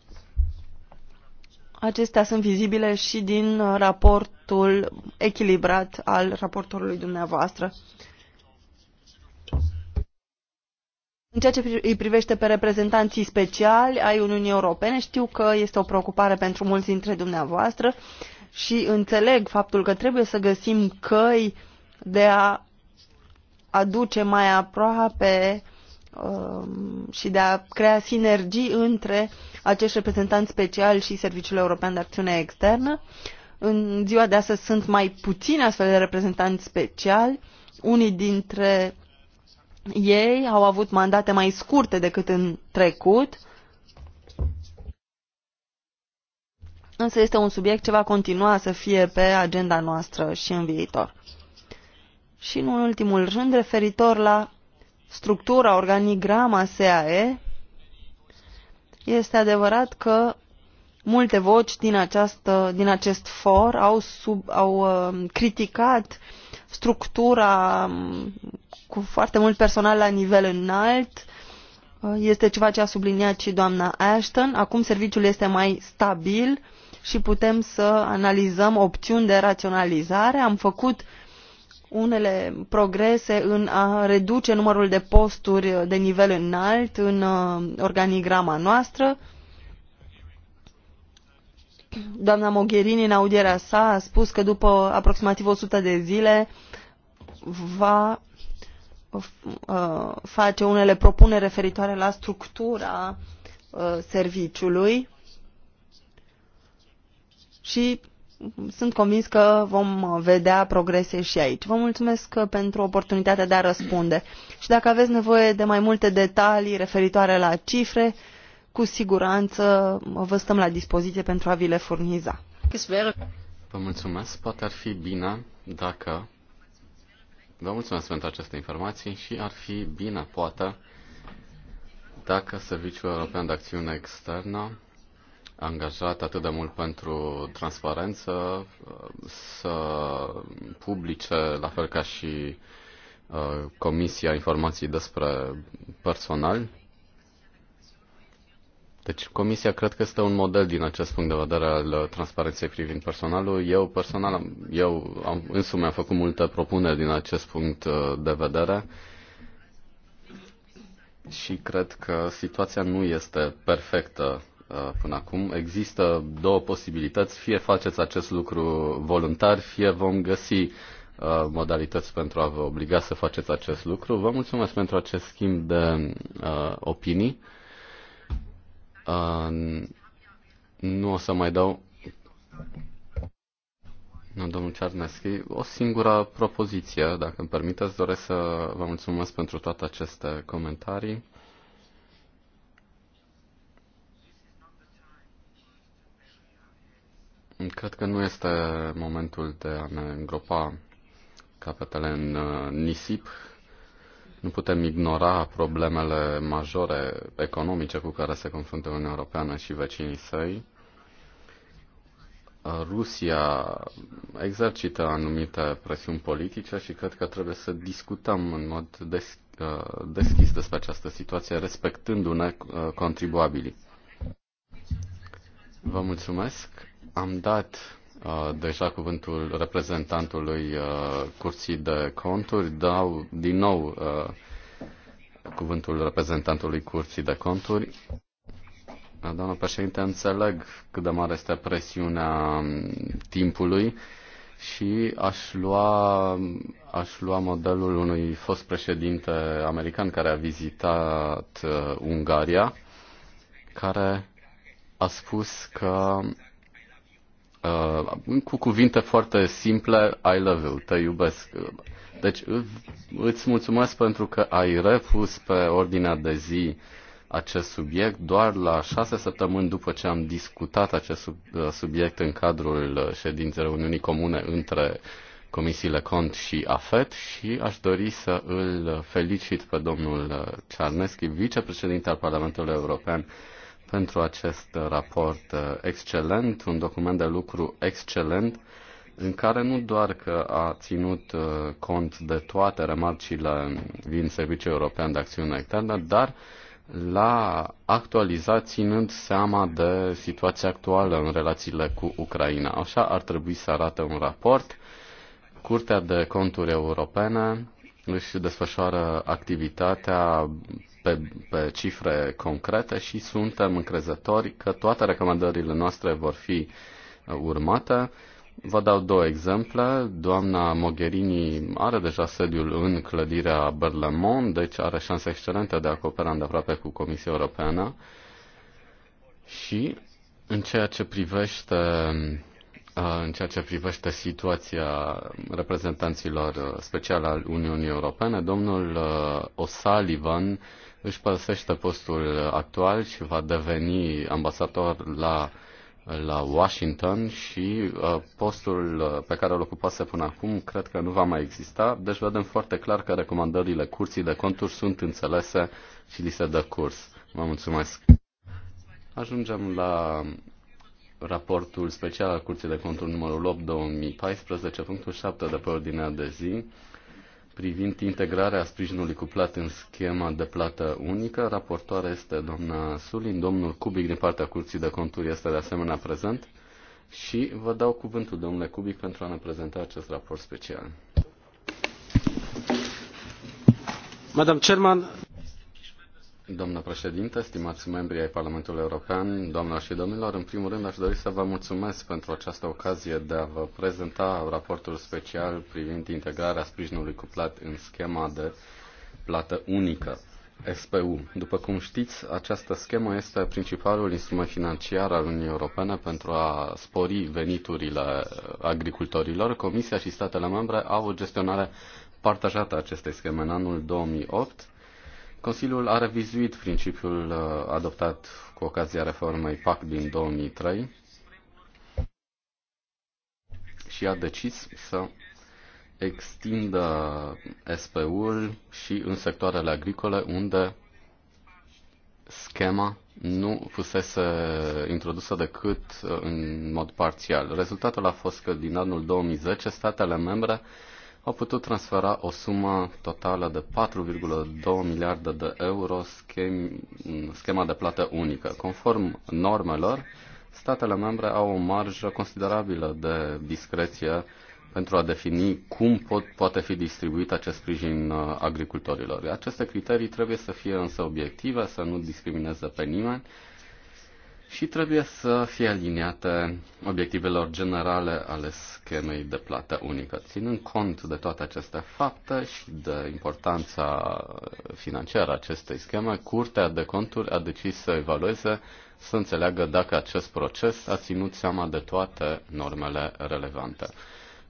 acestea sunt vizibile și din raportul echilibrat al raportorului dumneavoastră. În ceea ce îi privește pe reprezentanții speciali ai Uniunii Europene, știu că este o preocupare pentru mulți dintre dumneavoastră și înțeleg faptul că trebuie să găsim căi de a aduce mai aproape um, și de a crea sinergii între acești reprezentanți speciali și Serviciul European de Acțiune Externă. În ziua de astăzi sunt mai puțini astfel de reprezentanți speciali. Unii dintre ei au avut mandate mai scurte decât în trecut, însă este un subiect ce va continua să fie pe agenda noastră și în viitor. Și în ultimul rând, referitor la structura, organigrama SAE, este adevărat că multe voci din, această, din acest for au, sub, au uh, criticat uh, structura mm, cu foarte mult personal la nivel înalt. Uh, este ceva ce a subliniat și doamna Ashton. Acum serviciul este mai stabil și putem să analizăm opțiuni de raționalizare. Am făcut unele progrese în a reduce numărul de posturi de nivel înalt în uh, organigrama noastră. Doamna Mogherini, în audierea sa, a spus că după aproximativ 100 de zile va uh, face unele propuneri referitoare la structura uh, serviciului și sunt convins că vom vedea progrese și aici. Vă mulțumesc uh, pentru oportunitatea de a răspunde. Și dacă aveți nevoie de mai multe detalii referitoare la cifre, cu siguranță vă stăm la dispoziție pentru a vi le furniza. Vă mulțumesc. Poate ar fi bine dacă... Vă mulțumesc pentru aceste informații și ar fi bine, poate, dacă Serviciul European de Acțiune Externă, angajat atât de mult pentru transparență, să publice, la fel ca și uh, Comisia, informații despre personal, deci Comisia cred că este un model din acest punct de vedere al uh, transparenței privind personalul. Eu personal, eu am, însumi am făcut multe propuneri din acest punct uh, de vedere și cred că situația nu este perfectă uh, până acum. Există două posibilități, fie faceți acest lucru voluntar, fie vom găsi modalități pentru a vă obliga să faceți acest lucru. Vă mulțumesc pentru acest schimb de uh, opinii nu o să mai dau. No, domnul Cernescu, o singură propoziție, dacă îmi permiteți, doresc să vă mulțumesc pentru toate aceste comentarii. Cred că nu este momentul de a ne îngropa capetele în uh, nisip, nu putem ignora problemele majore economice cu care se confruntă Uniunea Europeană și vecinii săi. Rusia exercită anumite presiuni politice și cred că trebuie să discutăm în mod des, uh, deschis despre această situație, respectându-ne uh, contribuabilii. Vă mulțumesc. Am dat Uh, deja cuvântul reprezentantului uh, Curții de Conturi, dau din nou uh, cuvântul reprezentantului Curții de Conturi. Doamna președinte, înțeleg cât de mare este presiunea um, timpului și aș lua, aș lua modelul unui fost președinte american care a vizitat Ungaria, care a spus că uh, cu cuvinte foarte simple, I love you, te iubesc. Deci îți mulțumesc pentru că ai refuz pe ordinea de zi acest subiect doar la șase săptămâni după ce am discutat acest uh, subiect în cadrul uh, ședinței Uniunii Comune între comisiile CONT și AFET și aș dori să îl felicit pe domnul uh, Cearneschi, vicepreședinte al Parlamentului European, pentru acest raport uh, excelent, un document de lucru excelent, în care nu doar că a ținut uh, cont de toate remarcile din Serviciul European de Acțiune Externă, dar l-a actualizat ținând seama de situația actuală în relațiile cu Ucraina. Așa ar trebui să arate un raport. Curtea de conturi europene își desfășoară activitatea pe, pe cifre concrete și suntem încrezători că toate recomandările noastre vor fi uh, urmate. Vă dau două exemple. Doamna Mogherini are deja sediul în clădirea Berlemont, deci are șanse excelente de a coopera îndeaproape cu Comisia Europeană. Și în ceea ce privește uh, în ceea ce privește situația reprezentanților uh, speciale al Uniunii Europene, domnul O'Sullivan își părăsește postul actual și va deveni ambasador la, la Washington și uh, postul uh, pe care îl ocupase până acum cred că nu va mai exista. Deci vedem foarte clar că recomandările curții de conturi sunt înțelese și li se dă curs. Vă mulțumesc. Ajungem la raportul special al Curții de Conturi numărul 8 2014, punctul 7 de pe ordinea de zi privind integrarea sprijinului cuplat în schema de plată unică. Raportoarea este doamna Sulin, domnul Cubic din partea Curții de Conturi este de asemenea prezent și vă dau cuvântul, domnule Cubic, pentru a ne prezenta acest raport special. Madam Chairman, Doamnă președintă, stimați membri ai Parlamentului European, doamnelor și domnilor, în primul rând aș dori să vă mulțumesc pentru această ocazie de a vă prezenta raportul special privind integrarea sprijinului cuplat în schema de plată unică. SPU. După cum știți, această schemă este principalul instrument financiar al Uniunii Europene pentru a spori veniturile agricultorilor. Comisia și statele membre au o gestionare partajată a acestei scheme. În anul 2008, Consiliul a revizuit principiul uh, adoptat cu ocazia reformei PAC din 2003 și a decis să extindă SPU-ul și în sectoarele agricole unde schema nu fusese introdusă decât uh, în mod parțial. Rezultatul a fost că din anul 2010 statele membre au putut transfera o sumă totală de 4,2 miliarde de euro schem, schema de plată unică. Conform normelor, statele membre au o marjă considerabilă de discreție pentru a defini cum pot, poate fi distribuit acest sprijin uh, agricultorilor. Aceste criterii trebuie să fie însă obiective, să nu discrimineze pe nimeni și trebuie să fie aliniate obiectivelor generale ale schemei de plată unică. Ținând cont de toate aceste fapte și de importanța financiară a acestei scheme, Curtea de Conturi a decis să evalueze, să înțeleagă dacă acest proces a ținut seama de toate normele relevante.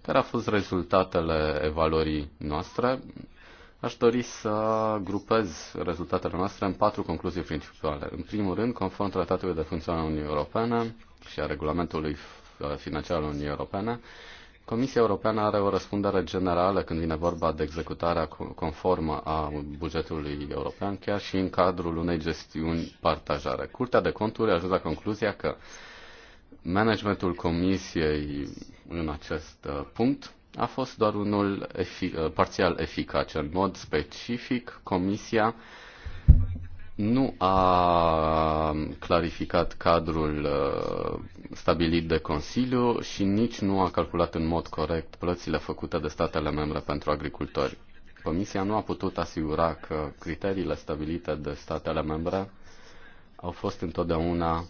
Care au fost rezultatele evaluării noastre? Aș dori să grupez rezultatele noastre în patru concluzii principale. În primul rând, conform Tratatului de Funcționare a Uniunii Europene și a Regulamentului Financiar al Uniunii Europene, Comisia Europeană are o răspundere generală când vine vorba de executarea conformă a bugetului european, chiar și în cadrul unei gestiuni partajare. Curtea de conturi a ajuns la concluzia că managementul Comisiei în acest uh, punct a fost doar unul efi- uh, parțial eficace. În mod specific, Comisia nu a clarificat cadrul uh, stabilit de Consiliu și nici nu a calculat în mod corect plățile făcute de statele membre pentru agricultori. Comisia nu a putut asigura că criteriile stabilite de statele membre au fost întotdeauna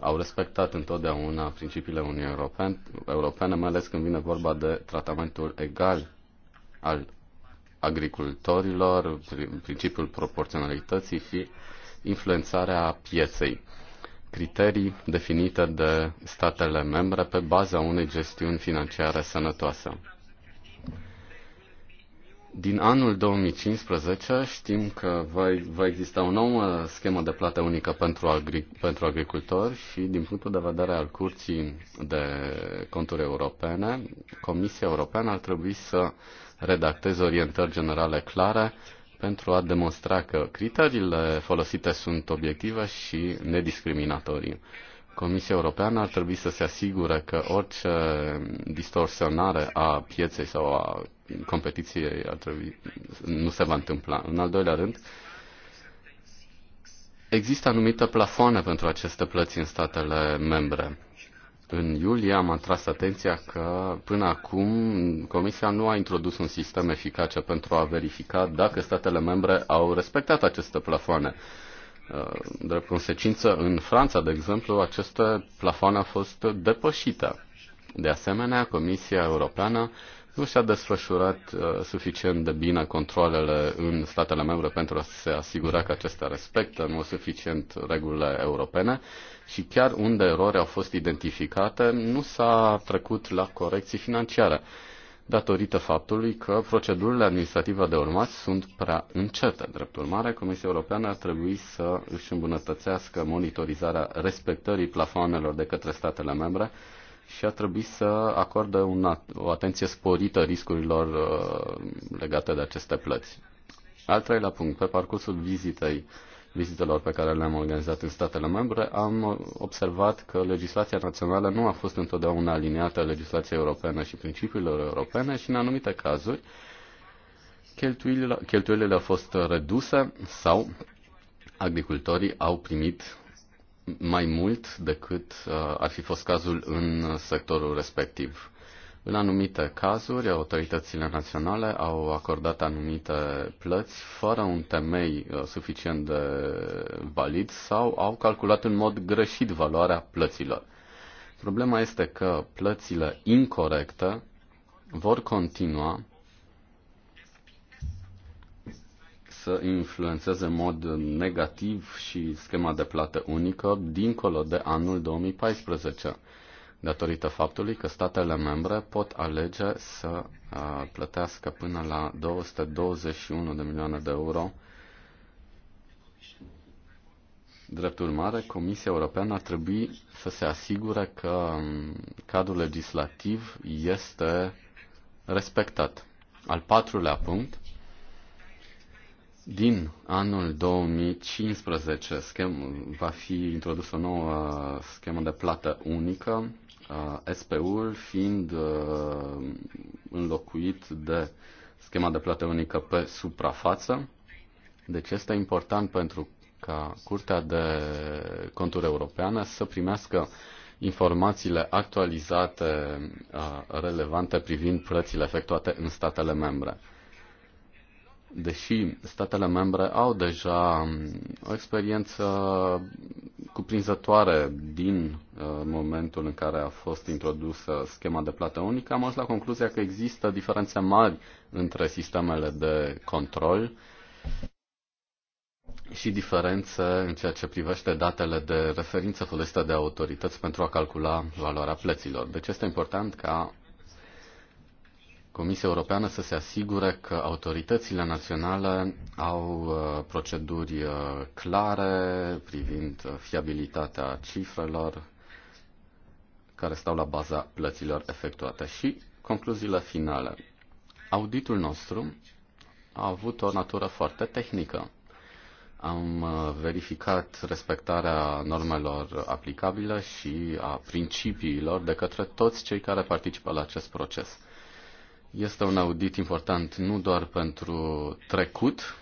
au respectat întotdeauna principiile Uniunii Europene, Europene, mai ales când vine vorba de tratamentul egal al agricultorilor, principiul proporționalității și influențarea pieței. Criterii definite de statele membre pe baza unei gestiuni financiare sănătoase. Din anul 2015 știm că va, va exista o nouă schemă de plată unică pentru, agri, pentru agricultori și din punctul de vedere al Curții de Conturi Europene, Comisia Europeană ar trebui să redacteze orientări generale clare pentru a demonstra că criteriile folosite sunt obiective și nediscriminatorii. Comisia Europeană ar trebui să se asigure că orice distorsionare a pieței sau a competiție ar trebui, nu se va întâmpla. În al doilea rând, există anumite plafoane pentru aceste plăți în statele membre. În iulie am atras atenția că până acum Comisia nu a introdus un sistem eficace pentru a verifica dacă statele membre au respectat aceste plafoane. Uh, drept consecință, în Franța, de exemplu, aceste plafoane au fost depășite. De asemenea, Comisia Europeană nu și-a desfășurat uh, suficient de bine controlele în statele membre pentru a se asigura că acestea respectă în mod suficient regulile europene și chiar unde erori au fost identificate, nu s-a trecut la corecții financiare datorită faptului că procedurile administrative de urmat sunt prea încete. Drept urmare, Comisia Europeană ar trebui să își îmbunătățească monitorizarea respectării plafoanelor de către statele membre și a trebuit să acorde un, o atenție sporită riscurilor uh, legate de aceste plăți. Al treilea punct, pe parcursul vizitei, vizitelor pe care le-am organizat în statele membre, am observat că legislația națională nu a fost întotdeauna aliniată legislației europene și principiilor europene și, în anumite cazuri, cheltuielile, cheltuielile au fost reduse sau agricultorii au primit mai mult decât uh, ar fi fost cazul în sectorul respectiv. În anumite cazuri, autoritățile naționale au acordat anumite plăți fără un temei uh, suficient de valid sau au calculat în mod greșit valoarea plăților. Problema este că plățile incorrecte vor continua să influențeze în mod negativ și schema de plată unică dincolo de anul 2014, datorită faptului că statele membre pot alege să plătească până la 221 de milioane de euro Drept urmare, Comisia Europeană ar trebui să se asigure că cadrul legislativ este respectat. Al patrulea punct din anul 2015 schem, va fi introdusă o nouă uh, schemă de plată unică, uh, SPU-ul fiind uh, înlocuit de schema de plată unică pe suprafață. Deci este important pentru ca Curtea de Conturi Europeană să primească informațiile actualizate relevante privind plățile efectuate în statele membre deși statele membre au deja um, o experiență cuprinzătoare din uh, momentul în care a fost introdusă schema de plată unică, am ajuns la concluzia că există diferențe mari între sistemele de control și diferențe în ceea ce privește datele de referință folosite de autorități pentru a calcula valoarea plăților. Deci este important ca Comisia Europeană să se asigure că autoritățile naționale au uh, proceduri uh, clare privind uh, fiabilitatea cifrelor care stau la baza plăților efectuate. Și concluziile finale. Auditul nostru a avut o natură foarte tehnică. Am verificat respectarea normelor aplicabile și a principiilor de către toți cei care participă la acest proces. Este un audit important nu doar pentru trecut,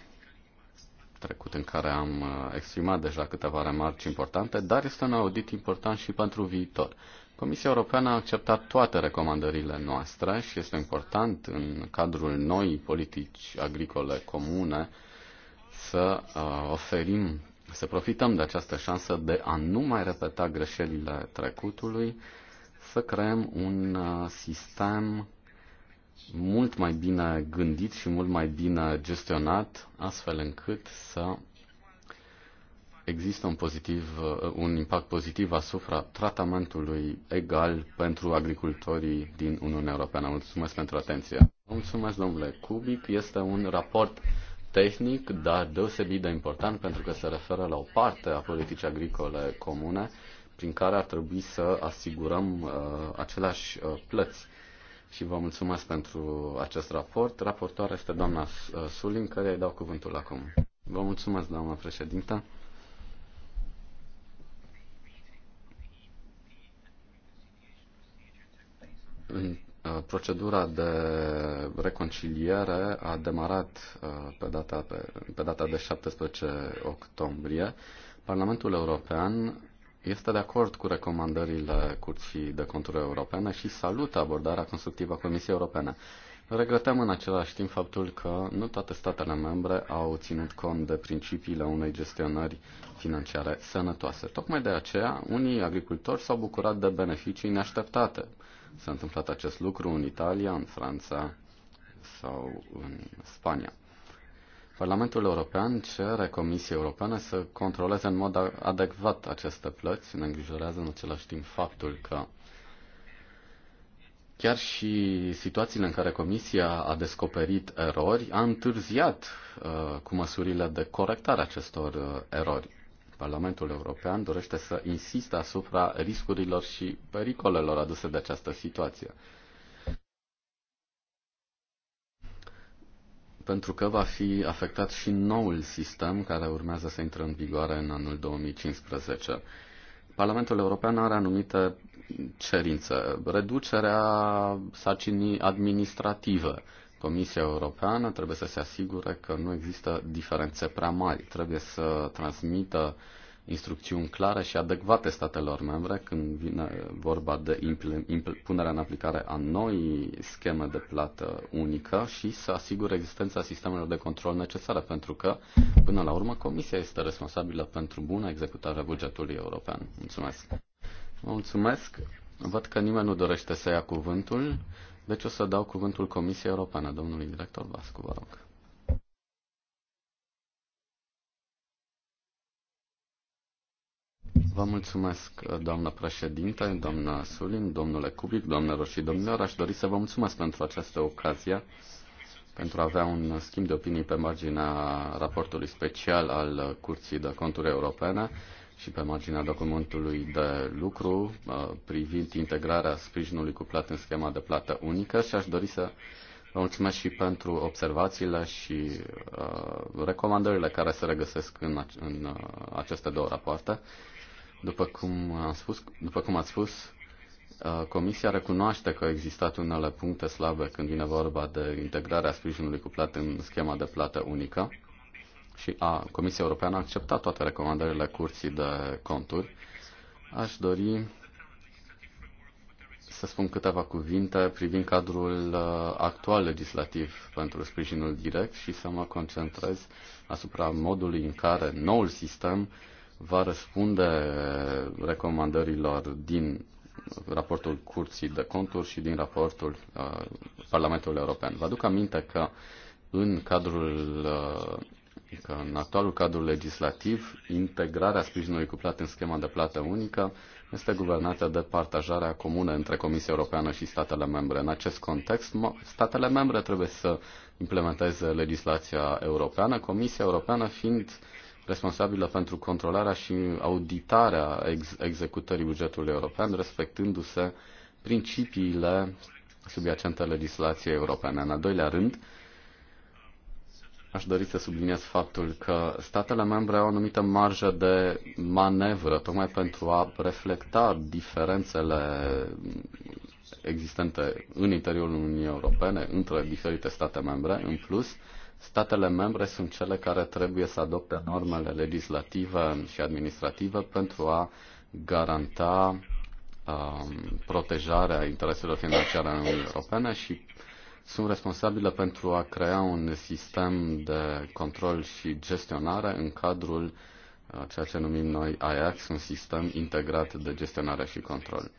trecut în care am uh, exprimat deja câteva remarci importante, dar este un audit important și pentru viitor. Comisia Europeană a acceptat toate recomandările noastre și este important în cadrul noii politici agricole comune să uh, oferim, să profităm de această șansă de a nu mai repeta greșelile trecutului, să creăm un uh, sistem mult mai bine gândit și mult mai bine gestionat, astfel încât să există un, pozitiv, uh, un impact pozitiv asupra tratamentului egal pentru agricultorii din Uniunea Europeană. Mulțumesc pentru atenție. Mulțumesc, domnule Cubic. Este un raport tehnic, dar deosebit de important pentru că se referă la o parte a politicii agricole comune prin care ar trebui să asigurăm uh, aceleași uh, plăți și vă mulțumesc pentru acest raport. Raportoarea este doamna uh, Sulin, care îi dau cuvântul acum. Vă mulțumesc, doamna președintă. Uh, procedura de reconciliere a demarat uh, pe data, pe, pe data de 17 octombrie. Parlamentul European este de acord cu recomandările Curții de Conturi Europene și salută abordarea constructivă a Comisiei Europene. Regretăm în același timp faptul că nu toate statele membre au ținut cont de principiile unei gestionări financiare sănătoase. Tocmai de aceea, unii agricultori s-au bucurat de beneficii neașteptate. S-a întâmplat acest lucru în Italia, în Franța sau în Spania. Parlamentul European cere Comisiei Europene să controleze în mod adecvat aceste plăți. Ne îngrijorează în același timp faptul că chiar și situațiile în care Comisia a descoperit erori, a întârziat uh, cu măsurile de corectare acestor uh, erori. Parlamentul European dorește să insiste asupra riscurilor și pericolelor aduse de această situație. pentru că va fi afectat și noul sistem care urmează să intre în vigoare în anul 2015. Parlamentul European are anumite cerințe. Reducerea sarcinii administrative. Comisia Europeană trebuie să se asigure că nu există diferențe prea mari. Trebuie să transmită uh, instrucțiuni clare și adecvate statelor membre când vine vorba de punerea în aplicare a noi scheme de plată unică și să asigure existența sistemelor de control necesare, pentru că, până la urmă, Comisia este responsabilă pentru bună executare a bugetului european. Mulțumesc! Mulțumesc! Văd că nimeni nu dorește să ia cuvântul, deci o să dau cuvântul Comisiei Europene, domnului director Vascu, vă rog. Vă mulțumesc, doamnă președinte, doamnă Sulin, domnule Cubic, doamnelor și domnilor. Aș dori să vă mulțumesc pentru această ocazie, pentru a avea un schimb de opinii pe marginea raportului special al Curții de Conturi Europene și pe marginea documentului de lucru uh, privind integrarea sprijinului cuplat în schema de plată unică și aș dori să Vă mulțumesc și pentru observațiile și uh, recomandările care se regăsesc în, uh, aceste două rapoarte. După cum, am spus, după cum ați spus, uh, Comisia recunoaște că au existat unele puncte slabe când vine vorba de integrarea sprijinului cuplat în schema de plată unică și a, Comisia Europeană a acceptat toate recomandările Curții de Conturi. Aș dori să spun câteva cuvinte privind cadrul uh, actual legislativ pentru sprijinul direct și să mă concentrez asupra modului în care noul sistem uh, va răspunde recomandărilor din raportul Curții de Conturi și din raportul uh, Parlamentului European. Vă aduc aminte că în cadrul uh, că în actualul cadru legislativ, integrarea sprijinului cuplat în schema de plată unică este guvernată de partajarea comună între Comisia Europeană și statele membre. În acest context, statele membre trebuie să implementeze legislația europeană, Comisia Europeană fiind uh, responsabilă pentru controlarea și auditarea ex- executării bugetului european, respectându-se principiile subiacente legislației europene. În al doilea rând, aș dori să subliniez faptul că statele membre au o anumită marjă de manevră, tocmai pentru a reflecta diferențele existente în interiorul Uniunii Europene între diferite state membre. În plus, statele membre sunt cele care trebuie să adopte normele legislative și administrative pentru a garanta um, protejarea intereselor financiare în Uniunea Europene și sunt responsabile pentru a crea un sistem de control și gestionare în cadrul uh, ceea ce numim noi AIAX, un sistem integrat de gestionare și control.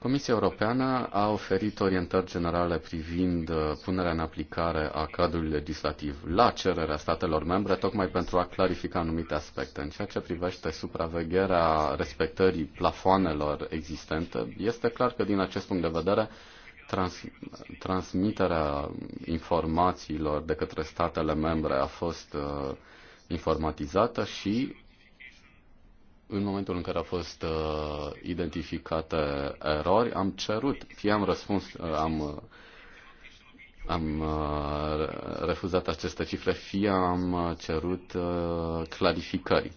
Comisia Europeană a oferit orientări generale privind uh, punerea în aplicare a cadrului legislativ la cererea statelor membre, tocmai pentru a clarifica anumite aspecte. În ceea ce privește supravegherea respectării plafoanelor existente, este clar că din acest punct de vedere trans- transmiterea informațiilor de către statele membre a fost uh, informatizată și în momentul în care au fost uh, identificate erori, am cerut, fie am răspuns, uh, am, uh, am uh, refuzat aceste cifre, fie am uh, cerut uh, clarificări.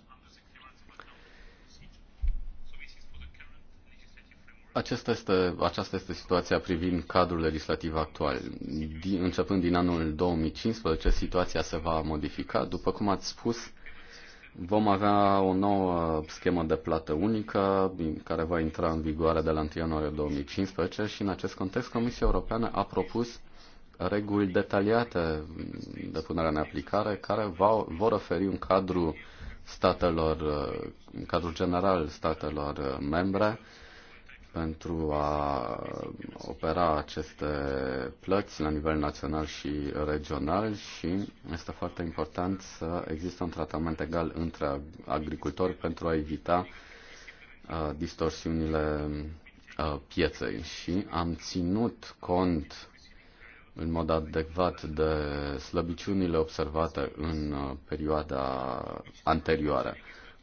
Aceasta este, aceasta este situația privind cadrul legislativ actual. Din, începând din anul 2015, situația se va modifica. După cum ați spus, uh, Vom avea o nouă schemă de plată unică care va intra în vigoare de la 1 ianuarie 2015 și în acest context Comisia Europeană a propus reguli detaliate de punere în aplicare care va, vor oferi un cadru statelor, un cadru general statelor membre pentru a opera aceste plăți la nivel național și regional și este foarte important să există un tratament egal între agricultori pentru a evita uh, distorsiunile uh, pieței și am ținut cont în mod adecvat de slăbiciunile observate în uh, perioada anterioară.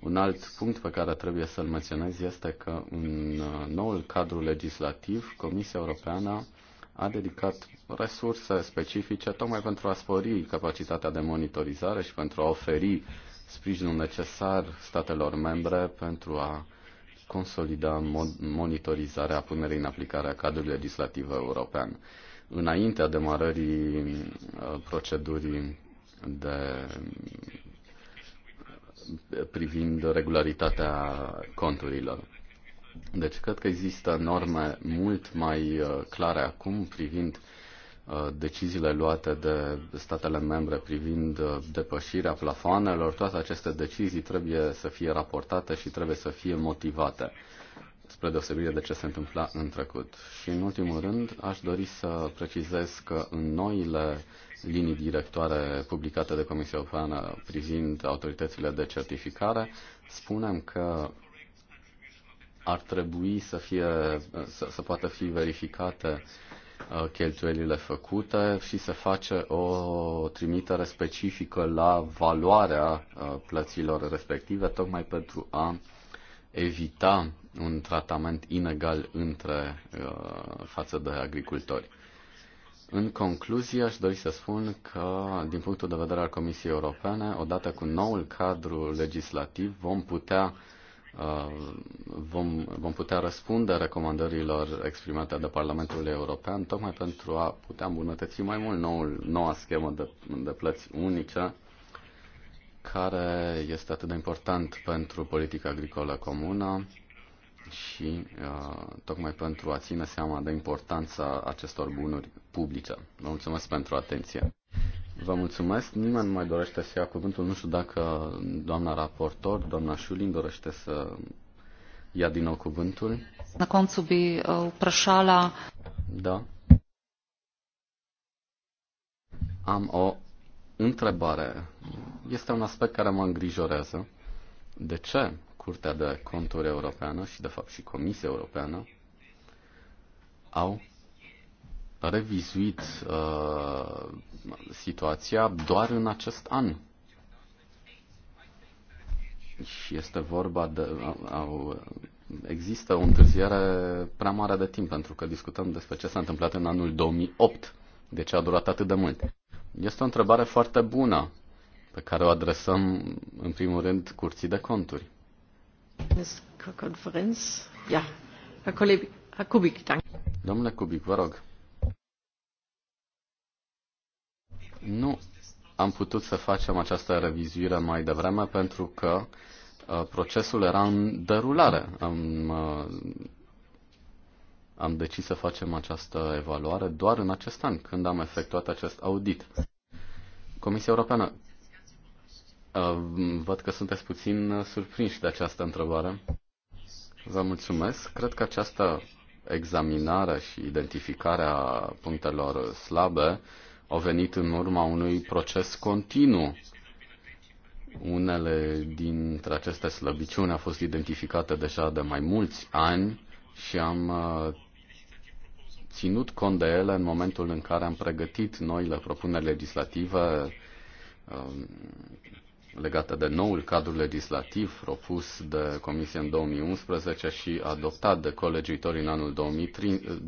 Un alt punct pe care trebuie să-l menționez este că în uh, noul cadru legislativ, Comisia Europeană a dedicat resurse specifice tocmai pentru a spori capacitatea de monitorizare și pentru a oferi sprijinul necesar statelor membre pentru a consolida monitorizarea punerii în aplicare a cadrului legislativ european. Înaintea demarării uh, procedurii de privind regularitatea conturilor. Deci cred că există norme mult mai uh, clare acum privind uh, deciziile luate de statele membre privind uh, depășirea plafoanelor, toate aceste decizii trebuie să fie raportate și trebuie să fie motivate, spre deosebire de ce se întâmpla în trecut. Și în ultimul rând, aș dori să precizez că în noile linii directoare publicate de Comisia Europeană privind autoritățile de certificare, spunem că ar trebui să, fie, să, să poată fi verificate uh, cheltuielile făcute și să face o trimitere specifică la valoarea uh, plăților respective, tocmai pentru a evita un tratament inegal între uh, față de agricultori. În concluzie, aș dori să spun că, din punctul de vedere al Comisiei Europene, odată cu noul cadru legislativ, vom putea, uh, vom, vom putea răspunde recomandărilor exprimate de Parlamentul European, tocmai pentru a putea îmbunătăți mai mult noul, noua schemă de, de plăți unice, care este atât de important pentru politica agricolă comună, și uh, tocmai pentru a ține seama de importanța acestor bunuri publice. Vă mulțumesc pentru atenție. Vă mulțumesc. Nimeni nu mai dorește să ia cuvântul. Nu știu dacă doamna raportor, doamna Șulin dorește să ia din nou cuvântul. Na koncu bi uprašala. Uh, da. Am o întrebare. Este un aspect care mă îngrijorează. De ce Curtea de Conturi Europeană și, de fapt, și Comisia Europeană au revizuit uh, situația doar în acest an. Și este vorba de. Au, există o întârziere prea mare de timp, pentru că discutăm despre ce s-a întâmplat în anul 2008. De ce a durat atât de mult? Este o întrebare foarte bună pe care o adresăm, în primul rând, curții de conturi. Kubik, Domnule Kubik, vă rog. Nu am putut să facem această revizuire mai devreme pentru că uh, procesul era în derulare. Am, uh, am decis să facem această evaluare doar în acest an, când am efectuat acest audit. Comisia Europeană, Ehm, văd că sunteți puțin uh, surprinși de această întrebare. Vă mulțumesc. Cred că această examinare și identificarea punctelor slabe au venit în urma unui proces continuu. Unele dintre aceste slăbiciuni au fost identificate deja de mai mulți ani și am uh, ținut cont de ele în momentul în care am pregătit noile propuneri legislative ehm, legată de noul cadru legislativ propus de Comisie în 2011 și adoptat de colegiitori în anul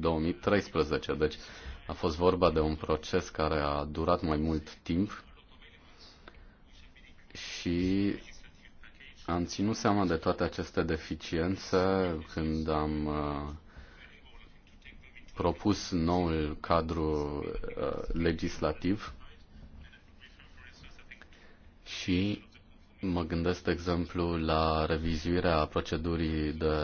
2013. Deci a fost vorba de un proces care a durat mai mult timp și am ținut seama de toate aceste deficiențe când am uh, propus noul cadru uh, legislativ și mă gândesc, de exemplu, la revizuirea procedurii de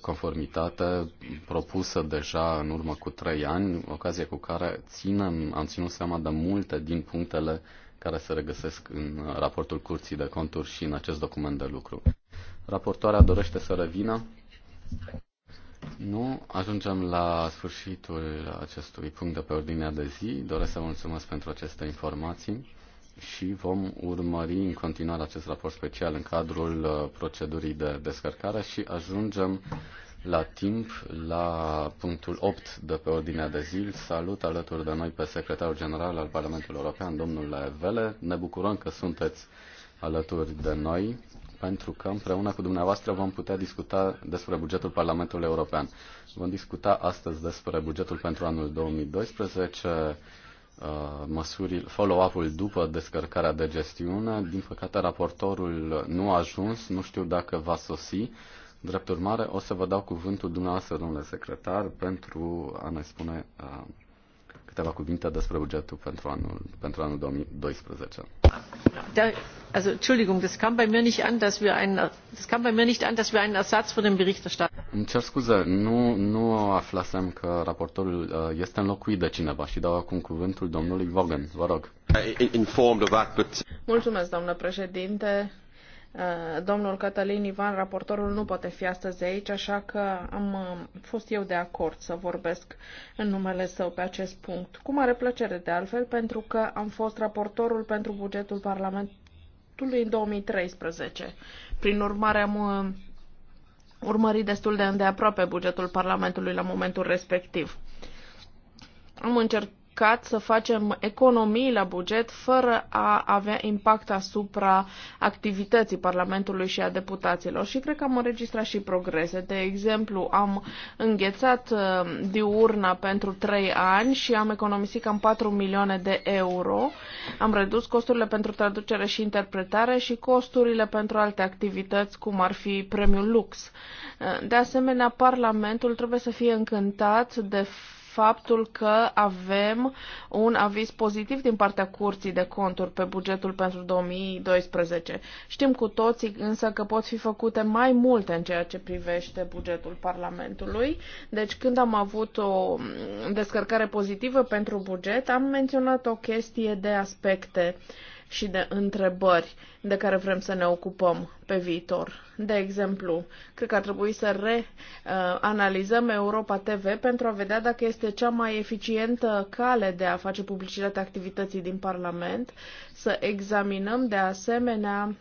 conformitate propusă deja în urmă cu trei ani, ocazia cu care ținem, am ținut seama de multe din punctele care se regăsesc în raportul Curții de Conturi și în acest document de lucru. Raportoarea dorește să revină? Nu, ajungem la sfârșitul acestui punct de pe ordinea de zi. Doresc să vă mulțumesc pentru aceste informații și vom urmări în continuare acest raport special în cadrul uh, procedurii de descărcare și ajungem la timp la punctul 8 de pe ordinea de zi. Salut alături de noi pe secretarul general al Parlamentului European, domnul Vele. Ne bucurăm că sunteți alături de noi pentru că împreună cu dumneavoastră vom putea discuta despre bugetul Parlamentului European. Vom discuta astăzi despre bugetul pentru anul 2012, Uh, măsurile, follow-up-ul după descărcarea de gestiune. Din păcate, raportorul nu a ajuns, nu știu dacă va sosi. Drept urmare, o să vă dau cuvântul dumneavoastră, domnule secretar, pentru a ne spune uh, câteva cuvinte despre bugetul pentru anul, pentru anul 2012. Da, also, Entschuldigung, das kam bei mir nicht an, dass wir einen, das kam bei mir nicht an, dass wir einen Ersatz von dem Berichterstatter. Îmi cer scuze, nu, nu aflasem că raportorul uh, este înlocuit de cineva și dau acum cuvântul domnului Vaughan. Vă rog. Informed of that, but... Mulțumesc, doamnă președinte. Eh, domnul Cătălin Ivan, raportorul, nu poate fi astăzi aici, așa că am eh, fost eu de acord să vorbesc în numele său pe acest punct. Cu mare plăcere, de altfel, pentru că am fost raportorul pentru bugetul Parlamentului în 2013. Prin urmare, am eh, urmărit destul de îndeaproape bugetul Parlamentului la momentul respectiv. Am încercat încercat să facem economii la buget fără a avea impact asupra activității Parlamentului și a deputaților și cred că am înregistrat și progrese. De exemplu, am înghețat uh, diurna pentru 3 ani și am economisit cam 4 milioane de euro. Am redus costurile pentru traducere și interpretare și costurile pentru alte activități, cum ar fi premiul Lux. Uh, de asemenea, Parlamentul trebuie să fie încântat de faptul că avem un aviz pozitiv din partea Curții de Conturi pe bugetul pentru 2012. Știm cu toții însă că pot fi făcute mai multe în ceea ce privește bugetul Parlamentului. Deci când am avut o descărcare pozitivă pentru buget, am menționat o chestie de aspecte uh, și de întrebări de care vrem să ne ocupăm pe viitor. De exemplu, cred că ar trebui să reanalizăm Europa TV pentru a vedea dacă este cea mai eficientă cale de a face publicitatea activității din Parlament, să examinăm de asemenea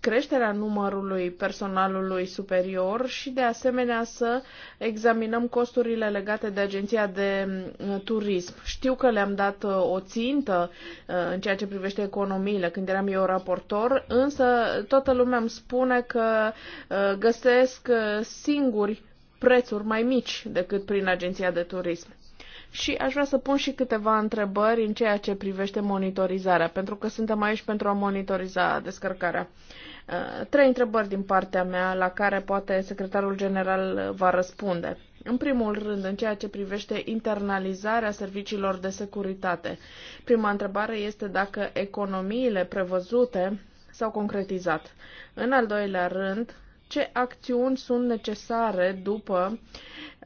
creșterea numărului personalului superior și, de asemenea, să examinăm costurile legate de agenția de turism. Știu că le-am dat uh, o țintă uh, în ceea ce privește economiile când eram eu raportor, însă toată lumea îmi spune că uh, găsesc singuri prețuri mai mici decât prin agenția de turism. Și aș vrea să pun și câteva întrebări în ceea ce privește monitorizarea, pentru că suntem aici pentru a monitoriza descărcarea. Uh, trei întrebări din partea mea la care poate secretarul general va răspunde. În primul rând, în ceea ce privește internalizarea serviciilor de securitate. Prima întrebare este dacă economiile prevăzute s-au concretizat. În al doilea rând, ce acțiuni sunt necesare după uh,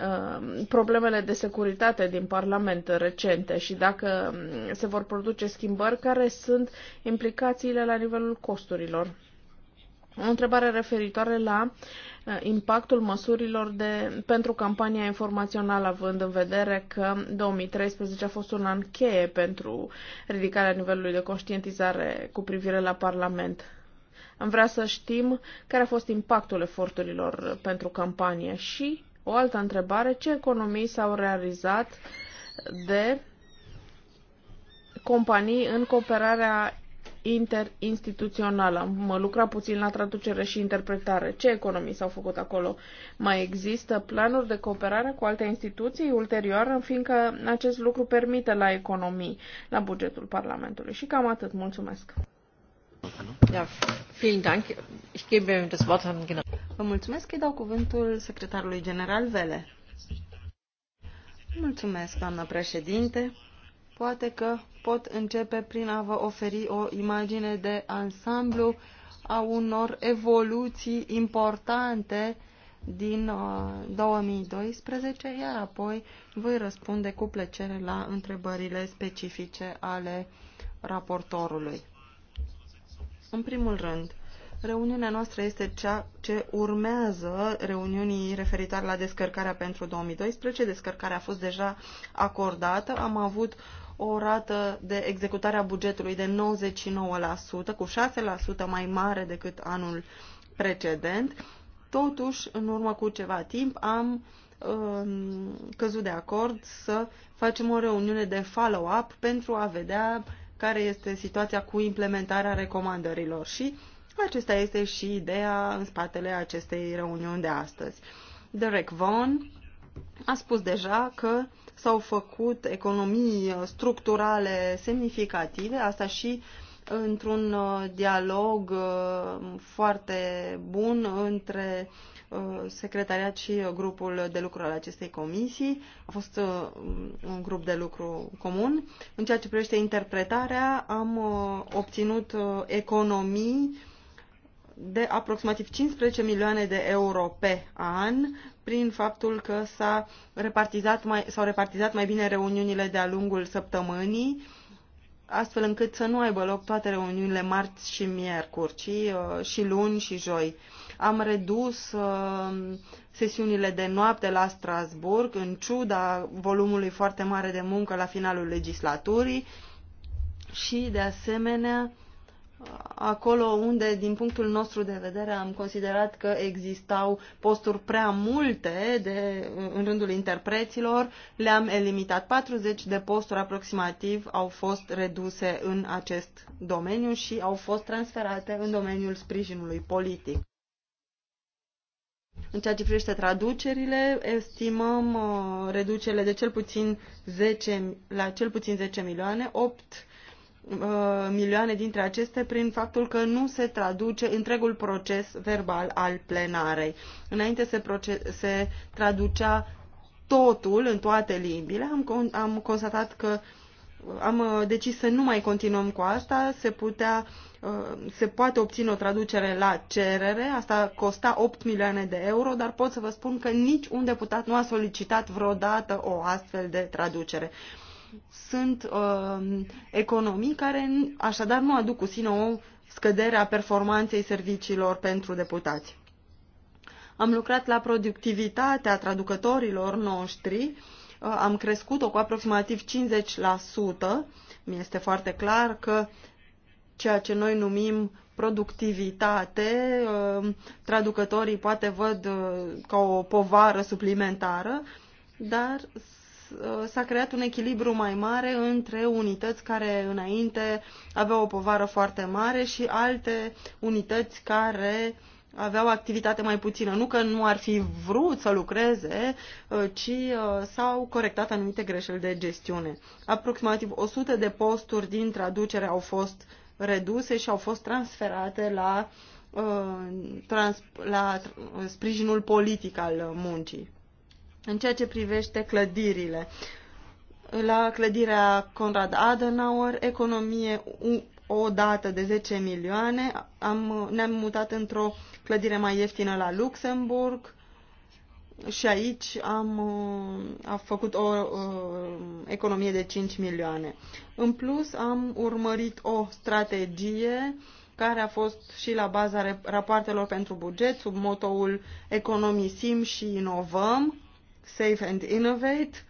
Um, problemele de securitate din Parlament recente și dacă um, se vor produce schimbări, care sunt implicațiile la nivelul costurilor. O întrebare referitoare la uh, impactul măsurilor de, pentru campania informațională, având în vedere că 2013 a fost un an cheie pentru ridicarea nivelului de conștientizare cu privire la Parlament. Am vrea să știm care a fost impactul eforturilor pentru campanie și o altă întrebare, ce economii s-au realizat de companii în cooperarea interinstituțională. Mă lucra puțin la traducere și interpretare. Ce economii s-au făcut acolo? Mai există planuri de cooperare cu alte instituții ulterioară, fiindcă acest lucru permite la economii, la bugetul Parlamentului. Și cam atât. Mulțumesc! Vă mulțumesc, îi dau cuvântul secretarului general Vele. Mulțumesc, doamnă președinte. Poate că pot începe prin a vă oferi o imagine de ansamblu a unor evoluții importante din 2012, uh, iar apoi voi răspunde cu plăcere la întrebările specifice ale raportorului. În primul rând, reuniunea noastră este cea ce urmează reuniunii referitoare la descărcarea pentru 2012. Descărcarea a fost deja acordată. Am avut o rată de executare a bugetului de 99%, cu 6% mai mare decât anul precedent. Totuși, în urmă cu ceva timp, am um, căzut de acord să facem o reuniune de follow-up pentru a vedea care este situația cu implementarea recomandărilor și acesta este și ideea în spatele acestei reuniuni de astăzi. Derek Vaughan a spus deja că s-au făcut economii structurale semnificative, asta și într-un uh, dialog uh, foarte bun între uh, Uh, secretariat și uh, grupul de lucru al acestei comisii. A fost uh, un grup de lucru comun. În ceea ce privește interpretarea, am obținut economii de aproximativ 15 milioane de euro pe an prin faptul că s-au repartizat, mai, repartizat mai bine reuniunile de-a lungul săptămânii, astfel încât să nu aibă loc toate reuniunile marți și miercuri, ci și luni și joi. Uh, am redus uh, sesiunile de noapte la Strasburg, în ciuda volumului foarte mare de muncă la finalul legislaturii și, de asemenea, acolo unde, din punctul nostru de vedere, am considerat că existau posturi prea multe de, în rândul interpreților, le-am elimitat. 40 de posturi aproximativ au fost reduse în acest domeniu și au fost transferate în domeniul sprijinului politic. În ceea ce privește traducerile, estimăm uh, reducerile de cel puțin 10, la cel puțin 10 milioane, 8 uh, milioane dintre acestea prin faptul că nu se traduce întregul proces verbal al plenarei. Înainte se, proces, se traducea totul în toate limbile. Am, am constatat că am uh, decis să nu mai continuăm cu asta. Se putea uh, Uh, se poate obține o traducere la cerere, asta costa 8 milioane de euro, dar pot să vă spun că nici un deputat nu a solicitat vreodată o astfel de traducere. Sunt uh, economii care așadar nu aduc cu sine o scădere a performanței serviciilor pentru deputați. Am lucrat la productivitatea traducătorilor noștri, uh, am crescut-o cu aproximativ 50%. Mi este foarte clar că ceea ce noi numim productivitate, uh, traducătorii poate văd uh, ca o povară suplimentară, dar uh, s-a creat un echilibru mai mare între unități care înainte aveau o povară foarte mare și alte unități care aveau activitate mai puțină. Nu că nu ar fi vrut să lucreze, ci s-au corectat anumite greșeli de gestiune. Aproximativ 100 de posturi din traducere au fost uh, reduse și au fost transferate la, uh, trans, la sprijinul politic al muncii. În ceea ce privește clădirile, la clădirea Conrad Adenauer, economie o dată de 10 milioane, am, ne-am mutat într-o clădire mai ieftină la Luxemburg, și aici am, uh, a făcut o, o uh, economie de 5 milioane. În plus, am urmărit o strategie care a fost și la baza rapoartelor pentru buget sub motoul economisim și inovăm, save and innovate.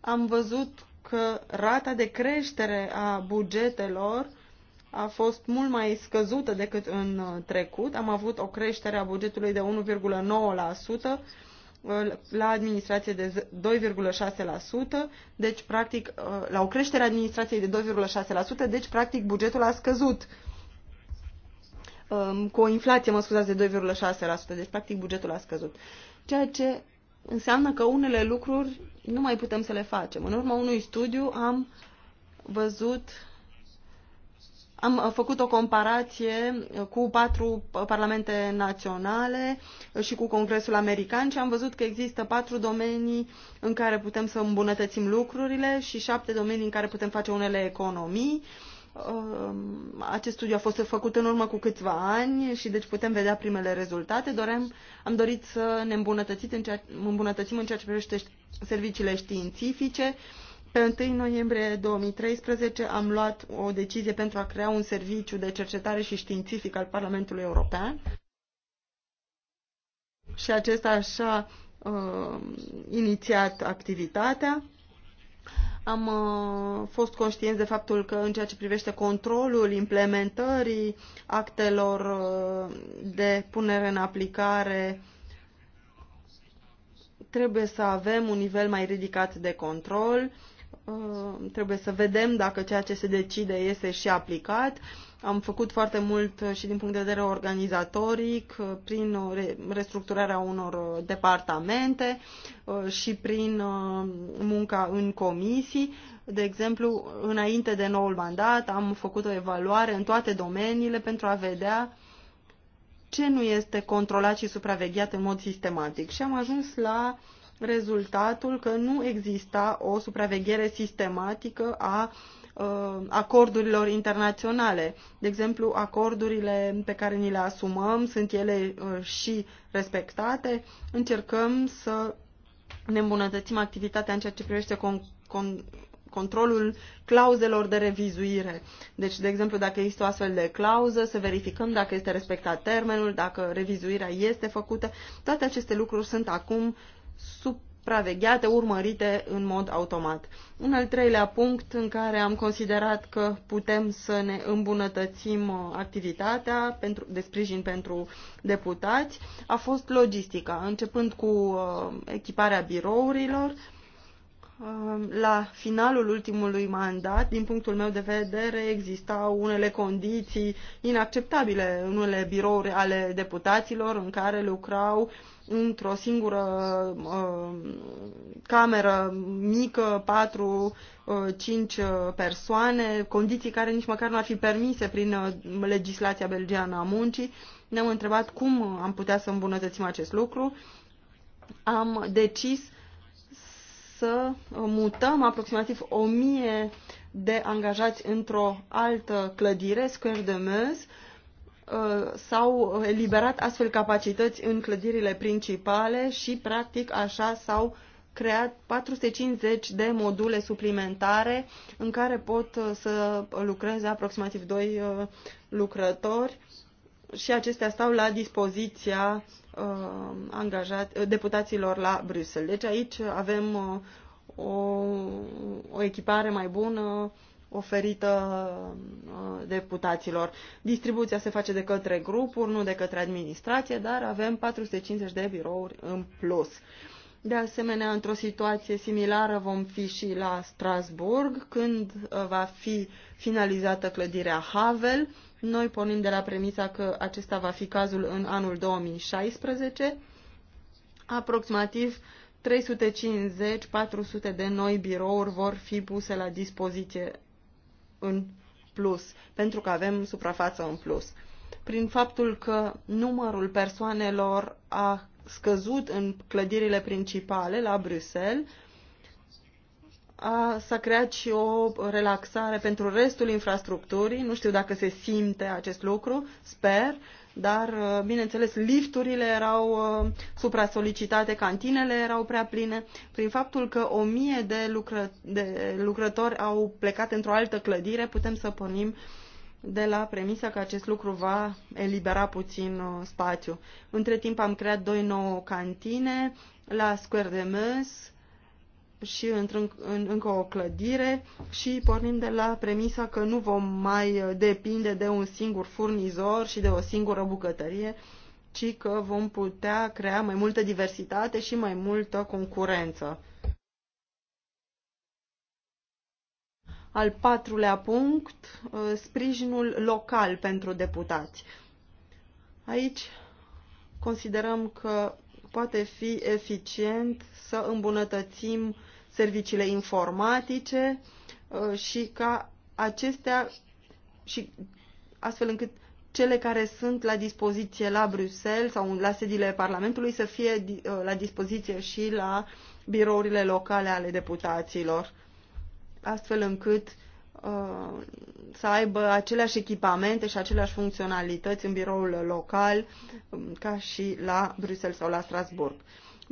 Am văzut că rata de creștere a bugetelor a fost mult mai scăzută decât în uh, trecut. Am avut o creștere a bugetului de 1,9% la administrație de 2,6%, deci practic uh, la o creștere a administrației de 2,6%, deci practic bugetul a scăzut um, cu o inflație, mă scuzați, de 2,6%, deci practic bugetul a scăzut. Ceea ce înseamnă că unele lucruri nu mai putem să le facem. În urma unui studiu am văzut am făcut o comparație cu patru parlamente naționale și cu Congresul American și am văzut că există patru domenii în care putem să îmbunătățim lucrurile și șapte domenii în care putem face unele economii. Um, acest studiu a fost făcut în urmă cu câțiva ani și deci putem vedea primele rezultate. Doream, am dorit să ne îmbunătățim în ceea, îmbunătățim în ceea ce privește serviciile științifice, pe 1 noiembrie 2013 am luat o decizie pentru a crea un serviciu de cercetare și științific al Parlamentului European și acesta așa uh, inițiat activitatea. Am uh, fost conștienți de faptul că în ceea ce privește controlul implementării actelor uh, de punere în aplicare trebuie să avem un nivel mai ridicat de control uh, Uh, trebuie să vedem dacă ceea ce se decide este și aplicat. Am făcut foarte mult uh, și din punct de vedere organizatoric, uh, prin restructurarea unor departamente și prin munca în comisii. De exemplu, înainte de noul mandat am făcut o evaluare în toate domeniile pentru a vedea ce nu este controlat și supravegheat în mod sistematic. Și am ajuns la uh, rezultatul că nu exista o supraveghere sistematică a ă, acordurilor internaționale. De exemplu, acordurile pe care ni le asumăm, sunt ele ă, și respectate. Încercăm să ne îmbunătățim activitatea în ceea ce privește con con controlul clauzelor de revizuire. Deci, de exemplu, dacă există o astfel de clauză, să verificăm dacă este respectat termenul, dacă revizuirea este făcută. Toate aceste lucruri sunt acum uh, supravegheate, urmărite în mod automat. Un al treilea punct în care am considerat că putem să ne îmbunătățim uh, activitatea pentru, de sprijin pentru deputați a fost logistica, începând cu uh, echiparea birourilor, uh, la finalul ultimului mandat, din punctul meu de vedere, existau unele condiții inacceptabile în unele birouri ale deputaților în care lucrau într-o singură uh, cameră mică, 4-5 uh, uh, persoane, condiții care nici măcar nu ar fi permise prin uh, legislația belgiană a muncii. Ne-am întrebat cum am putea să îmbunătățim acest lucru. Am decis să mutăm aproximativ 1000 de angajați într-o altă clădire, Square de Meuse, Uh, s-au eliberat astfel capacități în clădirile principale și, practic, așa s-au creat 450 de module suplimentare în care pot uh, să lucreze aproximativ doi uh, lucrători și acestea stau la dispoziția angajat, deputaților la Bruxelles. Deci aici avem o, o echipare mai bună oferită uh, deputaților. Distribuția se face de către grupuri, nu de către administrație, dar avem 450 de birouri în plus. De asemenea, într-o situație similară vom fi și la Strasburg, când uh, va fi finalizată clădirea Havel. Noi pornim de la premisa că acesta va fi cazul în anul 2016. Aproximativ 350-400 de noi birouri vor fi puse la dispoziție în plus, pentru că avem suprafață în plus. Prin faptul că numărul persoanelor a scăzut în clădirile principale la Bruxelles, s-a creat și o relaxare pentru restul infrastructurii. Nu știu dacă se simte acest lucru, sper, dar, uh, bineînțeles, lifturile erau uh, supra-solicitate, cantinele erau prea pline. Prin faptul că o mie de, lucră, de lucrători au plecat într-o altă clădire, putem să pornim de la premisa că acest lucru va elibera puțin uh, spațiu. Între timp am creat doi nouă cantine la Square de Meuse, și într-un, în, încă o clădire și pornim de la premisa că nu vom mai uh, depinde de un singur furnizor și de o singură bucătărie, ci că vom putea crea mai multă diversitate și mai multă concurență. Al patrulea punct, uh, sprijinul local pentru deputați. Aici considerăm că poate fi eficient să îmbunătățim serviciile informatice uh, și ca acestea și astfel încât cele care sunt la dispoziție la Bruxelles sau la sediile Parlamentului să fie uh, la dispoziție și la birourile locale ale deputaților, astfel încât uh, să aibă aceleași echipamente și aceleași funcționalități în biroul local um, ca și la Bruxelles sau la Strasbourg.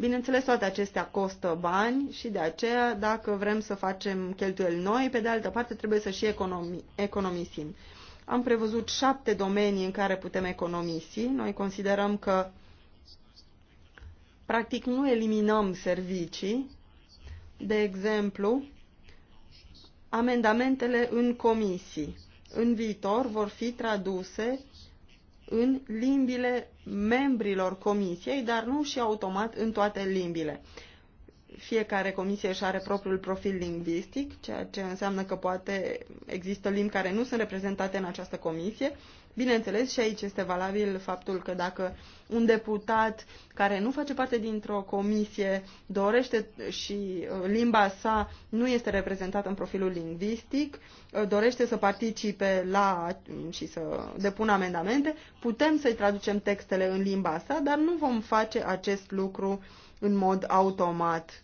Bineînțeles, toate acestea costă bani și de aceea, dacă vrem să facem cheltuieli noi, pe de altă parte trebuie să și economi economisim. Am prevăzut șapte domenii în care putem economisi. Noi considerăm că practic nu eliminăm servicii. De exemplu, amendamentele în comisii. În viitor vor fi traduse în limbile membrilor comisiei, dar nu și automat în toate limbile. Fiecare comisie își are propriul profil lingvistic, ceea ce înseamnă că poate există limbi care nu sunt reprezentate în această comisie Bineînțeles, și aici este valabil faptul că dacă un deputat care nu face parte dintr-o comisie dorește și uh, limba sa nu este reprezentată în profilul lingvistic, uh, dorește să participe la uh, și să depună amendamente, putem să-i traducem textele în limba sa, dar nu vom face acest lucru în mod automat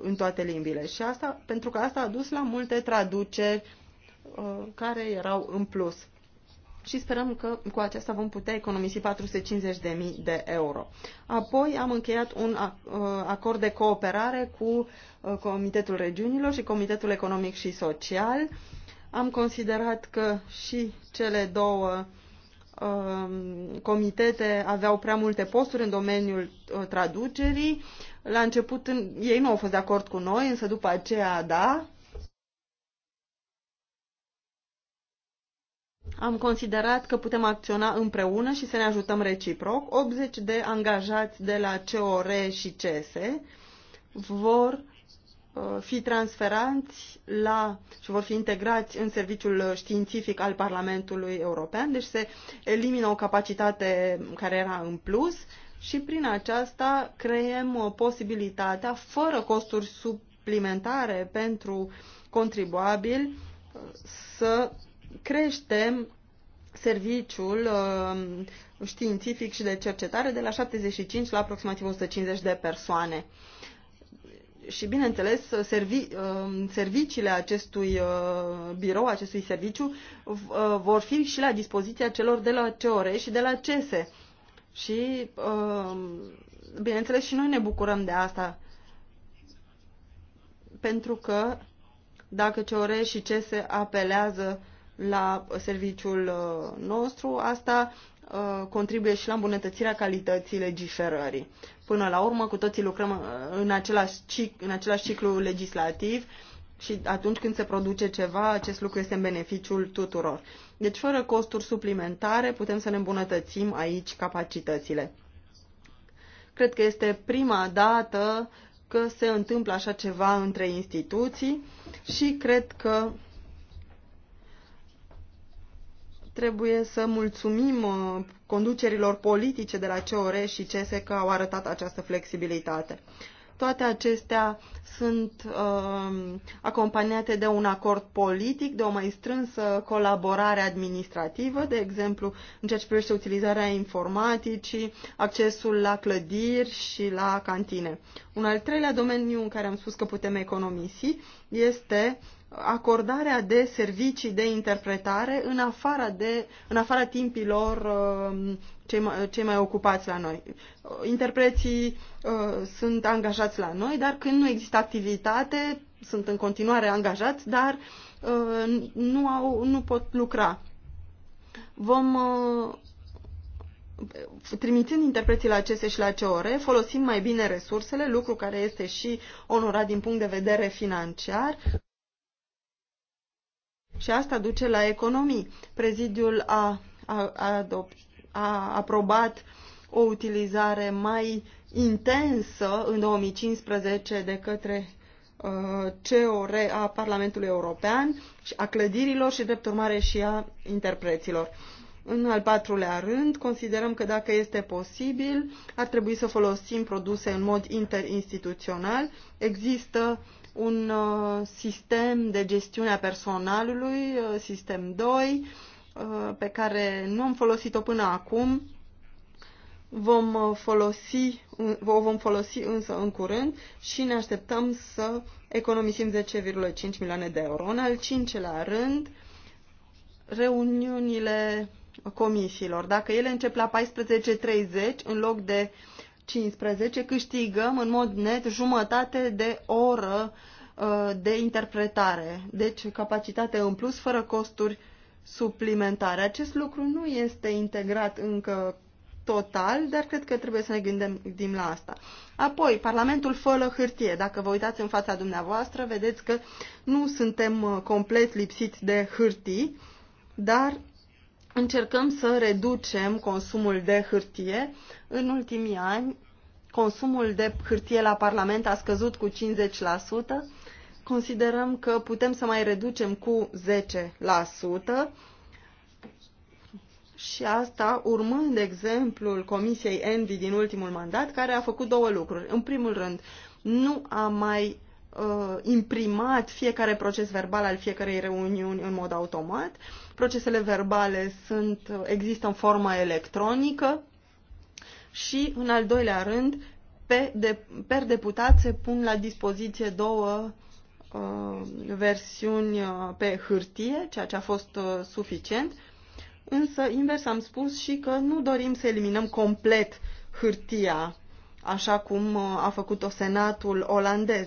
în toate limbile. Și asta, pentru că asta a dus la multe traduceri care erau în plus și sperăm că cu aceasta vom putea economisi 450.000 de euro. Apoi am încheiat un uh, acord de cooperare cu uh, Comitetul Regiunilor și Comitetul Economic și Social. Am considerat că și cele două um, comitete aveau prea multe posturi în domeniul uh, traducerii. La început ei nu au fost de acord cu noi, însă după aceea da. am considerat că putem acționa împreună și să ne ajutăm reciproc. 80 de angajați de la COR și CESE vor uh, fi transferați la și vor fi integrați în serviciul științific al Parlamentului European, deci se elimină o capacitate care era în plus și prin aceasta creăm uh, posibilitatea, fără costuri suplimentare pentru contribuabil, uh, să creștem serviciul uh, științific și de cercetare de la 75 la aproximativ 150 de persoane. Și, bineînțeles, servi, uh, serviciile acestui uh, birou, acestui serviciu, vor fi și la dispoziția celor de la COR și de la CESE. Și, bineînțeles, și noi ne bucurăm de asta. Pentru că, dacă CEORE și CESE apelează la serviciul uh, nostru, asta uh, contribuie și la îmbunătățirea calității legiferării. Până la urmă, cu toții lucrăm uh, în același, cic, în același ciclu legislativ și atunci când se produce ceva, acest lucru este în beneficiul tuturor. Deci, fără costuri suplimentare, putem să ne îmbunătățim aici capacitățile. Cred că este prima dată că se întâmplă așa ceva între instituții și cred că Trebuie să mulțumim uh, conducerilor politice de la COR și CSE că au arătat această flexibilitate. Toate acestea sunt uh, acompaniate de un acord politic, de o mai strânsă colaborare administrativă, de exemplu, în ceea ce privește utilizarea informaticii, accesul la clădiri și la cantine. Un al treilea domeniu în care am spus că putem economisi este acordarea de servicii de interpretare în afara, de, în afara timpilor um, cei mai, cei mai ocupați la noi. Interpreții uh, sunt angajați la noi, dar când nu există activitate, sunt în continuare angajați, dar uh, nu, au, nu pot lucra. Vom, uh, trimițând interpreții la CS și la COR, folosim mai bine resursele, lucru care este și onorat din punct de vedere financiar și asta duce la economii. Prezidiul a, a, a, a aprobat o utilizare mai intensă în 2015 de către uh, COR a Parlamentului European, și a clădirilor și, drept urmare, și a interpreților. În al patrulea rând, considerăm că dacă este posibil, ar trebui să folosim produse în mod interinstituțional. Există uh, un uh, sistem de gestiune a personalului, uh, sistem 2, uh, pe care nu am folosit-o până acum. Vom folosi, o vom folosi însă în curând și ne așteptăm să economisim 10,5 milioane de euro. În al cincelea rând, reuniunile comisiilor. Dacă ele încep la 14.30 în loc de 15 câștigăm în mod net jumătate de oră uh, de interpretare, deci capacitate în plus fără costuri suplimentare. Acest lucru nu este integrat încă total, dar cred că trebuie să ne gândim, din la asta. Apoi, Parlamentul fără hârtie. Dacă vă uitați în fața dumneavoastră, vedeți că nu suntem uh, complet lipsiți de hârtii, dar încercăm să reducem consumul de hârtie. În ultimii ani, consumul de hârtie la Parlament a scăzut cu 50%. Considerăm că putem să mai reducem cu 10% și asta urmând exemplul Comisiei Envi din ultimul mandat, care a făcut două lucruri. În primul rând, nu a mai uh, imprimat fiecare proces verbal al fiecarei reuniuni în mod automat procesele verbale sunt, există în formă electronică și, în al doilea rând, pe de, per deputat se pun la dispoziție două uh, versiuni uh, pe hârtie, ceea ce a fost uh, suficient, însă invers am spus și că nu dorim să eliminăm complet hârtia, așa cum uh, a făcut-o Senatul olandez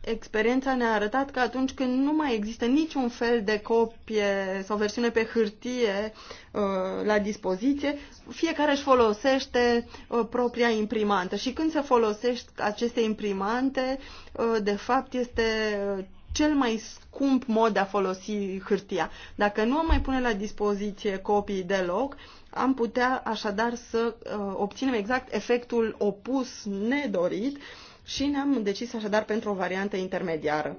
experiența ne-a arătat că atunci când nu mai există niciun fel de copie sau versiune pe hârtie uh, la dispoziție, fiecare își folosește uh, propria imprimantă. Și când se folosește aceste imprimante, uh, de fapt este cel mai scump mod de a folosi hârtia. Dacă nu am mai pune la dispoziție copii deloc, am putea așadar să obținem exact efectul opus nedorit, uh, și ne-am decis așadar pentru o variantă intermediară.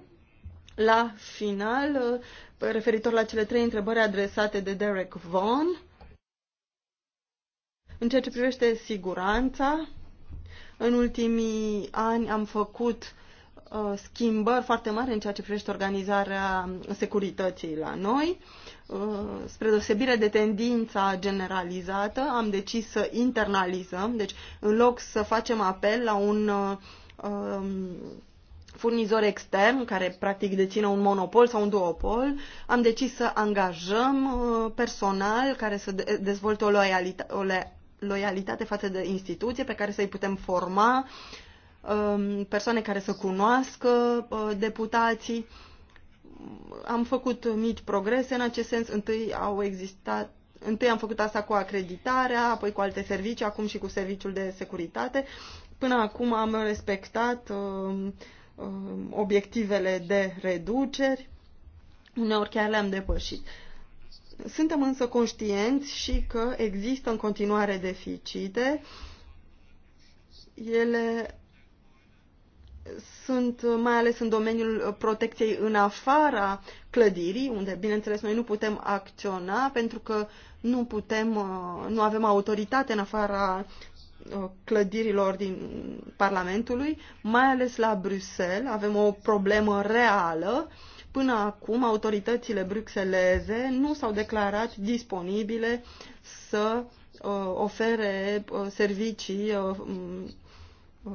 La final, referitor la cele trei întrebări adresate de Derek Vaughan, în ceea ce privește siguranța, în ultimii ani am făcut uh, schimbări foarte mari în ceea ce privește organizarea securității la noi. Uh, spre deosebire de tendința generalizată, am decis să internalizăm, deci în loc să facem apel la un uh, um, furnizori externi care practic dețină un monopol sau un duopol, am decis să angajăm uh, personal care să dezvolte o, loialitate, o loialitate față de instituție pe care să-i putem forma, um, persoane care să cunoască uh, deputații. Am făcut mici progrese în acest sens. Întâi au existat Întâi am făcut asta cu acreditarea, apoi cu alte servicii, acum și cu serviciul de securitate. Până acum am respectat um, um, obiectivele de reduceri, uneori chiar le-am depășit. Suntem însă conștienți și că există în continuare deficite. Ele sunt mai ales în domeniul protecției în afara clădirii, unde, bineînțeles, noi nu putem acționa pentru că nu putem, uh, nu avem autoritate în afara Uh, clădirilor din Parlamentului, mai ales la Bruxelles. Avem o problemă reală. Până acum, autoritățile bruxeleze nu s-au declarat disponibile să uh, ofere uh, servicii uh, uh,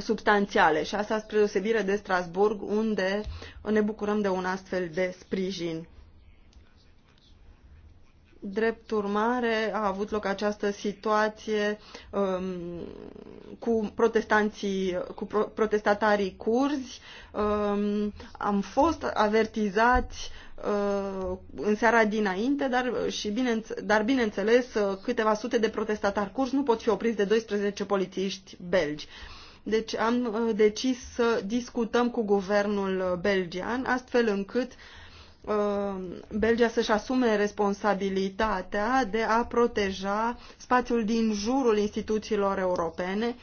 substanțiale și asta spre deosebire de Strasburg, unde ne bucurăm de un astfel de sprijin. Drept urmare, a avut loc această situație um, cu protestanții, cu pro protestatarii curzi. Um, am fost avertizați uh, în seara dinainte, dar, și bine, dar bineînțeles uh, câteva sute de protestatari curzi nu pot fi opriți de 12 polițiști belgi. Deci am uh, decis să discutăm cu guvernul belgian, astfel încât uh, Uh, Belgia să-și asume responsabilitatea de a proteja spațiul din jurul instituțiilor europene.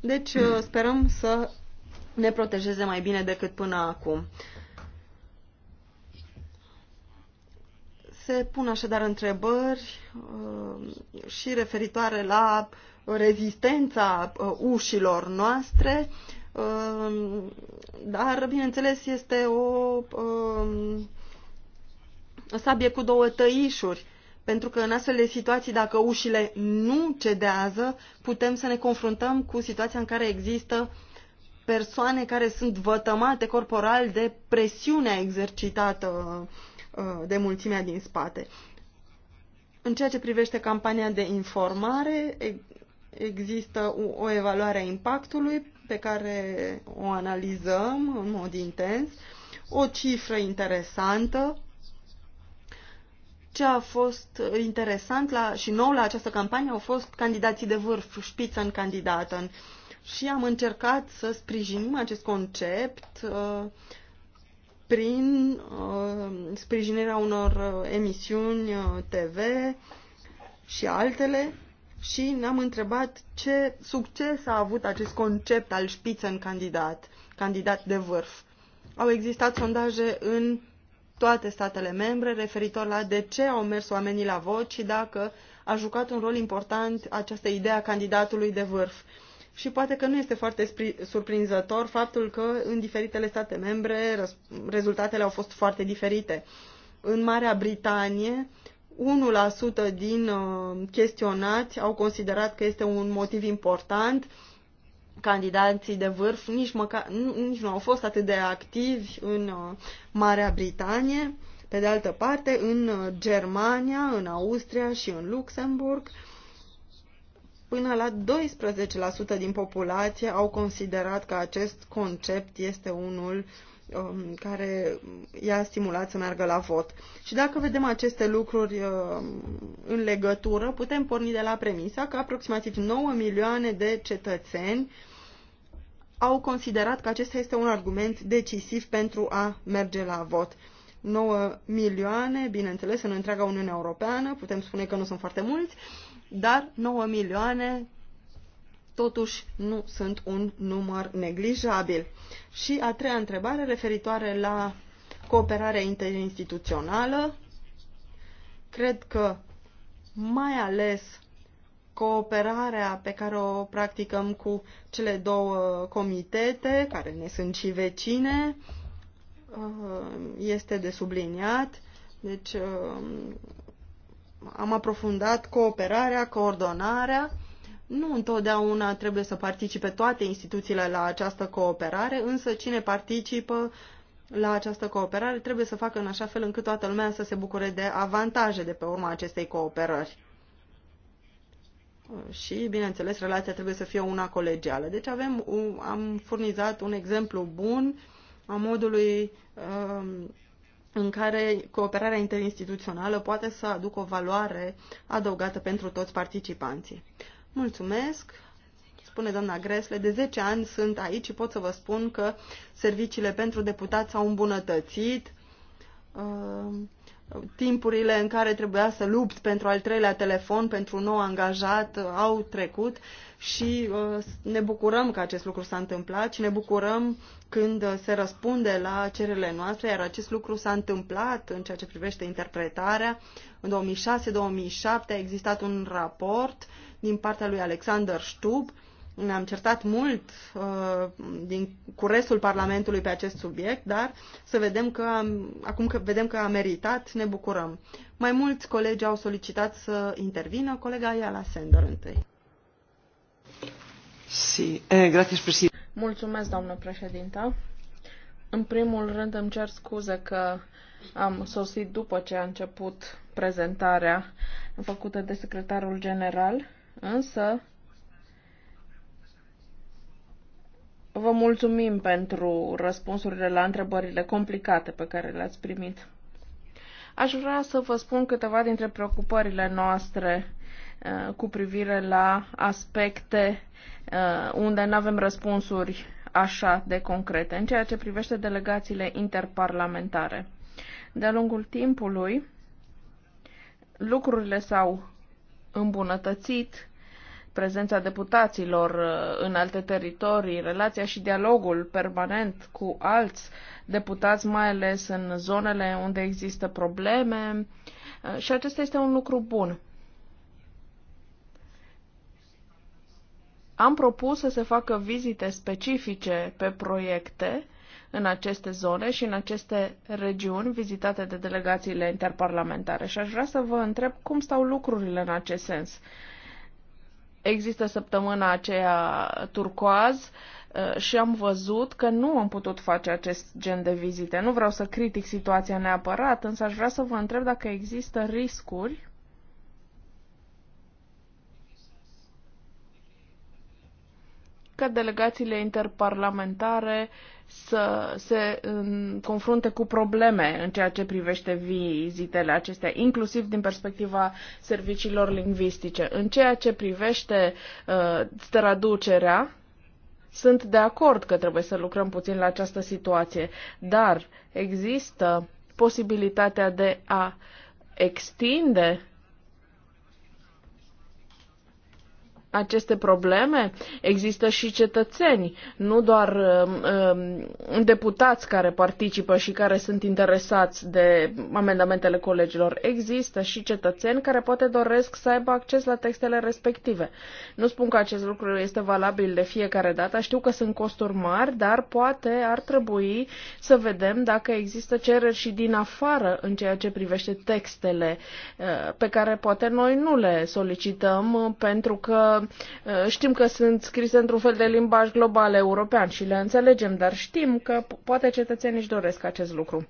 Deci uh, sperăm să ne protejeze mai bine decât până acum. Se pun așadar întrebări uh, și referitoare la rezistența ușilor noastre, Ehm, dar, bineînțeles, este ehm, o sabie cu două tăișuri, pentru că în astfel de situații, dacă ușile nu cedează, putem să ne confruntăm cu situația în care există persoane care sunt vătămate corporal de presiunea exercitată ă, de mulțimea din spate. În ceea ce privește campania de informare, există o evaluare a impactului pe care o analizăm în mod intens, o cifră interesantă. Ce a fost interesant la, și nou la această campanie au fost candidații de vârf, șpiță în candidată. Și am încercat să sprijinim acest concept uh, prin uh, sprijinirea unor uh, emisiuni uh, TV și altele și ne-am întrebat ce succes a avut acest concept al spitzen candidat, candidat de vârf. Au existat sondaje în toate statele membre referitor la de ce au mers oamenii la vot și dacă a jucat un rol important această idee a candidatului de vârf. Și poate că nu este foarte surprinzător faptul că în diferitele state membre rezultatele au fost foarte diferite. În Marea Britanie, 1% din uh, chestionați au considerat că este un motiv important. Candidații de vârf nici, măcar, nici nu au fost atât de activi în uh, Marea Britanie. Pe de altă parte, în uh, Germania, în Austria și în Luxemburg, până la 12% din populație au considerat că acest concept este unul uh, Um, care i-a stimulat să meargă la vot. Și dacă vedem aceste lucruri um, în legătură, putem porni de la premisa că aproximativ 9 milioane de cetățeni au considerat că acesta este un argument decisiv pentru a merge la vot. 9 milioane, bineînțeles, în întreaga Uniune Europeană, putem spune că nu sunt foarte mulți, dar 9 milioane totuși nu sunt un număr neglijabil. Și a treia întrebare referitoare la cooperarea interinstituțională. Cred că mai ales cooperarea pe care o practicăm cu cele două comitete, care ne sunt și vecine, uh, este de subliniat. Deci uh, am aprofundat cooperarea, coordonarea nu întotdeauna trebuie să participe toate instituțiile la această cooperare, însă cine participă la această cooperare trebuie să facă în așa fel încât toată lumea să se bucure de avantaje de pe urma acestei cooperări. Și, bineînțeles, relația trebuie să fie una colegială. Deci avem, am furnizat un exemplu bun a modului um, în care cooperarea interinstituțională poate să aducă o valoare adăugată pentru toți participanții. Mulțumesc, spune doamna Gresle, de 10 ani sunt aici și pot să vă spun că serviciile pentru deputați s-au îmbunătățit. Uh, timpurile în care trebuia să lupt pentru al treilea telefon, pentru un nou angajat, au trecut și uh, ne bucurăm că acest lucru s-a întâmplat și ne bucurăm când uh, se răspunde la cererile noastre, iar acest lucru s-a întâmplat în ceea ce privește interpretarea. În 2006-2007 a existat un raport din partea lui Alexander Stub. Ne-am certat mult uh, din, cu restul Parlamentului pe acest subiect, dar să vedem că am, acum că vedem că a meritat, ne bucurăm. Mai mulți colegi au solicitat să intervină. Colega Iala Sender întâi. Eh, Mulțumesc, doamnă președintă. În primul rând îmi cer scuze că am sosit după ce a început prezentarea făcută de secretarul general, însă vă mulțumim pentru răspunsurile la întrebările complicate pe care le-ați primit. Aș vrea să vă spun câteva dintre preocupările noastre Uh, cu privire la aspecte uh, unde nu avem răspunsuri așa de concrete în ceea ce privește delegațiile interparlamentare. De-a lungul timpului, lucrurile s-au îmbunătățit, prezența deputaților uh, în alte teritorii, relația și dialogul permanent cu alți deputați, mai ales în zonele unde există probleme. Și acesta este un lucru bun. Am propus să se facă vizite specifice pe proiecte în aceste zone și în aceste regiuni vizitate de delegațiile interparlamentare și aș vrea să vă întreb cum stau lucrurile în acest sens. Există săptămâna aceea turcoaz uh, și am văzut că nu am putut face acest gen de vizite. Nu vreau să critic situația neapărat, însă aș vrea să vă întreb dacă există riscuri ca delegațiile interparlamentare să se confrunte cu probleme în ceea ce privește vizitele acestea, inclusiv din perspectiva serviciilor lingvistice. În ceea ce privește uh, traducerea, sunt de acord că trebuie să lucrăm puțin la această situație, dar există posibilitatea de a extinde aceste probleme, există și cetățeni, nu doar uh, deputați care participă și care sunt interesați de amendamentele colegilor. Există și cetățeni care poate doresc să aibă acces la textele respective. Nu spun că acest lucru este valabil de fiecare dată, știu că sunt costuri mari, dar poate ar trebui să vedem dacă există cereri și din afară în ceea ce privește textele uh, pe care poate noi nu le solicităm uh, pentru că Eh, știm că sunt scrise într-un fel de limbaj global european și le înțelegem, dar știm că poate cetățenii își doresc acest lucru.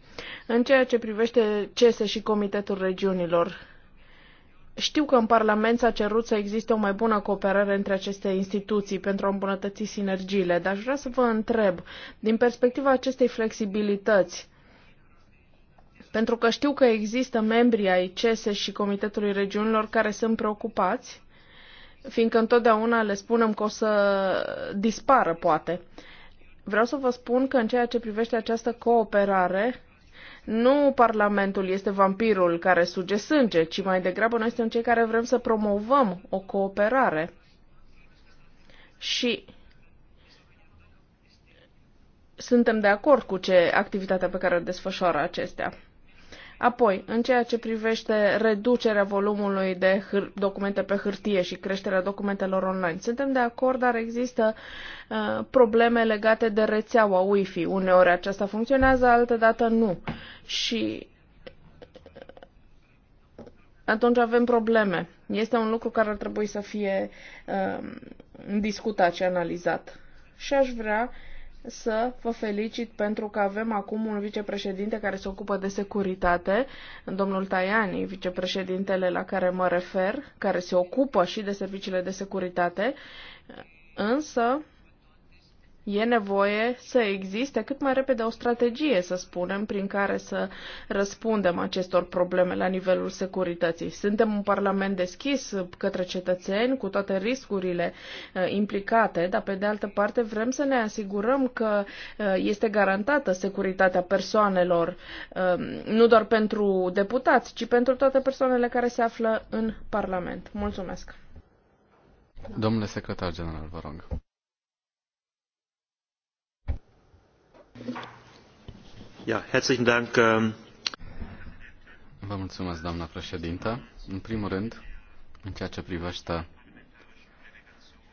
În ceea ce privește CESE și Comitetul Regiunilor, știu că în Parlament s-a cerut să existe o mai bună cooperare între aceste instituții pentru a îmbunătăți sinergiile, dar vreau să vă întreb, din perspectiva acestei flexibilități, pentru că știu că există membri ai CESE și Comitetului Regiunilor care sunt preocupați fiindcă întotdeauna le spunem că o să dispară, poate. Vreau să vă spun că în ceea ce privește această cooperare, nu Parlamentul este vampirul care suge sânge, ci mai degrabă noi suntem cei care vrem să promovăm o cooperare. Și suntem de acord cu ce activitatea pe care o desfășoară acestea. Apoi, în ceea ce privește reducerea volumului de documente pe hârtie și creșterea documentelor online, suntem de acord, dar există uh, probleme legate de rețeaua Wi-Fi. Uneori aceasta funcționează, altădată nu. Și uh, atunci avem probleme. Este un lucru care ar trebui să fie uh, discutat și analizat. Și aș vrea uh, să vă felicit pentru că avem acum un vicepreședinte care se ocupă de securitate, domnul Tajani, vicepreședintele la care mă refer, care se ocupă și de serviciile de securitate, însă E nevoie să existe cât mai repede o strategie, să spunem, prin care să răspundem acestor probleme la nivelul securității. Suntem un parlament deschis către cetățeni cu toate riscurile uh, implicate, dar pe de altă parte vrem să ne asigurăm că uh, este garantată securitatea persoanelor, uh, nu doar pentru deputați, ci pentru toate persoanele care se află în Parlament. Mulțumesc! Domnule secretar general, vă rog. Ja, herzlichen Dank. Ähm, Vă mulțumesc, doamna președintă. În primul rând, în ceea ce privește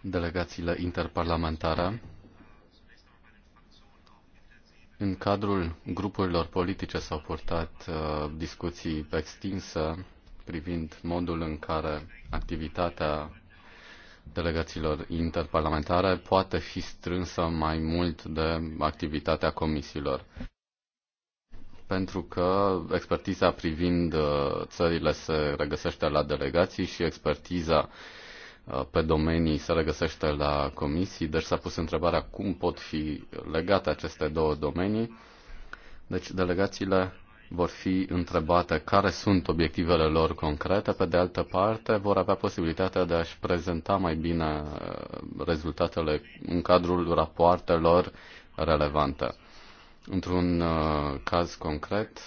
delegațiile interparlamentare, în cadrul grupurilor politice s-au purtat uh, discuții extinse privind modul în care activitatea delegațiilor interparlamentare poate fi strânsă mai mult de activitatea comisiilor. Pentru că expertiza privind uh, țările se regăsește la delegații și expertiza uh, pe domenii se regăsește la comisii, deci s-a pus întrebarea cum pot fi legate aceste două domenii. Deci delegațiile vor fi întrebate care sunt obiectivele lor concrete, pe de altă parte vor avea posibilitatea de a-și prezenta mai bine uh, rezultatele în cadrul rapoartelor relevante. Într-un uh, caz concret,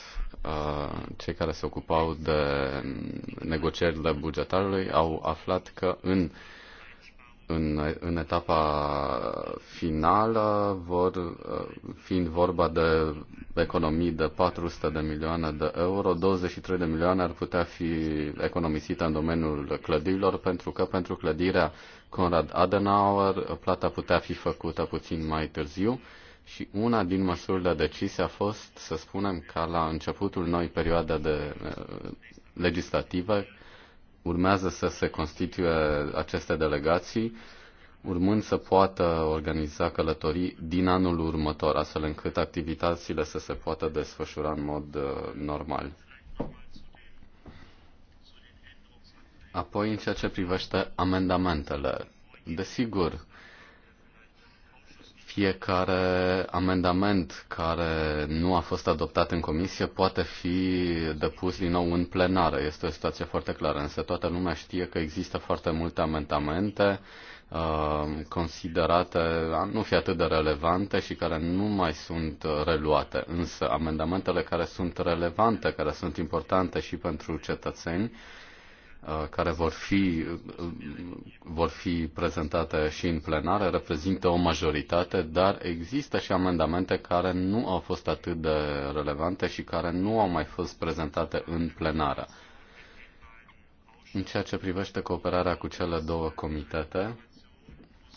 uh, cei care se ocupau de mm, negocierile bugetarului au aflat că în uh, în, în etapa finală, vor, fiind vorba de economii de 400 de milioane de euro, 23 de milioane ar putea fi economisită în domeniul clădirilor, pentru că pentru clădirea Conrad Adenauer plata putea fi făcută puțin mai târziu și una din măsurile decise a fost, să spunem, ca la începutul noi perioade de eh, legislative, urmează să se constituie aceste delegații, urmând să poată organiza călătorii din anul următor, astfel încât activitățile să se poată desfășura în mod uh, normal. Apoi, în ceea ce privește amendamentele, desigur, fiecare amendament care nu a fost adoptat în comisie poate fi depus din nou în plenară. Este o situație foarte clară, însă toată lumea știe că există foarte multe amendamente uh, considerate a nu fi atât de relevante și care nu mai sunt reluate. Însă amendamentele care sunt relevante, care sunt importante și pentru cetățeni, Uh, care vor fi, uh, vor fi prezentate și în plenare reprezintă o majoritate, dar există și amendamente care nu au fost atât de relevante și care nu au mai fost prezentate în plenară. În ceea ce privește cooperarea cu cele două comitete,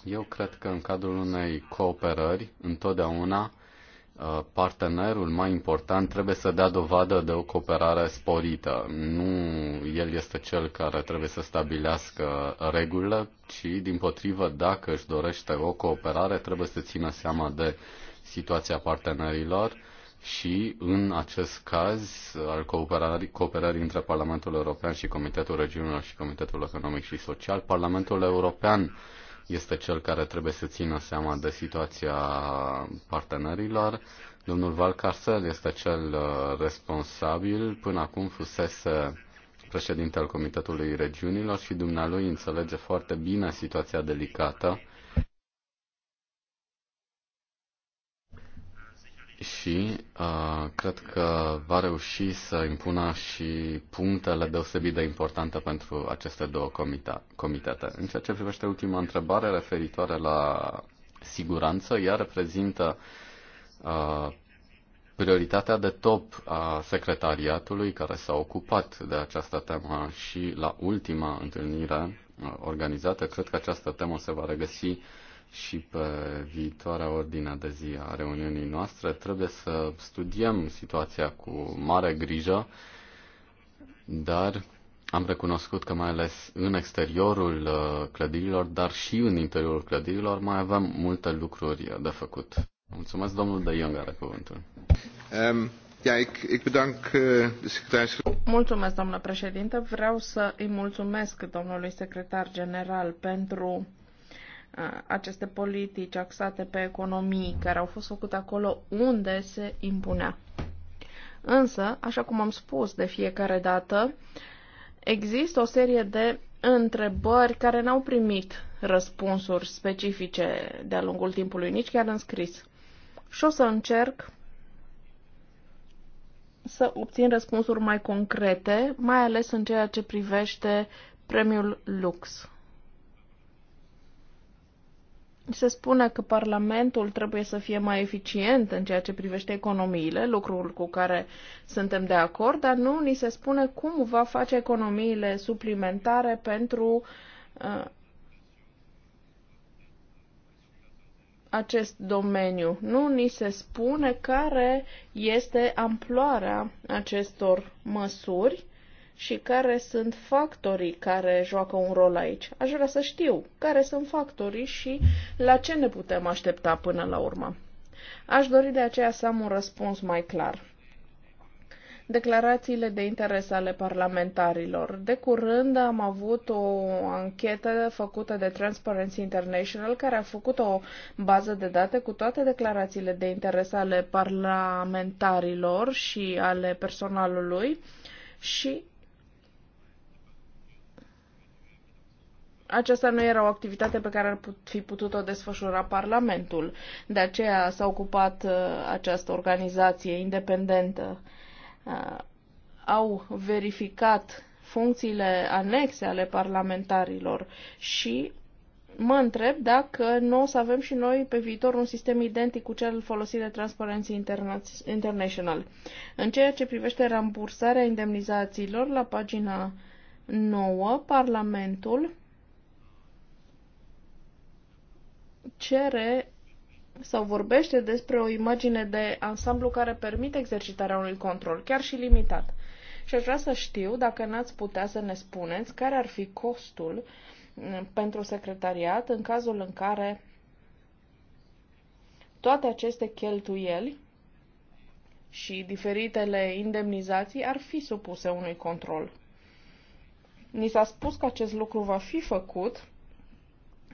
eu cred că în cadrul unei cooperări, întotdeauna Uh, partenerul mai important trebuie să dea dovadă de o cooperare sporită. Nu el este cel care trebuie să stabilească regulile, ci din potrivă, dacă își dorește o cooperare, trebuie să țină seama de situația partenerilor și, în acest caz, al cooperării, cooperării între Parlamentul European și Comitetul Regiunilor și Comitetul Economic și Social, Parlamentul European este cel care trebuie să țină seama de situația partenerilor. Domnul Valcarcel este cel uh, responsabil. Până acum fusese președintele Comitetului Regiunilor și dumnealui înțelege foarte bine situația delicată și uh, cred că va reuși să impună și punctele deosebit de importante pentru aceste două comita- comitete. În ceea ce privește ultima întrebare referitoare la siguranță, ea reprezintă uh, prioritatea de top a secretariatului care s-a ocupat de această temă și la ultima întâlnire uh, organizată, cred că această temă se va regăsi și pe viitoarea ordinea de zi a reuniunii noastre, trebuie să studiem situația cu mare grijă, dar am recunoscut că mai ales în exteriorul uh, clădirilor, dar și în interiorul clădirilor, mai avem multe lucruri de făcut. Mulțumesc, domnul De Jong are cuvântul. Um... Ja, ik, ik bedank eh, de secretaris. Mulțumesc, domnule președinte. Vreau să îi mulțumesc domnului secretar general pentru aceste politici axate pe economii care au fost făcute acolo unde se impunea. Însă, așa cum am spus de fiecare dată, există o serie de întrebări care n-au primit răspunsuri specifice de-a lungul timpului, nici chiar în scris. Și o să încerc să obțin răspunsuri mai concrete, mai ales în ceea ce privește premiul Lux se spune că Parlamentul trebuie să fie mai eficient în ceea ce privește economiile, lucrul cu care suntem de acord, dar nu ni se spune cum va face economiile suplimentare pentru uh, acest domeniu. Nu ni se spune care este amploarea acestor măsuri și care sunt factorii care joacă un rol aici. Aș vrea să știu care sunt factorii și la ce ne putem aștepta până la urmă. Aș dori de aceea să am un răspuns mai clar. Declarațiile de interes ale parlamentarilor. De curând am avut o anchetă făcută de Transparency International care a făcut o bază de date cu toate declarațiile de interes ale parlamentarilor și ale personalului și aceasta nu era o activitate pe care ar fi putut-o desfășura Parlamentul. De aceea s-a ocupat uh, această organizație independentă. Uh, au verificat funcțiile anexe ale parlamentarilor și mă întreb dacă nu o să avem și noi pe viitor un sistem identic cu cel folosit de Transparency International. În ceea ce privește rambursarea indemnizațiilor, la pagina 9, Parlamentul cere sau vorbește despre o imagine de ansamblu care permite exercitarea unui control, chiar și limitat. Și aș vrea să știu dacă n-ați putea să ne spuneți care ar fi costul mm, pentru secretariat în cazul în care toate aceste cheltuieli și diferitele indemnizații ar fi supuse unui control. Ni s-a spus că acest lucru va fi făcut,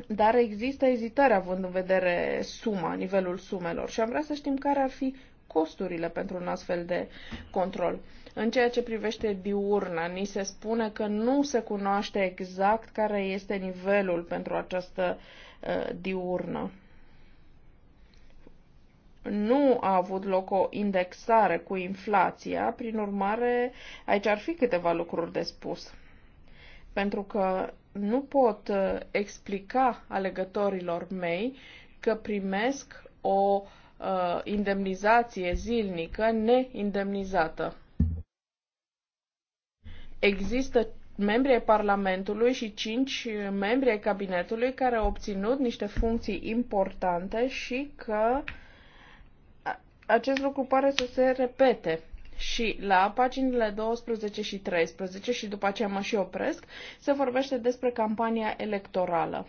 dar există ezitări având în vedere suma, nivelul sumelor și am vrea să știm care ar fi costurile pentru un astfel de control. În ceea ce privește diurna, ni se spune că nu se cunoaște exact care este nivelul pentru această uh, diurnă. Nu a avut loc o indexare cu inflația, prin urmare, aici ar fi câteva lucruri de spus. Pentru că nu pot uh, explica alegătorilor mei că primesc o uh, indemnizație zilnică neindemnizată. Există membri ai Parlamentului și cinci membri ai cabinetului care au obținut niște funcții importante și că acest lucru pare să se repete și la paginile 12 și 13 și după aceea mă și opresc, se vorbește despre campania electorală.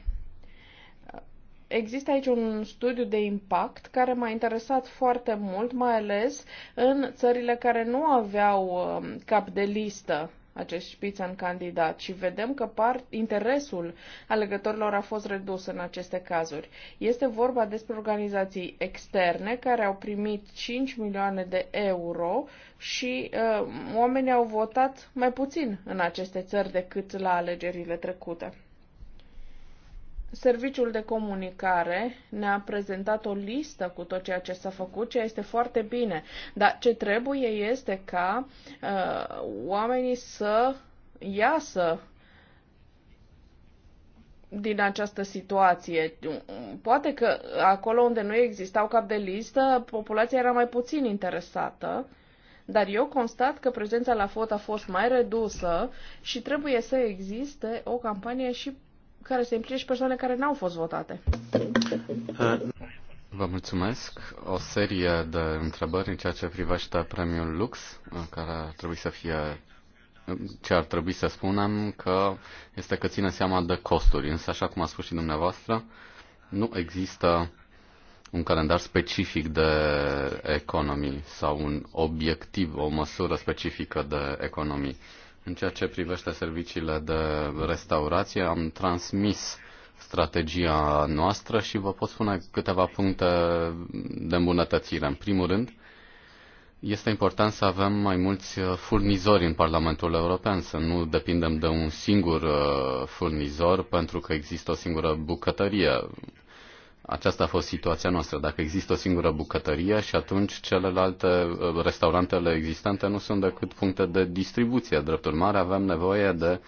Există aici un studiu de impact care m-a interesat foarte mult, mai ales în țările care nu aveau um, cap de listă acești spițan candidat și vedem că par, interesul alegătorilor a fost redus în aceste cazuri. Este vorba despre organizații externe care au primit 5 milioane de euro și uh, oamenii au votat mai puțin în aceste țări decât la alegerile trecute. Serviciul de comunicare ne-a prezentat o listă cu tot ceea ce s-a făcut, ceea este foarte bine. Dar ce trebuie este ca uh, oamenii să iasă din această situație. Poate că acolo unde nu existau cap de listă, populația era mai puțin interesată, dar eu constat că prezența la FOT a fost mai redusă și trebuie să existe o campanie și care se implice și persoane care n-au fost votate. Vă mulțumesc. O serie de întrebări în ceea ce privește premiul Lux, care ar trebui să fie ce ar trebui să spunem că este că ține seama de costuri, însă așa cum a spus și dumneavoastră, nu există un calendar specific de economii sau un obiectiv, o măsură specifică de economii. În ceea ce privește serviciile de restaurație, am transmis strategia noastră și vă pot spune câteva puncte de îmbunătățire. În primul rând, este important să avem mai mulți furnizori în Parlamentul European, să nu depindem de un singur uh, furnizor pentru că există o singură bucătărie aceasta a fost situația noastră. Dacă există o singură bucătărie și atunci celelalte uh, restaurantele existente nu sunt decât puncte de distribuție. Drept urmare, avem nevoie de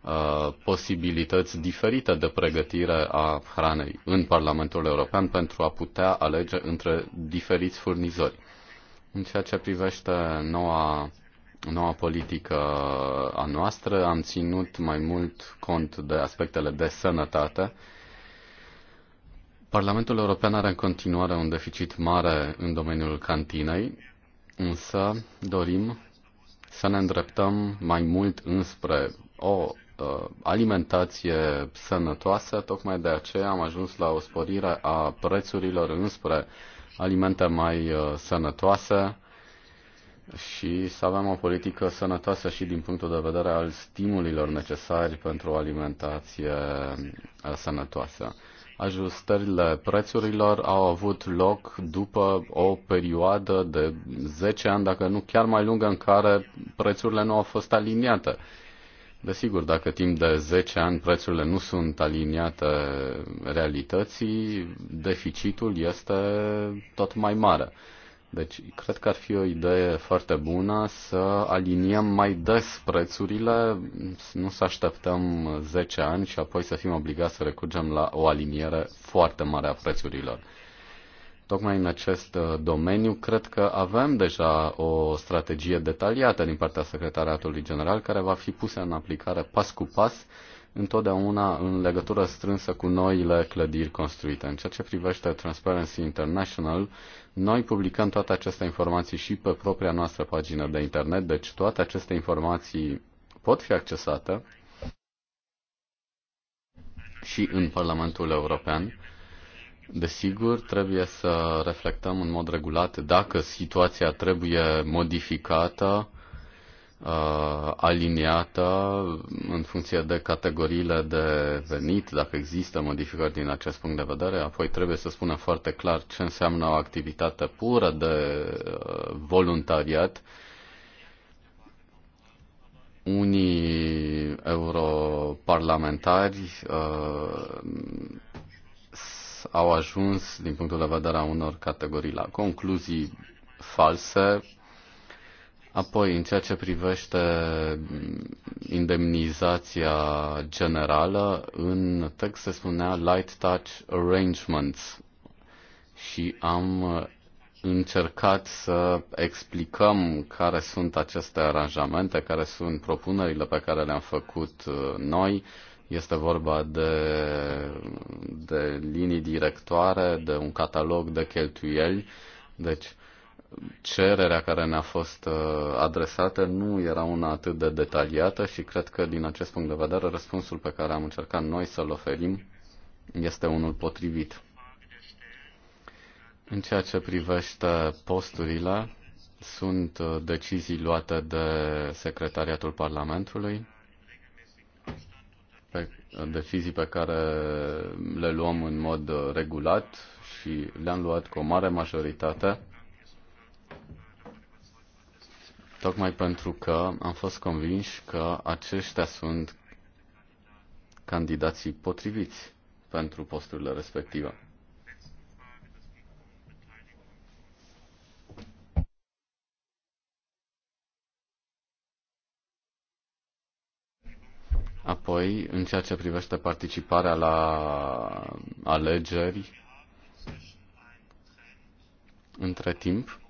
uh, posibilități diferite de pregătire a hranei în Parlamentul European pentru a putea alege între diferiți furnizori. În ceea ce privește noua, noua politică a noastră, am ținut mai mult cont de aspectele de sănătate, Parlamentul European are în continuare un deficit mare în domeniul cantinei, însă dorim să ne îndreptăm mai mult înspre o uh, alimentație sănătoasă, tocmai de aceea am ajuns la o sporire a prețurilor înspre alimente mai uh, sănătoase și să avem o politică sănătoasă și din punctul de vedere al stimulilor necesari pentru o alimentație uh, sănătoasă. Ajustările prețurilor au avut loc după o perioadă de 10 ani, dacă nu chiar mai lungă, în care prețurile nu au fost aliniate. Desigur, dacă timp de 10 ani prețurile nu sunt aliniate realității, deficitul este tot mai mare. Deci, cred că ar fi o idee foarte bună să aliniem mai des prețurile, nu să așteptăm 10 ani și apoi să fim obligați să recurgem la o aliniere foarte mare a prețurilor. Tocmai în acest uh, domeniu, cred că avem deja o strategie detaliată din partea Secretariatului General, care va fi pusă în aplicare pas cu pas întotdeauna în legătură strânsă cu noile clădiri construite. În ceea ce privește Transparency International, noi publicăm toate aceste informații și pe propria noastră pagină de internet, deci toate aceste informații pot fi accesate și în Parlamentul European. Desigur, trebuie să reflectăm în mod regulat dacă situația trebuie modificată uh, aliniată în funcție de categoriile de venit, dacă există modificări din acest punct de vedere, apoi trebuie să spunem foarte clar ce înseamnă o activitate pură de uh, voluntariat. Unii europarlamentari uh, au ajuns, din punctul de vedere a unor categorii, la concluzii false, Apoi, în ceea ce privește indemnizația generală, în text se spunea light touch arrangements și am încercat să explicăm care sunt aceste aranjamente, care sunt propunerile pe care le-am făcut uh, noi. Este vorba de, de linii directoare, de un catalog de cheltuieli. Deci, cererea care ne-a fost uh, adresată nu era una atât de detaliată și cred că din acest punct de vedere răspunsul pe care am încercat noi să-l oferim este unul potrivit. În ceea ce privește posturile, sunt uh, decizii luate de Secretariatul Parlamentului, pe, decizii pe care le luăm în mod uh, regulat și le-am luat cu o mare majoritate tocmai pentru că am fost convinși că aceștia sunt candidații potriviți pentru posturile respective. Apoi, în ceea ce privește participarea la alegeri, între timp,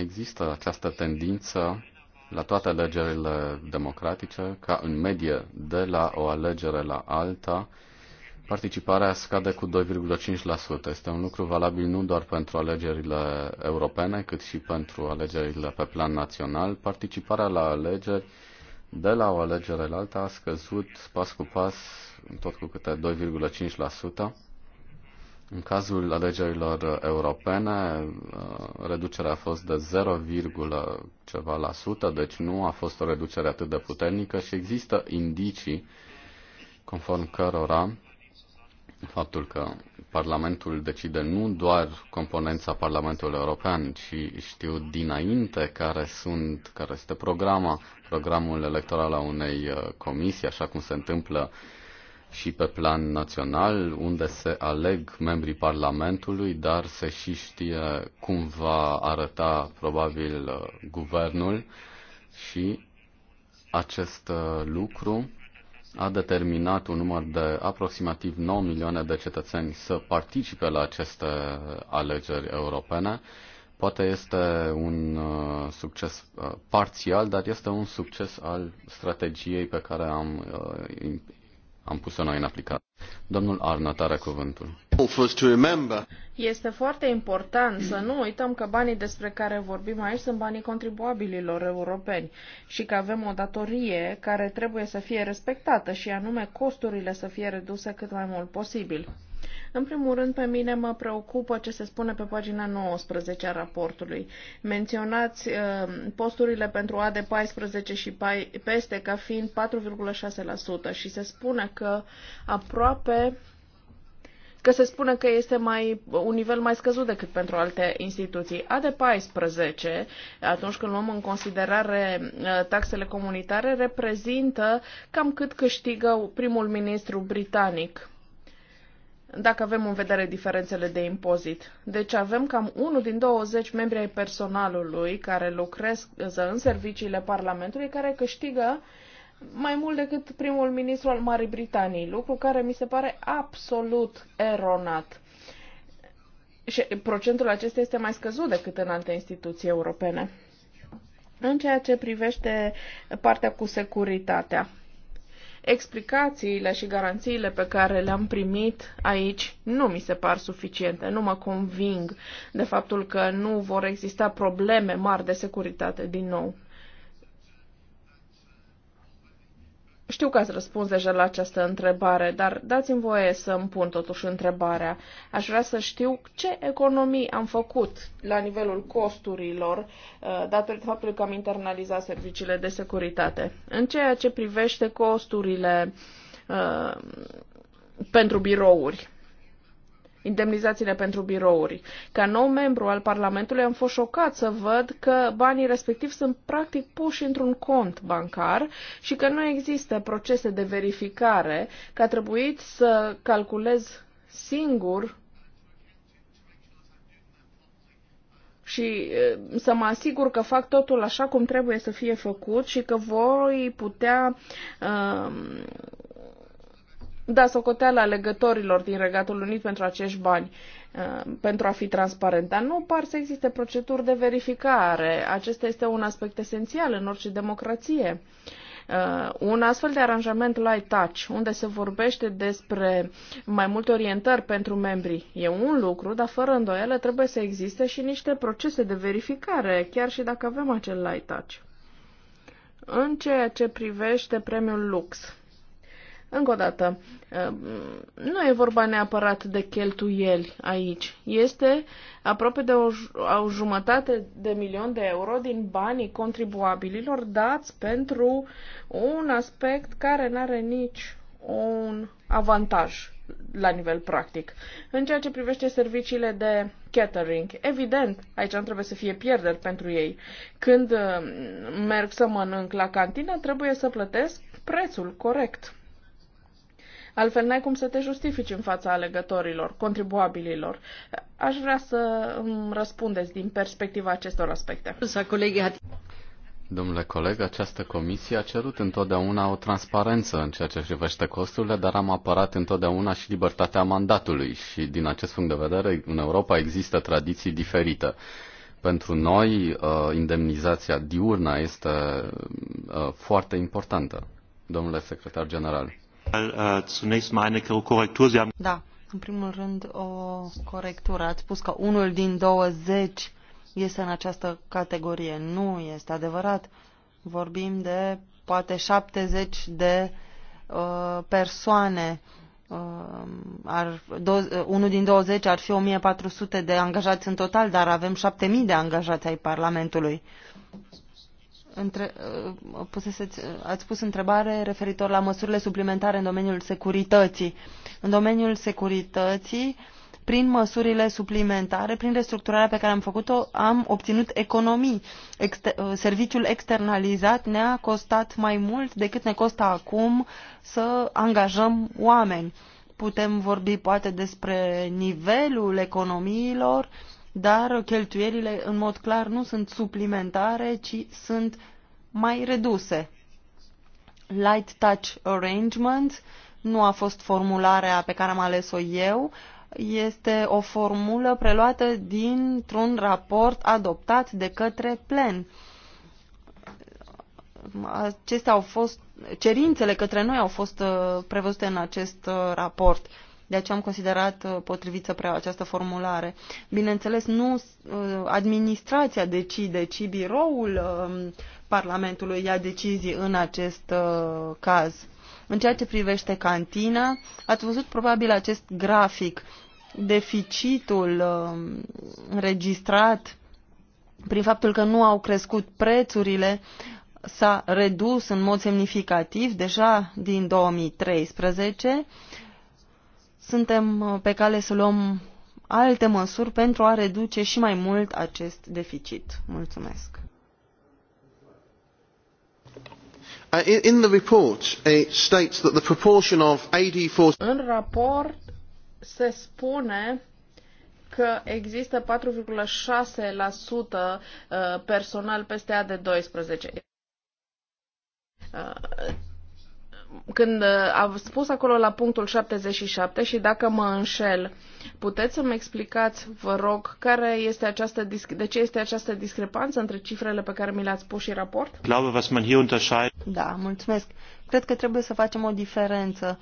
există această tendință la toate alegerile democratice ca în medie de la o alegere la alta participarea scade cu 2,5%. Este un lucru valabil nu doar pentru alegerile europene, cât și pentru alegerile pe plan național. Participarea la alegeri de la o alegere la alta a scăzut pas cu pas, tot cu câte 2,5%. În cazul alegerilor europene, uh, reducerea a fost de 0, ceva la sută, deci nu a fost o reducere atât de puternică și există indicii conform cărora faptul că Parlamentul decide nu doar componența Parlamentului European, ci știu dinainte care sunt, care este programa, programul electoral a unei uh, comisii, așa cum se întâmplă uh, și pe plan național, unde se aleg membrii Parlamentului, dar se și știe cum va arăta probabil uh, guvernul și acest uh, lucru a determinat un număr de aproximativ 9 milioane de cetățeni să participe la aceste alegeri europene. Poate este un uh, succes parțial, dar este un succes al strategiei pe care am am pus-o noi în aplicare. Domnul Arnott are cuvântul. Este foarte important să nu uităm că banii despre care vorbim aici sunt banii contribuabililor europeni și că avem o datorie care trebuie să fie respectată și anume costurile să fie reduse cât mai mult posibil. În primul rând, pe mine mă preocupă ce se spune pe pagina 19 a raportului. Menționați uh, posturile pentru AD14 și peste ca fiind 4,6% și se spune că aproape că se spune că este mai, un nivel mai scăzut decât pentru alte instituții. AD14, atunci când luăm în considerare uh, taxele comunitare, reprezintă cam cât câștigă primul ministru britanic dacă avem în vedere diferențele de impozit. Deci avem cam unul din 20 membri ai personalului care lucrează în serviciile Parlamentului care câștigă mai mult decât primul ministru al Marii Britanii, lucru care mi se pare absolut eronat. Și procentul acesta este mai scăzut decât în alte instituții europene. În ceea ce privește partea cu securitatea, Explicațiile și garanțiile pe care le-am primit aici nu mi se par suficiente, nu mă conving de faptul că nu vor exista probleme mari de securitate din nou. Știu că ați răspuns deja la această întrebare, dar dați-mi voie să îmi pun totuși întrebarea. Aș vrea să știu ce economii am făcut la nivelul costurilor uh, datorită faptului că am internalizat serviciile de securitate. În ceea ce privește costurile uh, pentru birouri, indemnizațiile pentru birouri. Ca nou membru al Parlamentului am fost șocat să văd că banii respectivi sunt practic puși într-un cont bancar și că nu există procese de verificare, că a trebuit să calculez singur și să mă asigur că fac totul așa cum trebuie să fie făcut și că voi putea uh, da socoteala legătorilor din Regatul Unit pentru acești bani uh, pentru a fi transparent, dar nu par să existe proceduri de verificare. Acesta este un aspect esențial în orice democrație. Uh, un astfel de aranjament light touch, unde se vorbește despre mai multe orientări pentru membri, e un lucru, dar fără îndoială trebuie să existe și niște procese de verificare, chiar și dacă avem acel light touch. În ceea ce privește premiul Lux, încă o dată, uh, nu e vorba neapărat de cheltuieli aici. Este aproape de o, o jumătate de milion de euro din banii contribuabililor dați pentru un aspect care nu are nici un avantaj la nivel practic. În ceea ce privește serviciile de catering, evident, aici nu trebuie să fie pierderi pentru ei. Când uh, merg să mănânc la cantină, trebuie să plătesc prețul corect. Altfel n-ai cum să te justifici în fața alegătorilor, contribuabililor. Aș vrea să îmi răspundeți din perspectiva acestor aspecte. Domnule coleg, această comisie a cerut întotdeauna o transparență în ceea ce privește costurile, dar am apărat întotdeauna și libertatea mandatului și din acest punct de vedere în Europa există tradiții diferite. Pentru noi, uh, indemnizația diurnă este uh, foarte importantă, domnule secretar general. Uh, da, în primul rând o corectură. Ați spus că unul din 20 este în această categorie. Nu este adevărat. Vorbim de poate 70 de uh, persoane. Uh, ar, do, uh, unul din 20 ar fi 1400 de angajați în total, dar avem 7000 de angajați ai Parlamentului între, uh, puseseți, uh, ați pus întrebare referitor la măsurile suplimentare în domeniul securității. În domeniul securității, prin măsurile suplimentare, prin restructurarea pe care am făcut-o, am obținut economii. Exter uh, serviciul externalizat ne-a costat mai mult decât ne costă acum să angajăm oameni. Putem vorbi poate despre nivelul economiilor, uh, dar cheltuierile în mod clar nu sunt suplimentare, ci sunt mai reduse. Light touch arrangement nu a fost formularea pe care am ales-o eu, este o formulă preluată dintr-un raport adoptat de către plen. Acestea au fost, cerințele către noi au fost uh, prevăzute în acest uh, raport de aceea am considerat uh, potrivit să preau această formulare. Bineînțeles, nu uh, administrația decide, ci biroul um, Parlamentului ia decizii în acest uh, caz. În ceea ce privește cantina, ați văzut probabil acest grafic, deficitul um, înregistrat prin faptul că nu au crescut prețurile, s-a redus în mod semnificativ deja din 2013 suntem uh, pe cale să luăm alte măsuri pentru a reduce și mai mult acest deficit. Mulțumesc. Uh, in the report, it states that the proportion of 84... În raport se spune că există 4,6% uh, personal peste A de 12 când uh, a spus acolo la punctul 77 și dacă mă înșel, puteți să-mi explicați, vă rog, care este această, de ce este această discrepanță între cifrele pe care mi le-ați pus și raport? Da, mulțumesc. Cred că trebuie să facem o diferență.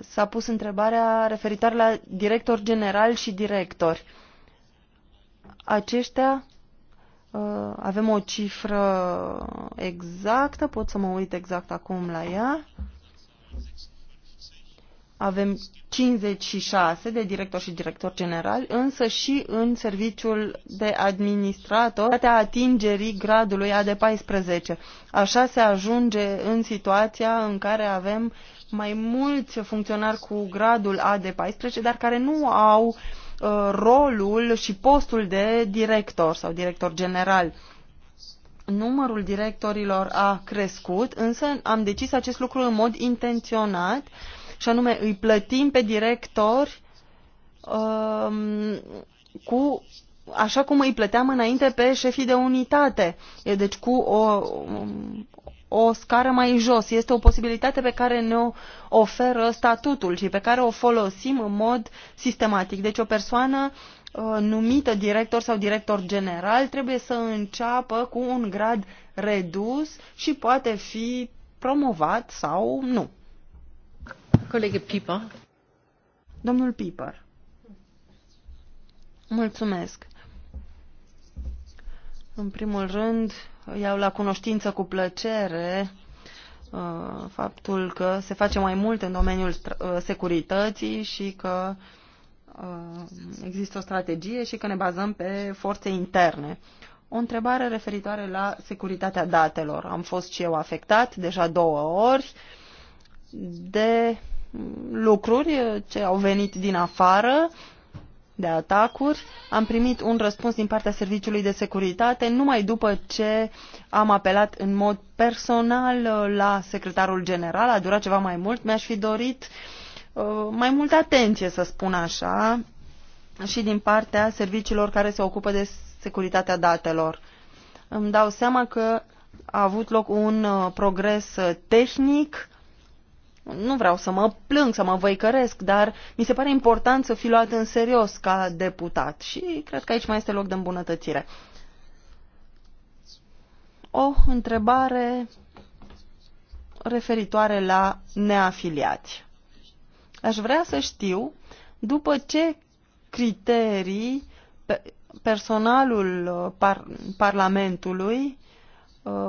S-a pus întrebarea referitoare la director general și directori. Aceștia Uh, avem o cifră exactă, pot să mă uit exact acum la ea. Avem 56 de directori și director general, însă și în serviciul de administrator, data atingerii gradului A de 14. Așa se ajunge în situația în care avem mai mulți funcționari cu gradul A de 14, dar care nu au uh, Uh, rolul și postul de director sau director general. Numărul directorilor a crescut, însă am decis acest lucru în mod intenționat și anume îi plătim pe directori um, cu așa cum îi plăteam înainte pe șefii de unitate, deci cu o, um, o scară mai jos. Este o posibilitate pe care ne-o oferă statutul și pe care o folosim în mod sistematic. Deci o persoană uh, numită director sau director general trebuie să înceapă cu un grad redus și poate fi promovat sau nu. Colegă Pipa. Domnul Piper. Mulțumesc. În primul rând, iau la cunoștință cu plăcere uh, faptul că se face mai mult în domeniul uh, securității și că uh, există o strategie și că ne bazăm pe forțe interne. O întrebare referitoare la securitatea datelor. Am fost și eu afectat deja două ori de lucruri ce au venit din afară de atacuri. Am primit un răspuns din partea Serviciului de Securitate numai după ce am apelat în mod personal uh, la secretarul general. A durat ceva mai mult. Mi-aș fi dorit uh, mai multă atenție, să spun așa, și din partea serviciilor care se ocupă de securitatea datelor. Îmi dau seama că a avut loc un uh, progres uh, tehnic nu vreau să mă plâng, să mă văicăresc, dar mi se pare important să fi luat în serios ca deputat și cred că aici mai este loc de îmbunătățire. O întrebare referitoare la neafiliați. Aș vrea să știu după ce criterii personalul uh, par Parlamentului uh,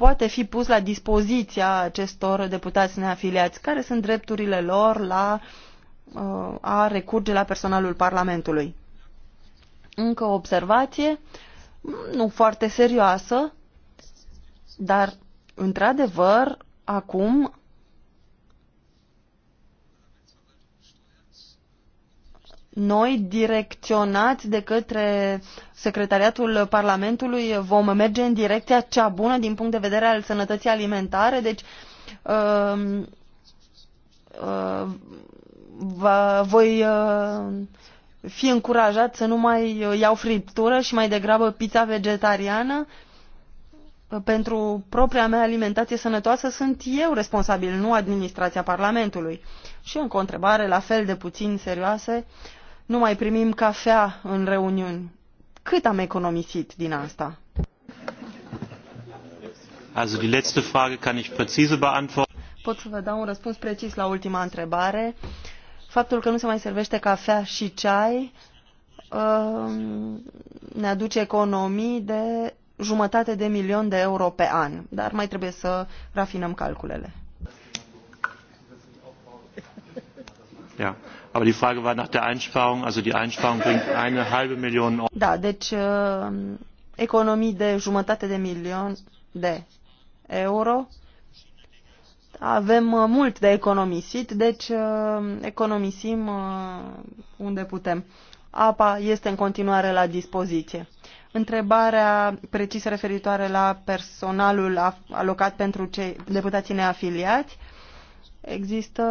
poate fi pus la dispoziția acestor deputați neafiliați? Care sunt drepturile lor la uh, a recurge la personalul Parlamentului? Încă o observație, nu foarte serioasă, dar, într-adevăr, acum noi, direcționați de către Secretariatul Parlamentului, vom merge în direcția cea bună din punct de vedere al sănătății alimentare. Deci, um, uh, uh, voi uh, fi încurajat să nu mai iau friptură și mai degrabă pizza vegetariană. Pentru propria mea alimentație sănătoasă sunt eu responsabil, nu administrația Parlamentului. Și încă o întrebare la fel de puțin serioasă. Uh, nu mai primim cafea în reuniuni. Cât am economisit din asta? Also die letzte Frage kann ich präzise beantworten. Pot să vă dau un răspuns precis la ultima întrebare. Faptul că nu se mai servește cafea și ceai um, ne aduce economii de jumătate de milion de euro pe an, dar mai trebuie să rafinăm calculele. Ja. Aber die Frage war nach der Einsparung. Also die Einsparung bringt eine halbe Million Euro. Da, deci uh, economii de jumătate de milion de euro. Avem uh, mult de economisit, deci uh, economisim unde putem. Apa este în continuare la dispoziție. Întrebarea precisă referitoare la personalul alocat pentru cei deputații neafiliați există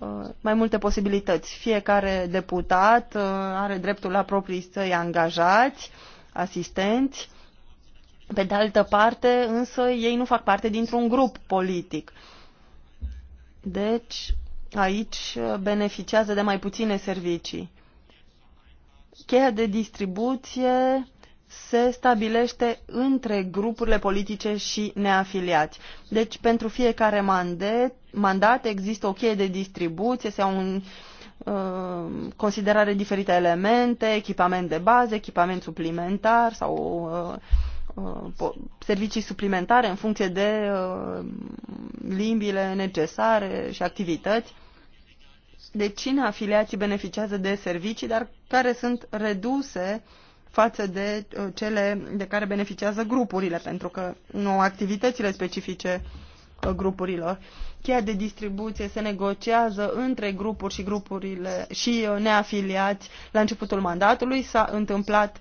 uh, mai multe posibilități. Fiecare deputat uh, are dreptul la proprii săi angajați, asistenți. Pe de altă parte, însă, ei nu fac parte dintr-un grup politic. Deci, aici beneficiază de mai puține servicii. Cheia de distribuție se stabilește între grupurile politice și neafiliați. Deci pentru fiecare mandat, mandat există o cheie de distribuție sau un uh, considerare diferite elemente, echipament de bază, echipament suplimentar sau uh, uh, servicii suplimentare în funcție de uh, limbile necesare și activități. Deci cine afiliații beneficiază de servicii, dar care sunt reduse uh, față de uh, cele de care beneficiază grupurile, pentru că nu activitățile specifice uh, grupurilor. Cheia de distribuție se negociază între grupuri și grupurile și uh, neafiliați la începutul mandatului. S-a întâmplat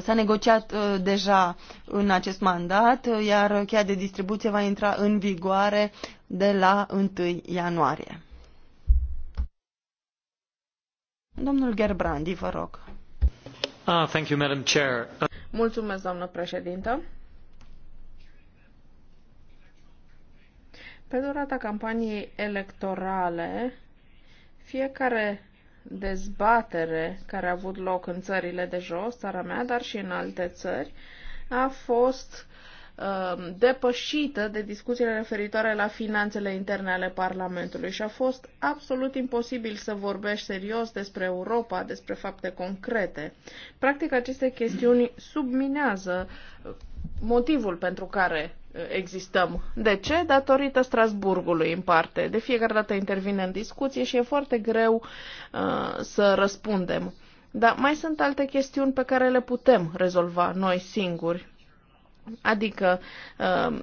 S-a negociat deja în acest mandat, iar cheia de distribuție va intra în vigoare de la 1 ianuarie. Domnul Gerbrandi, vă rog. Ah, Mulțumesc, Pe durata campaniei electorale, fiecare dezbatere care a avut loc în țările de jos, țara mea, dar și în alte țări, a fost Um, depășită de discuțiile referitoare la finanțele interne ale Parlamentului și a fost absolut imposibil să vorbești serios despre Europa, despre fapte concrete. Practic, aceste chestiuni subminează uh, motivul pentru care uh, existăm. De ce? Datorită Strasburgului, în parte. De fiecare dată intervine în discuție și e foarte greu uh, să răspundem. Dar mai sunt alte chestiuni pe care le putem rezolva noi singuri adică um,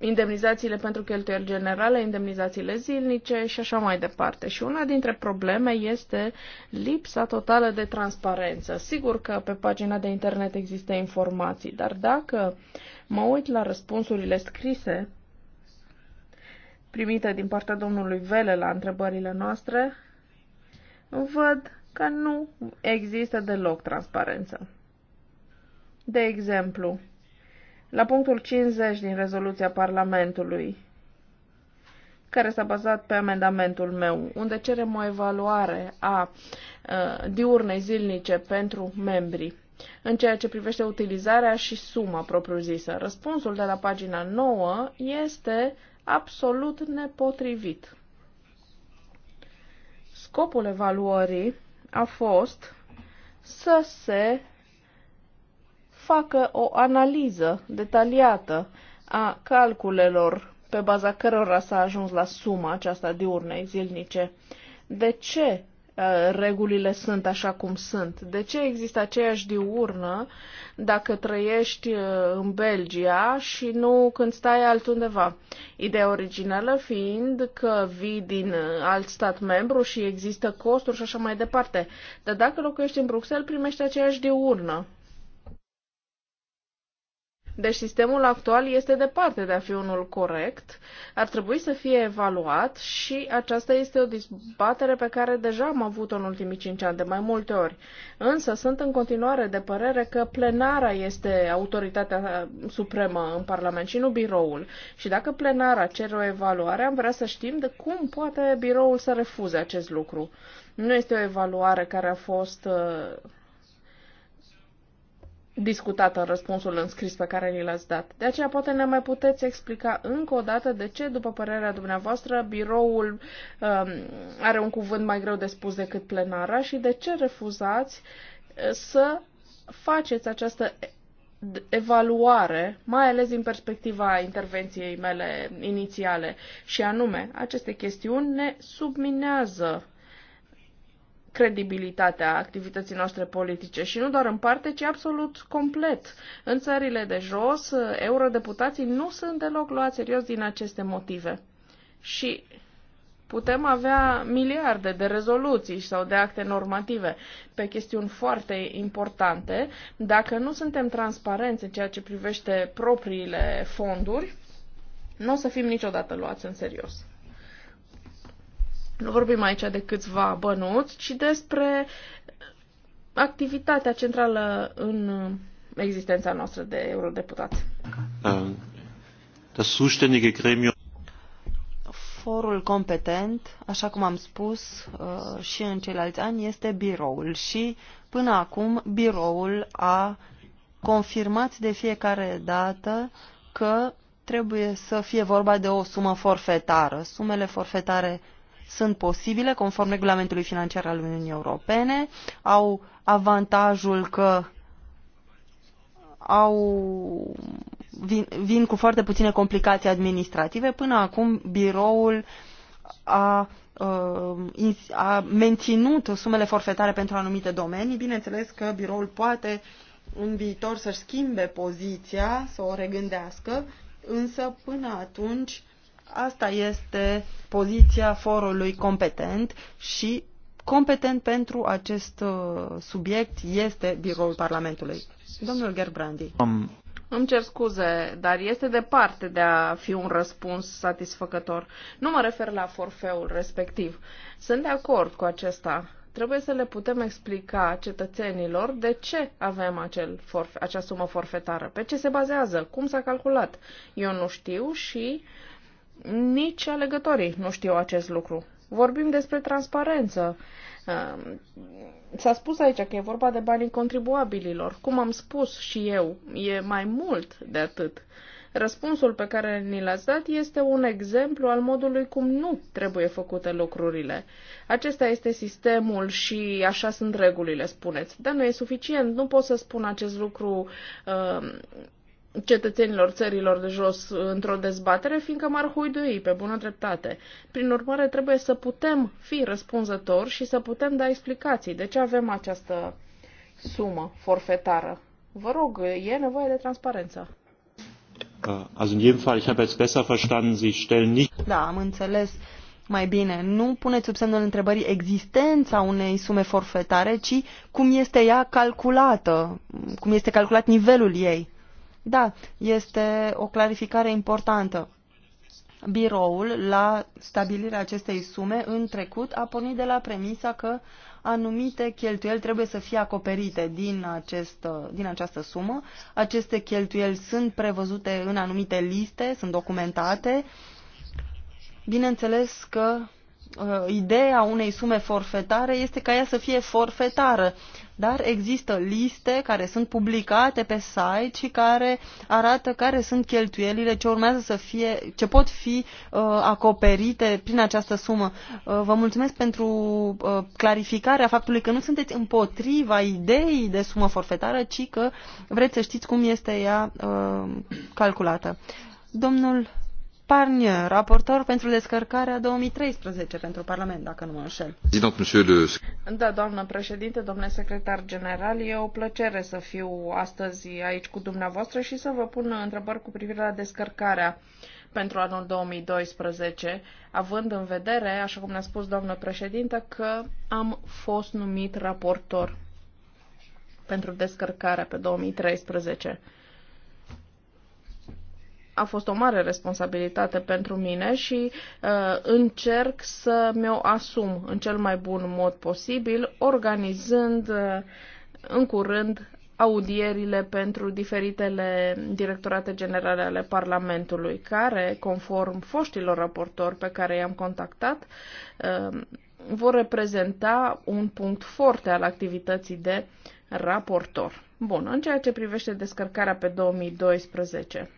indemnizațiile pentru cheltuieli generale, indemnizațiile zilnice și așa mai departe. Și una dintre probleme este lipsa totală de transparență. Sigur că pe pagina de internet există informații, dar dacă mă uit la răspunsurile scrise primite din partea domnului Vele la întrebările noastre, văd că nu există deloc transparență. De exemplu, la punctul 50 din rezoluția Parlamentului, care s-a bazat pe amendamentul meu, unde cerem o evaluare a uh, diurnei zilnice pentru membri în ceea ce privește utilizarea și suma propriu-zisă. Răspunsul de la pagina 9 este absolut nepotrivit. Scopul evaluării a fost să se facă o analiză detaliată a calculelor pe baza cărora s-a ajuns la suma aceasta diurnei zilnice. De ce uh, regulile sunt așa cum sunt. De ce există aceeași diurnă dacă trăiești uh, în Belgia și nu când stai altundeva? Ideea originală fiind că vii din uh, alt stat membru și există costuri și așa mai departe. Dar dacă locuiești în Bruxelles, primești aceeași diurnă. Deci sistemul actual este departe de a fi unul corect, ar trebui să fie evaluat și aceasta este o dezbatere pe care deja am avut-o în ultimii cinci ani de mai multe ori. Însă sunt în continuare de părere că plenara este autoritatea supremă în Parlament și nu biroul. Și dacă plenara cere o evaluare, am vrea să știm de cum poate biroul să refuze acest lucru. Nu este o evaluare care a fost uh, discutat în răspunsul înscris pe care ni l-ați dat. De aceea poate ne mai puteți explica încă o dată de ce, după părerea dumneavoastră, biroul um, are un cuvânt mai greu de spus decât plenara și de ce refuzați uh, să faceți această evaluare, mai ales din perspectiva intervenției mele inițiale, și anume, aceste chestiuni ne subminează credibilitatea activității noastre politice și nu doar în parte, ci absolut complet. În țările de jos, eurodeputații nu sunt deloc luați serios din aceste motive. Și putem avea miliarde de rezoluții sau de acte normative pe chestiuni foarte importante. Dacă nu suntem transparenți în ceea ce privește propriile fonduri, nu o să fim niciodată luați în serios nu vorbim aici de câțiva bănuți, ci despre activitatea centrală în existența noastră de eurodeputați. Das uh, zuständige Gremium forul competent, așa cum am spus uh, și în ceilalți ani, este biroul și până acum biroul a confirmat de fiecare dată că trebuie să fie vorba de o sumă forfetară. Sumele forfetare sunt posibile conform regulamentului financiar al Uniunii Europene, au avantajul că au, vin, vin cu foarte puține complicații administrative. Până acum, biroul a, uh, a menținut sumele forfetare pentru anumite domenii. Bineînțeles că biroul poate în viitor să-și schimbe poziția, să o regândească, însă până atunci Asta este poziția forului competent și competent pentru acest uh, subiect este biroul Parlamentului. Domnul Gerbrandi. Um. Îmi cer scuze, dar este departe de a fi un răspuns satisfăcător. Nu mă refer la forfeul respectiv. Sunt de acord cu acesta. Trebuie să le putem explica cetățenilor de ce avem acel forfe, acea sumă forfetară, pe ce se bazează, cum s-a calculat. Eu nu știu și nici alegătorii nu știu acest lucru. Vorbim despre transparență. S-a spus aici că e vorba de banii contribuabililor. Cum am spus și eu, e mai mult de atât. Răspunsul pe care ni l-ați dat este un exemplu al modului cum nu trebuie făcute lucrurile. Acesta este sistemul și așa sunt regulile, spuneți. Dar nu e suficient, nu pot să spun acest lucru uh, cetățenilor țărilor de jos într-o dezbatere, fiindcă m-ar huidui pe bună dreptate. Prin urmare, trebuie să putem fi răspunzători și să putem da explicații de ce avem această sumă forfetară. Vă rog, e nevoie de transparență. Uh, also in jedem Fall, ich habe jetzt besser verstanden, Sie stellen nicht... Da, am înțeles mai bine. Nu puneți sub semnul întrebării existența unei sume forfetare, ci cum este ea calculată, cum este calculat nivelul ei. Da, este o clarificare importantă. Biroul, la stabilirea acestei sume, în trecut a pornit de la premisa că anumite cheltuieli trebuie să fie acoperite din, acest, din această sumă. Aceste cheltuieli sunt prevăzute în anumite liste, sunt documentate. Bineînțeles că uh, ideea unei sume forfetare este ca ea să fie forfetară, dar există liste care sunt publicate pe site și care arată care sunt cheltuielile ce urmează să fie, ce pot fi uh, acoperite prin această sumă. Uh, vă mulțumesc pentru uh, clarificarea faptului că nu sunteți împotriva ideii de sumă forfetară, ci că vreți să știți cum este ea uh, calculată. Domnul Parnie, raportor pentru descărcarea 2013 pentru Parlament, dacă nu mă înșel. Da, doamnă președinte, domnule secretar general, e o plăcere să fiu astăzi aici cu dumneavoastră și să vă pun întrebări cu privire la descărcarea pentru anul 2012, având în vedere, așa cum ne-a spus doamnă președintă, că am fost numit raportor pentru descărcarea pe 2013 a fost o mare responsabilitate pentru mine și uh, încerc să mi-o asum în cel mai bun mod posibil, organizând uh, în curând audierile pentru diferitele directorate generale ale Parlamentului, care, conform foștilor raportori pe care i-am contactat, uh, vor reprezenta un punct forte al activității de raportor. Bun, în ceea ce privește descărcarea pe 2012,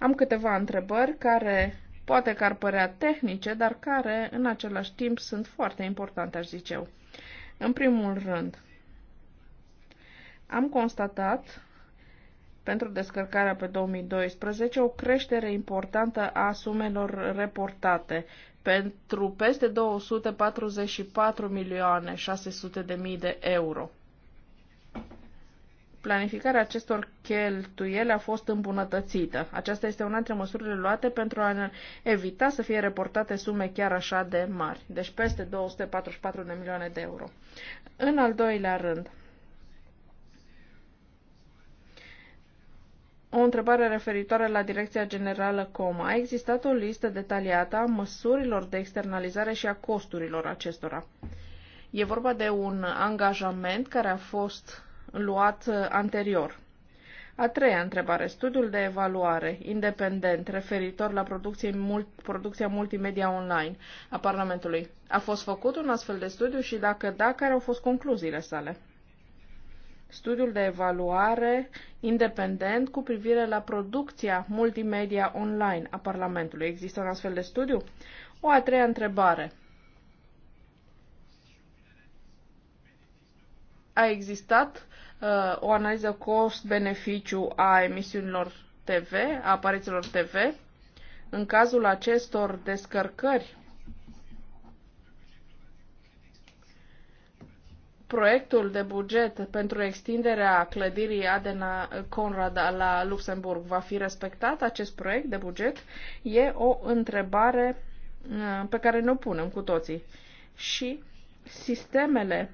am câteva întrebări care poate că ar părea tehnice, dar care în același timp sunt foarte importante, aș zice eu. În primul rând, am constatat pentru descărcarea pe 2012 o creștere importantă a sumelor reportate pentru peste 244 milioane 600 de mii de euro planificarea acestor cheltuieli a fost îmbunătățită. Aceasta este una dintre măsurile luate pentru a evita să fie reportate sume chiar așa de mari, deci peste 244 de milioane de euro. În al doilea rând, o întrebare referitoare la Direcția Generală Coma. A existat o listă detaliată a măsurilor de externalizare și a costurilor acestora. E vorba de un angajament care a fost luat uh, anterior. A treia întrebare. Studiul de evaluare independent referitor la producție, mult, producția multimedia online a Parlamentului. A fost făcut un astfel de studiu și dacă da, care au fost concluziile sale? Studiul de evaluare independent cu privire la producția multimedia online a Parlamentului. Există un astfel de studiu? O a treia întrebare. A existat uh, o analiză cost-beneficiu a emisiunilor TV, a aparițiilor TV. În cazul acestor descărcări, proiectul de buget pentru extinderea clădirii Adena Conrad la Luxemburg va fi respectat? Acest proiect de buget e o întrebare uh, pe care ne-o punem cu toții. Și sistemele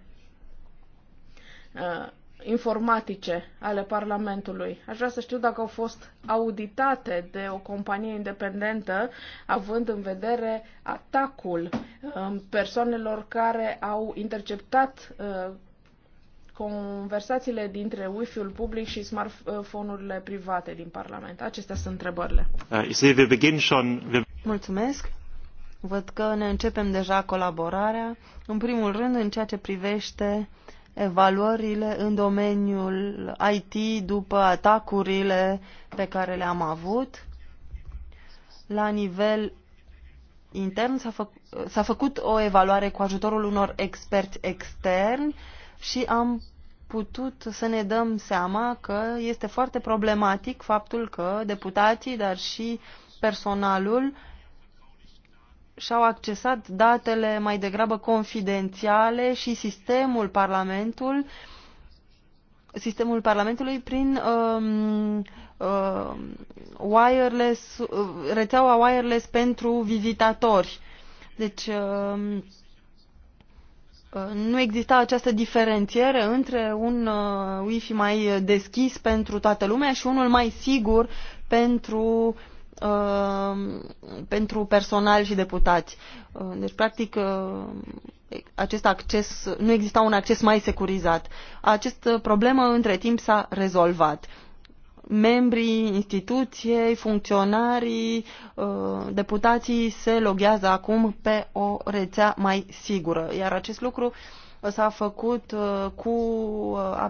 uh, informatice ale Parlamentului. Aș vrea să știu dacă au fost auditate de o companie independentă, având în vedere atacul um, persoanelor care au interceptat uh, conversațiile dintre Wi-Fi-ul public și smartphone-urile private din Parlament. Acestea sunt întrebările. Uh, Mulțumesc. Văd că ne începem deja colaborarea. În primul rând, în ceea ce privește evaluările în domeniul IT după atacurile pe care le-am avut. La nivel intern s-a, fă, făcut o evaluare cu ajutorul unor experți externi și am putut să ne dăm seama că este foarte problematic faptul că deputații, dar și personalul și-au accesat datele mai degrabă confidențiale și sistemul Parlamentul sistemul Parlamentului prin um, uh, wireless, uh, rețeaua wireless pentru vizitatori. Deci um, uh, nu exista această diferențiere între un uh, Wi-Fi mai deschis pentru toată lumea și unul mai sigur pentru uh, uh, pentru personal și deputați. Uh, deci, practic, uh, acest acces, nu exista un acces mai securizat. Această problemă între timp s-a rezolvat. Membrii instituției, funcționarii, uh, deputații se loghează acum pe o rețea mai sigură, iar acest lucru s-a făcut uh, cu, uh,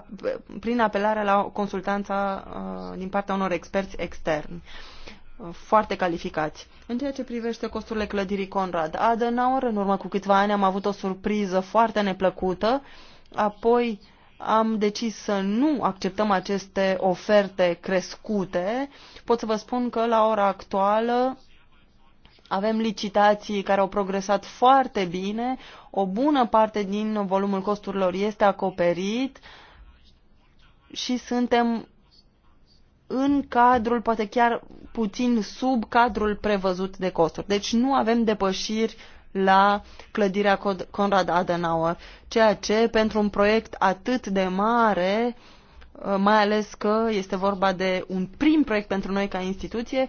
prin apelarea la consultanța din partea unor experți externi foarte calificați. În ceea ce privește costurile clădirii Conrad Adenauer, în urmă cu câțiva ani am avut o surpriză foarte neplăcută, apoi am decis să nu acceptăm aceste oferte crescute. Pot să vă spun că la ora actuală avem licitații care au progresat foarte bine, o bună parte din volumul costurilor este acoperit și suntem în cadrul, poate chiar puțin sub cadrul prevăzut de costuri. Deci nu avem depășiri la clădirea Conrad Adenauer, ceea ce pentru un proiect atât de mare, uh, mai ales că este vorba de un prim proiect pentru noi ca instituție,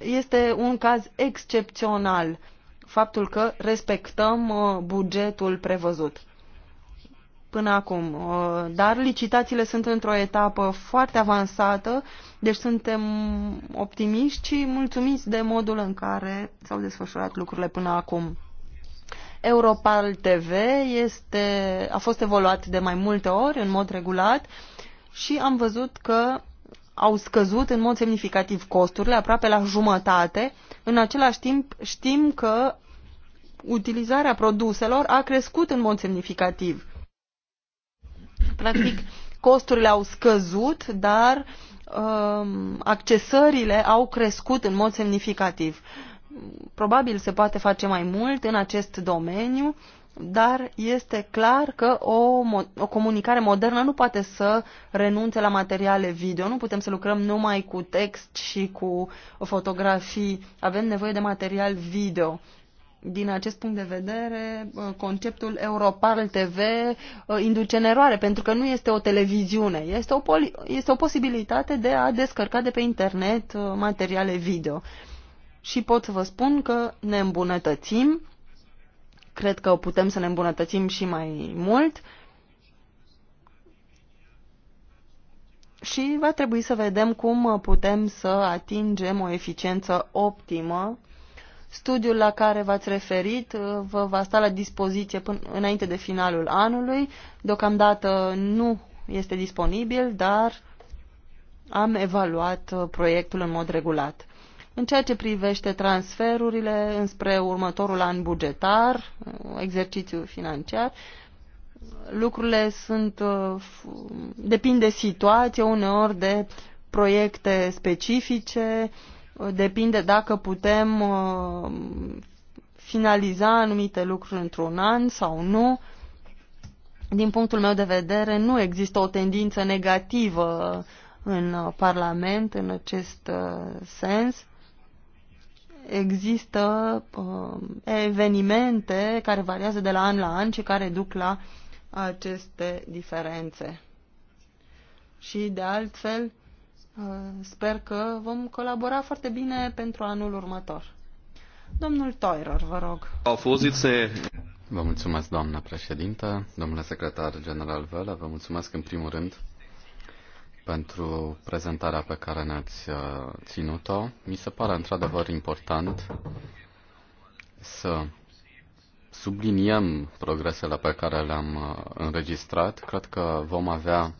este un caz excepțional faptul că respectăm uh, bugetul prevăzut până acum. Uh, dar licitațiile sunt într-o etapă foarte avansată, deci suntem optimiști și mulțumiți de modul în care s-au desfășurat lucrurile până acum. Europal TV este, a fost evoluat de mai multe ori, în mod regulat, și am văzut că au scăzut în mod semnificativ costurile, aproape la jumătate. În același timp știm că utilizarea produselor a crescut în mod semnificativ. Practic, costurile au scăzut, dar um, accesările au crescut în mod semnificativ. Probabil se poate face mai mult în acest domeniu, dar este clar că o, o comunicare modernă nu poate să renunțe la materiale video. Nu putem să lucrăm numai cu text și cu fotografii. Avem nevoie de material video din acest punct de vedere, uh, conceptul Europarl TV uh, induce în eroare, pentru că nu este o televiziune, este o, este o posibilitate de a descărca de pe internet uh, materiale video. Și pot să vă spun că ne îmbunătățim, cred că putem să ne îmbunătățim și mai mult și va trebui să vedem cum putem să atingem o eficiență optimă Studiul la care v-ați referit uh, vă va sta la dispoziție până înainte de finalul anului. Deocamdată nu este disponibil, dar am evaluat uh, proiectul în mod regulat. În ceea ce privește transferurile înspre următorul an bugetar, uh, exercițiu financiar, lucrurile sunt, depind de situație, uneori de proiecte specifice, uh, depinde dacă putem uh, finaliza anumite lucruri într-un an sau nu. Din punctul meu de vedere, nu există o tendință negativă în uh, Parlament în acest uh, sens. Există evenimente care variază de la an la an și care duc la aceste diferențe. Și de altfel, Uh, sper că vom colabora foarte bine pentru anul următor. Domnul Toirer, vă rog. Vă mulțumesc, doamna președintă, domnule secretar general Vela, vă mulțumesc în primul rând pentru prezentarea pe care ne-ați uh, ținut-o. Mi se pare într-adevăr important să subliniem progresele pe care le-am uh, înregistrat. Cred că vom avea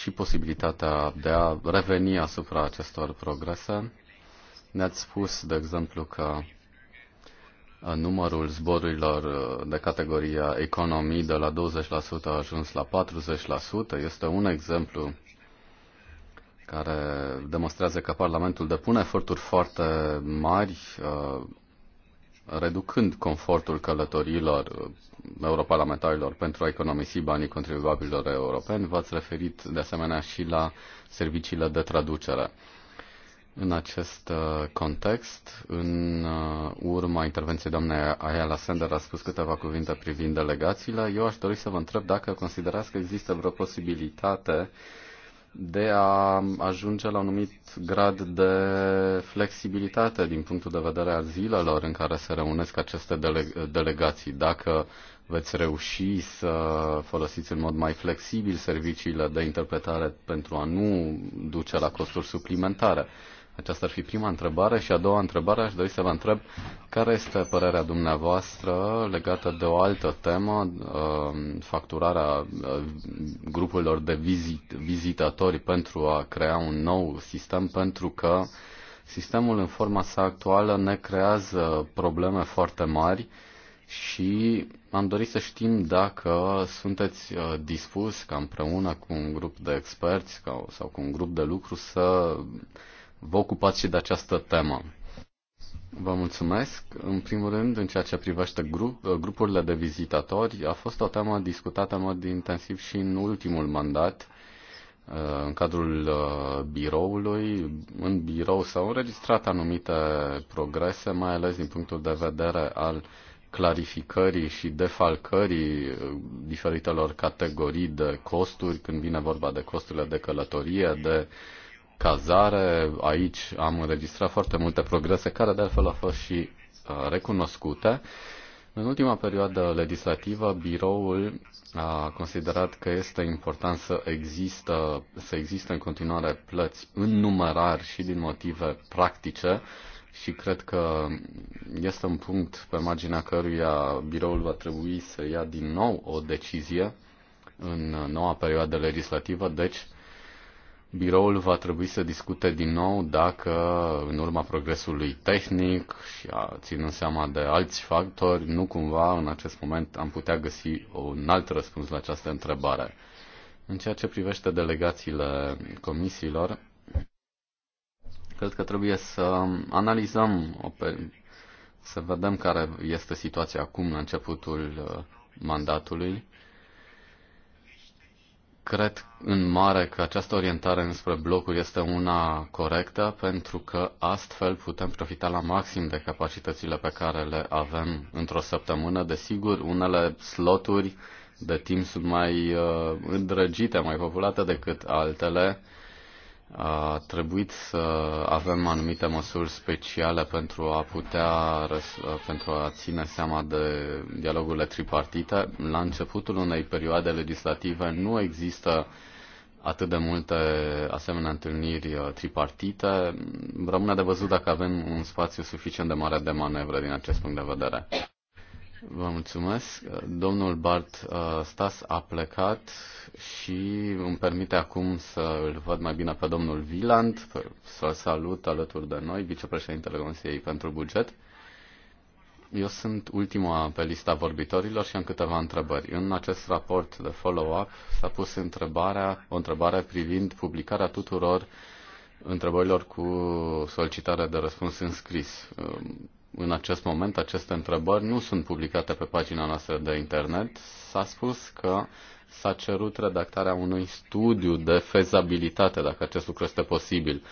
și posibilitatea de a reveni asupra acestor progrese. Ne-ați spus, de exemplu, că uh, numărul zborurilor uh, de categoria economii de la 20% a ajuns la 40%. Este un exemplu care demonstrează că Parlamentul depune eforturi foarte mari uh, reducând confortul călătorilor uh, europarlamentarilor pentru a economisi banii contribuabililor europeni. V-ați referit de asemenea și la serviciile de traducere. În acest uh, context, în uh, urma intervenției doamnei Ayala Sender a spus câteva cuvinte privind delegațiile. Eu aș dori să vă întreb dacă considerați că există vreo posibilitate uh, de a ajunge la un anumit grad de flexibilitate din punctul de vedere al zilelor în care se reunesc aceste dele- delegații. Dacă veți reuși să folosiți în mod mai flexibil serviciile de interpretare pentru a nu duce la costuri suplimentare. Aceasta ar fi prima întrebare și a doua întrebare aș dori să vă întreb care este părerea dumneavoastră legată de o altă temă, um, facturarea uh, grupurilor de vizit, vizitatori pentru a crea un nou sistem, pentru că sistemul în forma sa actuală ne creează probleme foarte mari și am dorit să știm dacă sunteți uh, dispus ca împreună cu un grup de experți sau cu un grup de lucru să vă ocupați și de această temă. Vă mulțumesc. În primul rând, în ceea ce privește grup, uh, grupurile de vizitatori, a fost o temă discutată în mod intensiv și în ultimul mandat, uh, în cadrul uh, biroului. În birou s-au înregistrat anumite progrese, mai ales din punctul de vedere al clarificării și defalcării diferitelor categorii de costuri, când vine vorba de costurile de călătorie, de uh, cazare. Aici am înregistrat foarte multe progrese care de altfel au fost și uh, recunoscute. În ultima perioadă legislativă, biroul a considerat că este important să există, să există în continuare plăți în numărar și din motive practice și cred că este un punct pe marginea căruia biroul va trebui să ia din nou o decizie în noua perioadă legislativă, deci biroul va trebui să discute din nou dacă, în urma progresului tehnic și a, ținând seama de alți factori, nu cumva în acest moment am putea găsi un alt răspuns la această întrebare. În ceea ce privește delegațiile comisiilor, cred că trebuie să analizăm, să vedem care este situația acum la începutul uh, mandatului Cred în mare că această orientare înspre blocuri este una corectă pentru că astfel putem profita la maxim de capacitățile pe care le avem într-o săptămână. Desigur, unele sloturi de timp sunt mai uh, îndrăgite, mai populate decât altele a trebuit să avem anumite măsuri speciale pentru a putea pentru a ține seama de dialogurile tripartite. La începutul unei perioade legislative nu există atât de multe asemenea întâlniri tripartite. Rămâne de văzut dacă avem un spațiu suficient de mare de manevră din acest punct de vedere. Vă mulțumesc. Domnul Bart uh, Stas a plecat și îmi permite acum să îl văd mai bine pe domnul Viland, să-l salut alături de noi, vicepreședintele Consiliei pentru Buget. Eu sunt ultima pe lista vorbitorilor și am câteva întrebări. În acest raport de follow-up s-a pus întrebarea, o întrebare privind publicarea tuturor întrebărilor cu solicitare de răspuns în scris. Um, în acest moment aceste întrebări nu sunt publicate pe pagina noastră de internet. S-a spus că s-a cerut redactarea unui studiu de fezabilitate, dacă acest lucru este posibil.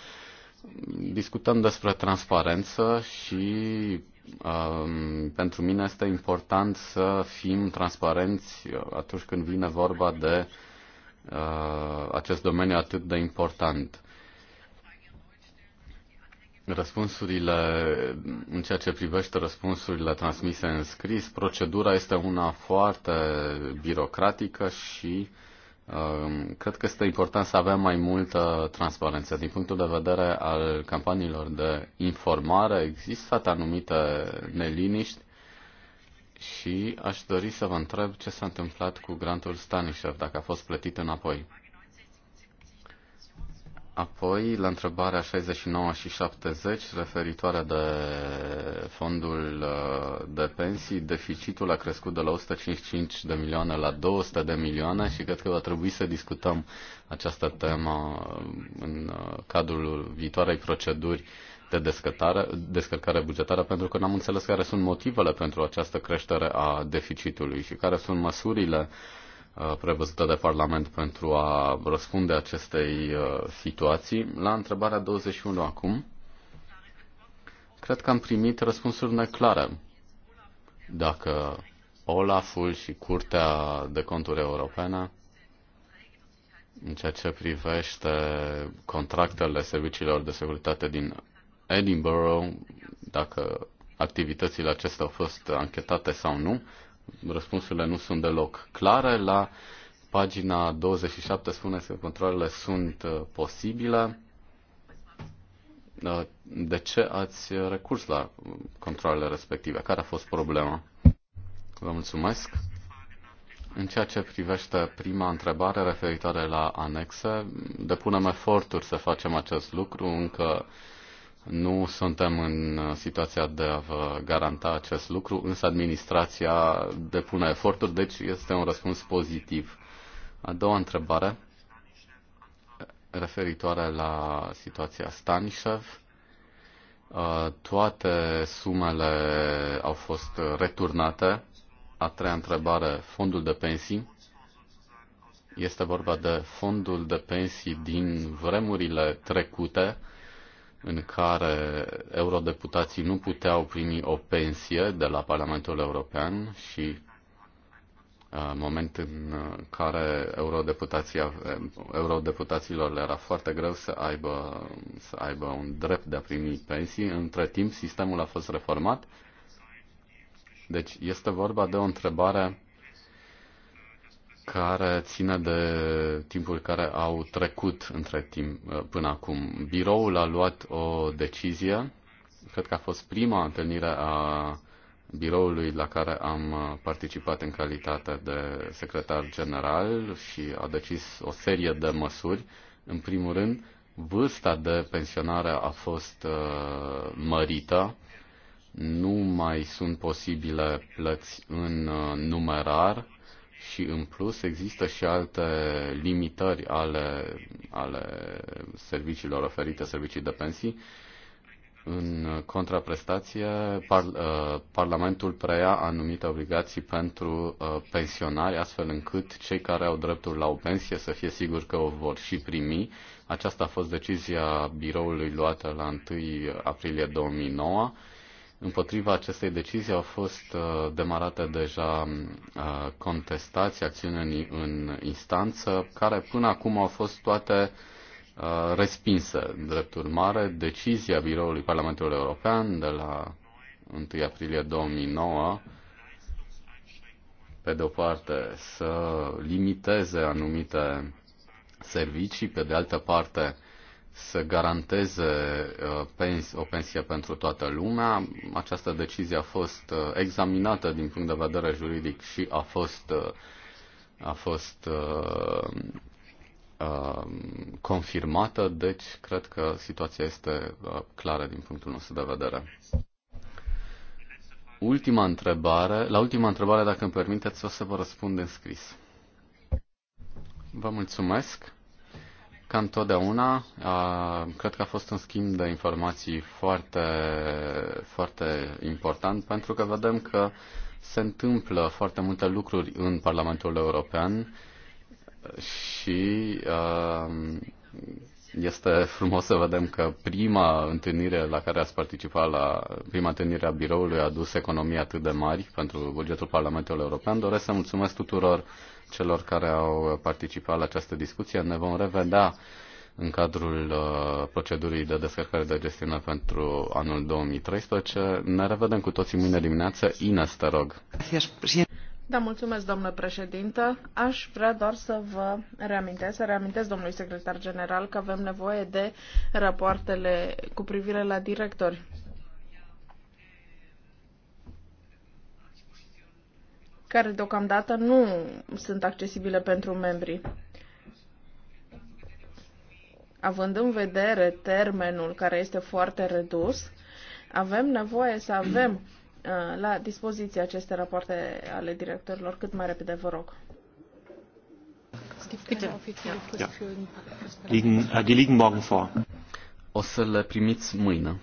Discutăm despre transparență și um, pentru mine este important să fim transparenți atunci când vine vorba de uh, acest domeniu atât de important. Uh, Răspunsurile, în ceea ce privește răspunsurile transmise în scris, procedura este una foarte birocratică și um, cred că este important să avem mai multă transparență. Din punctul de vedere al campaniilor de informare, există anumite neliniști și aș dori să vă întreb ce s-a întâmplat cu grantul Stanishev, dacă a fost plătit înapoi. Apoi, la întrebarea 69 și 70, referitoare de fondul uh, de pensii, deficitul a crescut de la 155 de milioane la 200 de milioane și cred că va trebui să discutăm această temă uh, în uh, cadrul viitoarei proceduri de descărcare, bugetară, pentru că n-am înțeles care sunt motivele pentru această creștere a deficitului și care sunt măsurile uh, Uh, prevăzută de Parlament pentru a răspunde acestei uh, situații. La întrebarea 21 acum, cred că am primit răspunsuri neclare. Dacă Olaful și Curtea de Conturi Europene în ceea ce privește contractele serviciilor de securitate din Edinburgh, dacă activitățile acestea au fost anchetate sau nu, răspunsurile nu sunt deloc clare. La pagina 27 spune că controlele sunt uh, posibile. Uh, de ce ați recurs la uh, controlele respective? Care a fost problema? Vă mulțumesc. În ceea ce privește prima întrebare referitoare la anexe, depunem eforturi să facem acest lucru, încă nu suntem în uh, situația de a vă garanta acest lucru, însă administrația depune eforturi, deci este un răspuns pozitiv. A doua întrebare, referitoare la situația Stanishev. Uh, toate sumele au fost returnate. A treia întrebare, fondul de pensii. Este vorba de fondul de pensii din vremurile trecute, în care eurodeputații nu puteau primi o pensie de la Parlamentul European și uh, moment în uh, care uh, eurodeputaților le era foarte greu să aibă, să aibă un drept de a primi pensii. Între timp, sistemul a fost reformat. Deci este vorba de o întrebare care ține de timpul care au trecut între timp uh, până acum. Biroul a luat o decizie, cred că a fost prima întâlnire a biroului la care am uh, participat în calitate de secretar general și a decis o serie de măsuri. În primul rând, vârsta de pensionare a fost uh, mărită, nu mai sunt posibile plăți în numerar, și în plus există și alte limitări ale, ale serviciilor oferite, servicii de pensii. În contraprestație, par, uh, Parlamentul preia anumite obligații pentru uh, pensionari, astfel încât cei care au dreptul la o pensie să fie siguri că o vor și primi. Aceasta a fost decizia biroului luată la 1 aprilie 2009 Împotriva acestei decizii au fost uh, demarate deja uh, contestații, acțiuni în, în instanță, care până acum au fost toate uh, respinse. Drept urmare, decizia Biroului Parlamentului European de la 1 aprilie 2009 pe de o parte să limiteze anumite servicii, pe de altă parte să garanteze uh, pens, o pensie pentru toată lumea. Această decizie a fost uh, examinată din punct de vedere juridic și a fost, uh, a fost a, a, confirmată, deci cred că situația este clară din punctul nostru de vedere. Ultima întrebare, la ultima întrebare, dacă îmi permiteți, o să vă răspund în scris. Vă mulțumesc. Ca întotdeauna, cred că a fost un schimb de informații foarte, foarte important, pentru că vedem că se întâmplă foarte multe lucruri în Parlamentul European și este frumos să vedem că prima întâlnire la care ați participat, la prima întâlnire a biroului, a dus economii atât de mari pentru bugetul Parlamentului European. Doresc să mulțumesc tuturor celor care au participat la această discuție. Ne vom revedea în cadrul uh, procedurii de descărcare de gestiune pentru anul 2013. Ne revedem cu toții mâine dimineață. Ines, te rog. Da, mulțumesc, domnule președinte. Aș vrea doar să vă reamintesc, să reamintesc domnului secretar general că avem nevoie de rapoartele cu privire la directori. care deocamdată nu sunt accesibile pentru membrii. Având în vedere termenul care este foarte redus, avem nevoie să avem uh, la dispoziție aceste rapoarte ale directorilor cât mai repede, vă rog. Äh, o să le primiți mâine.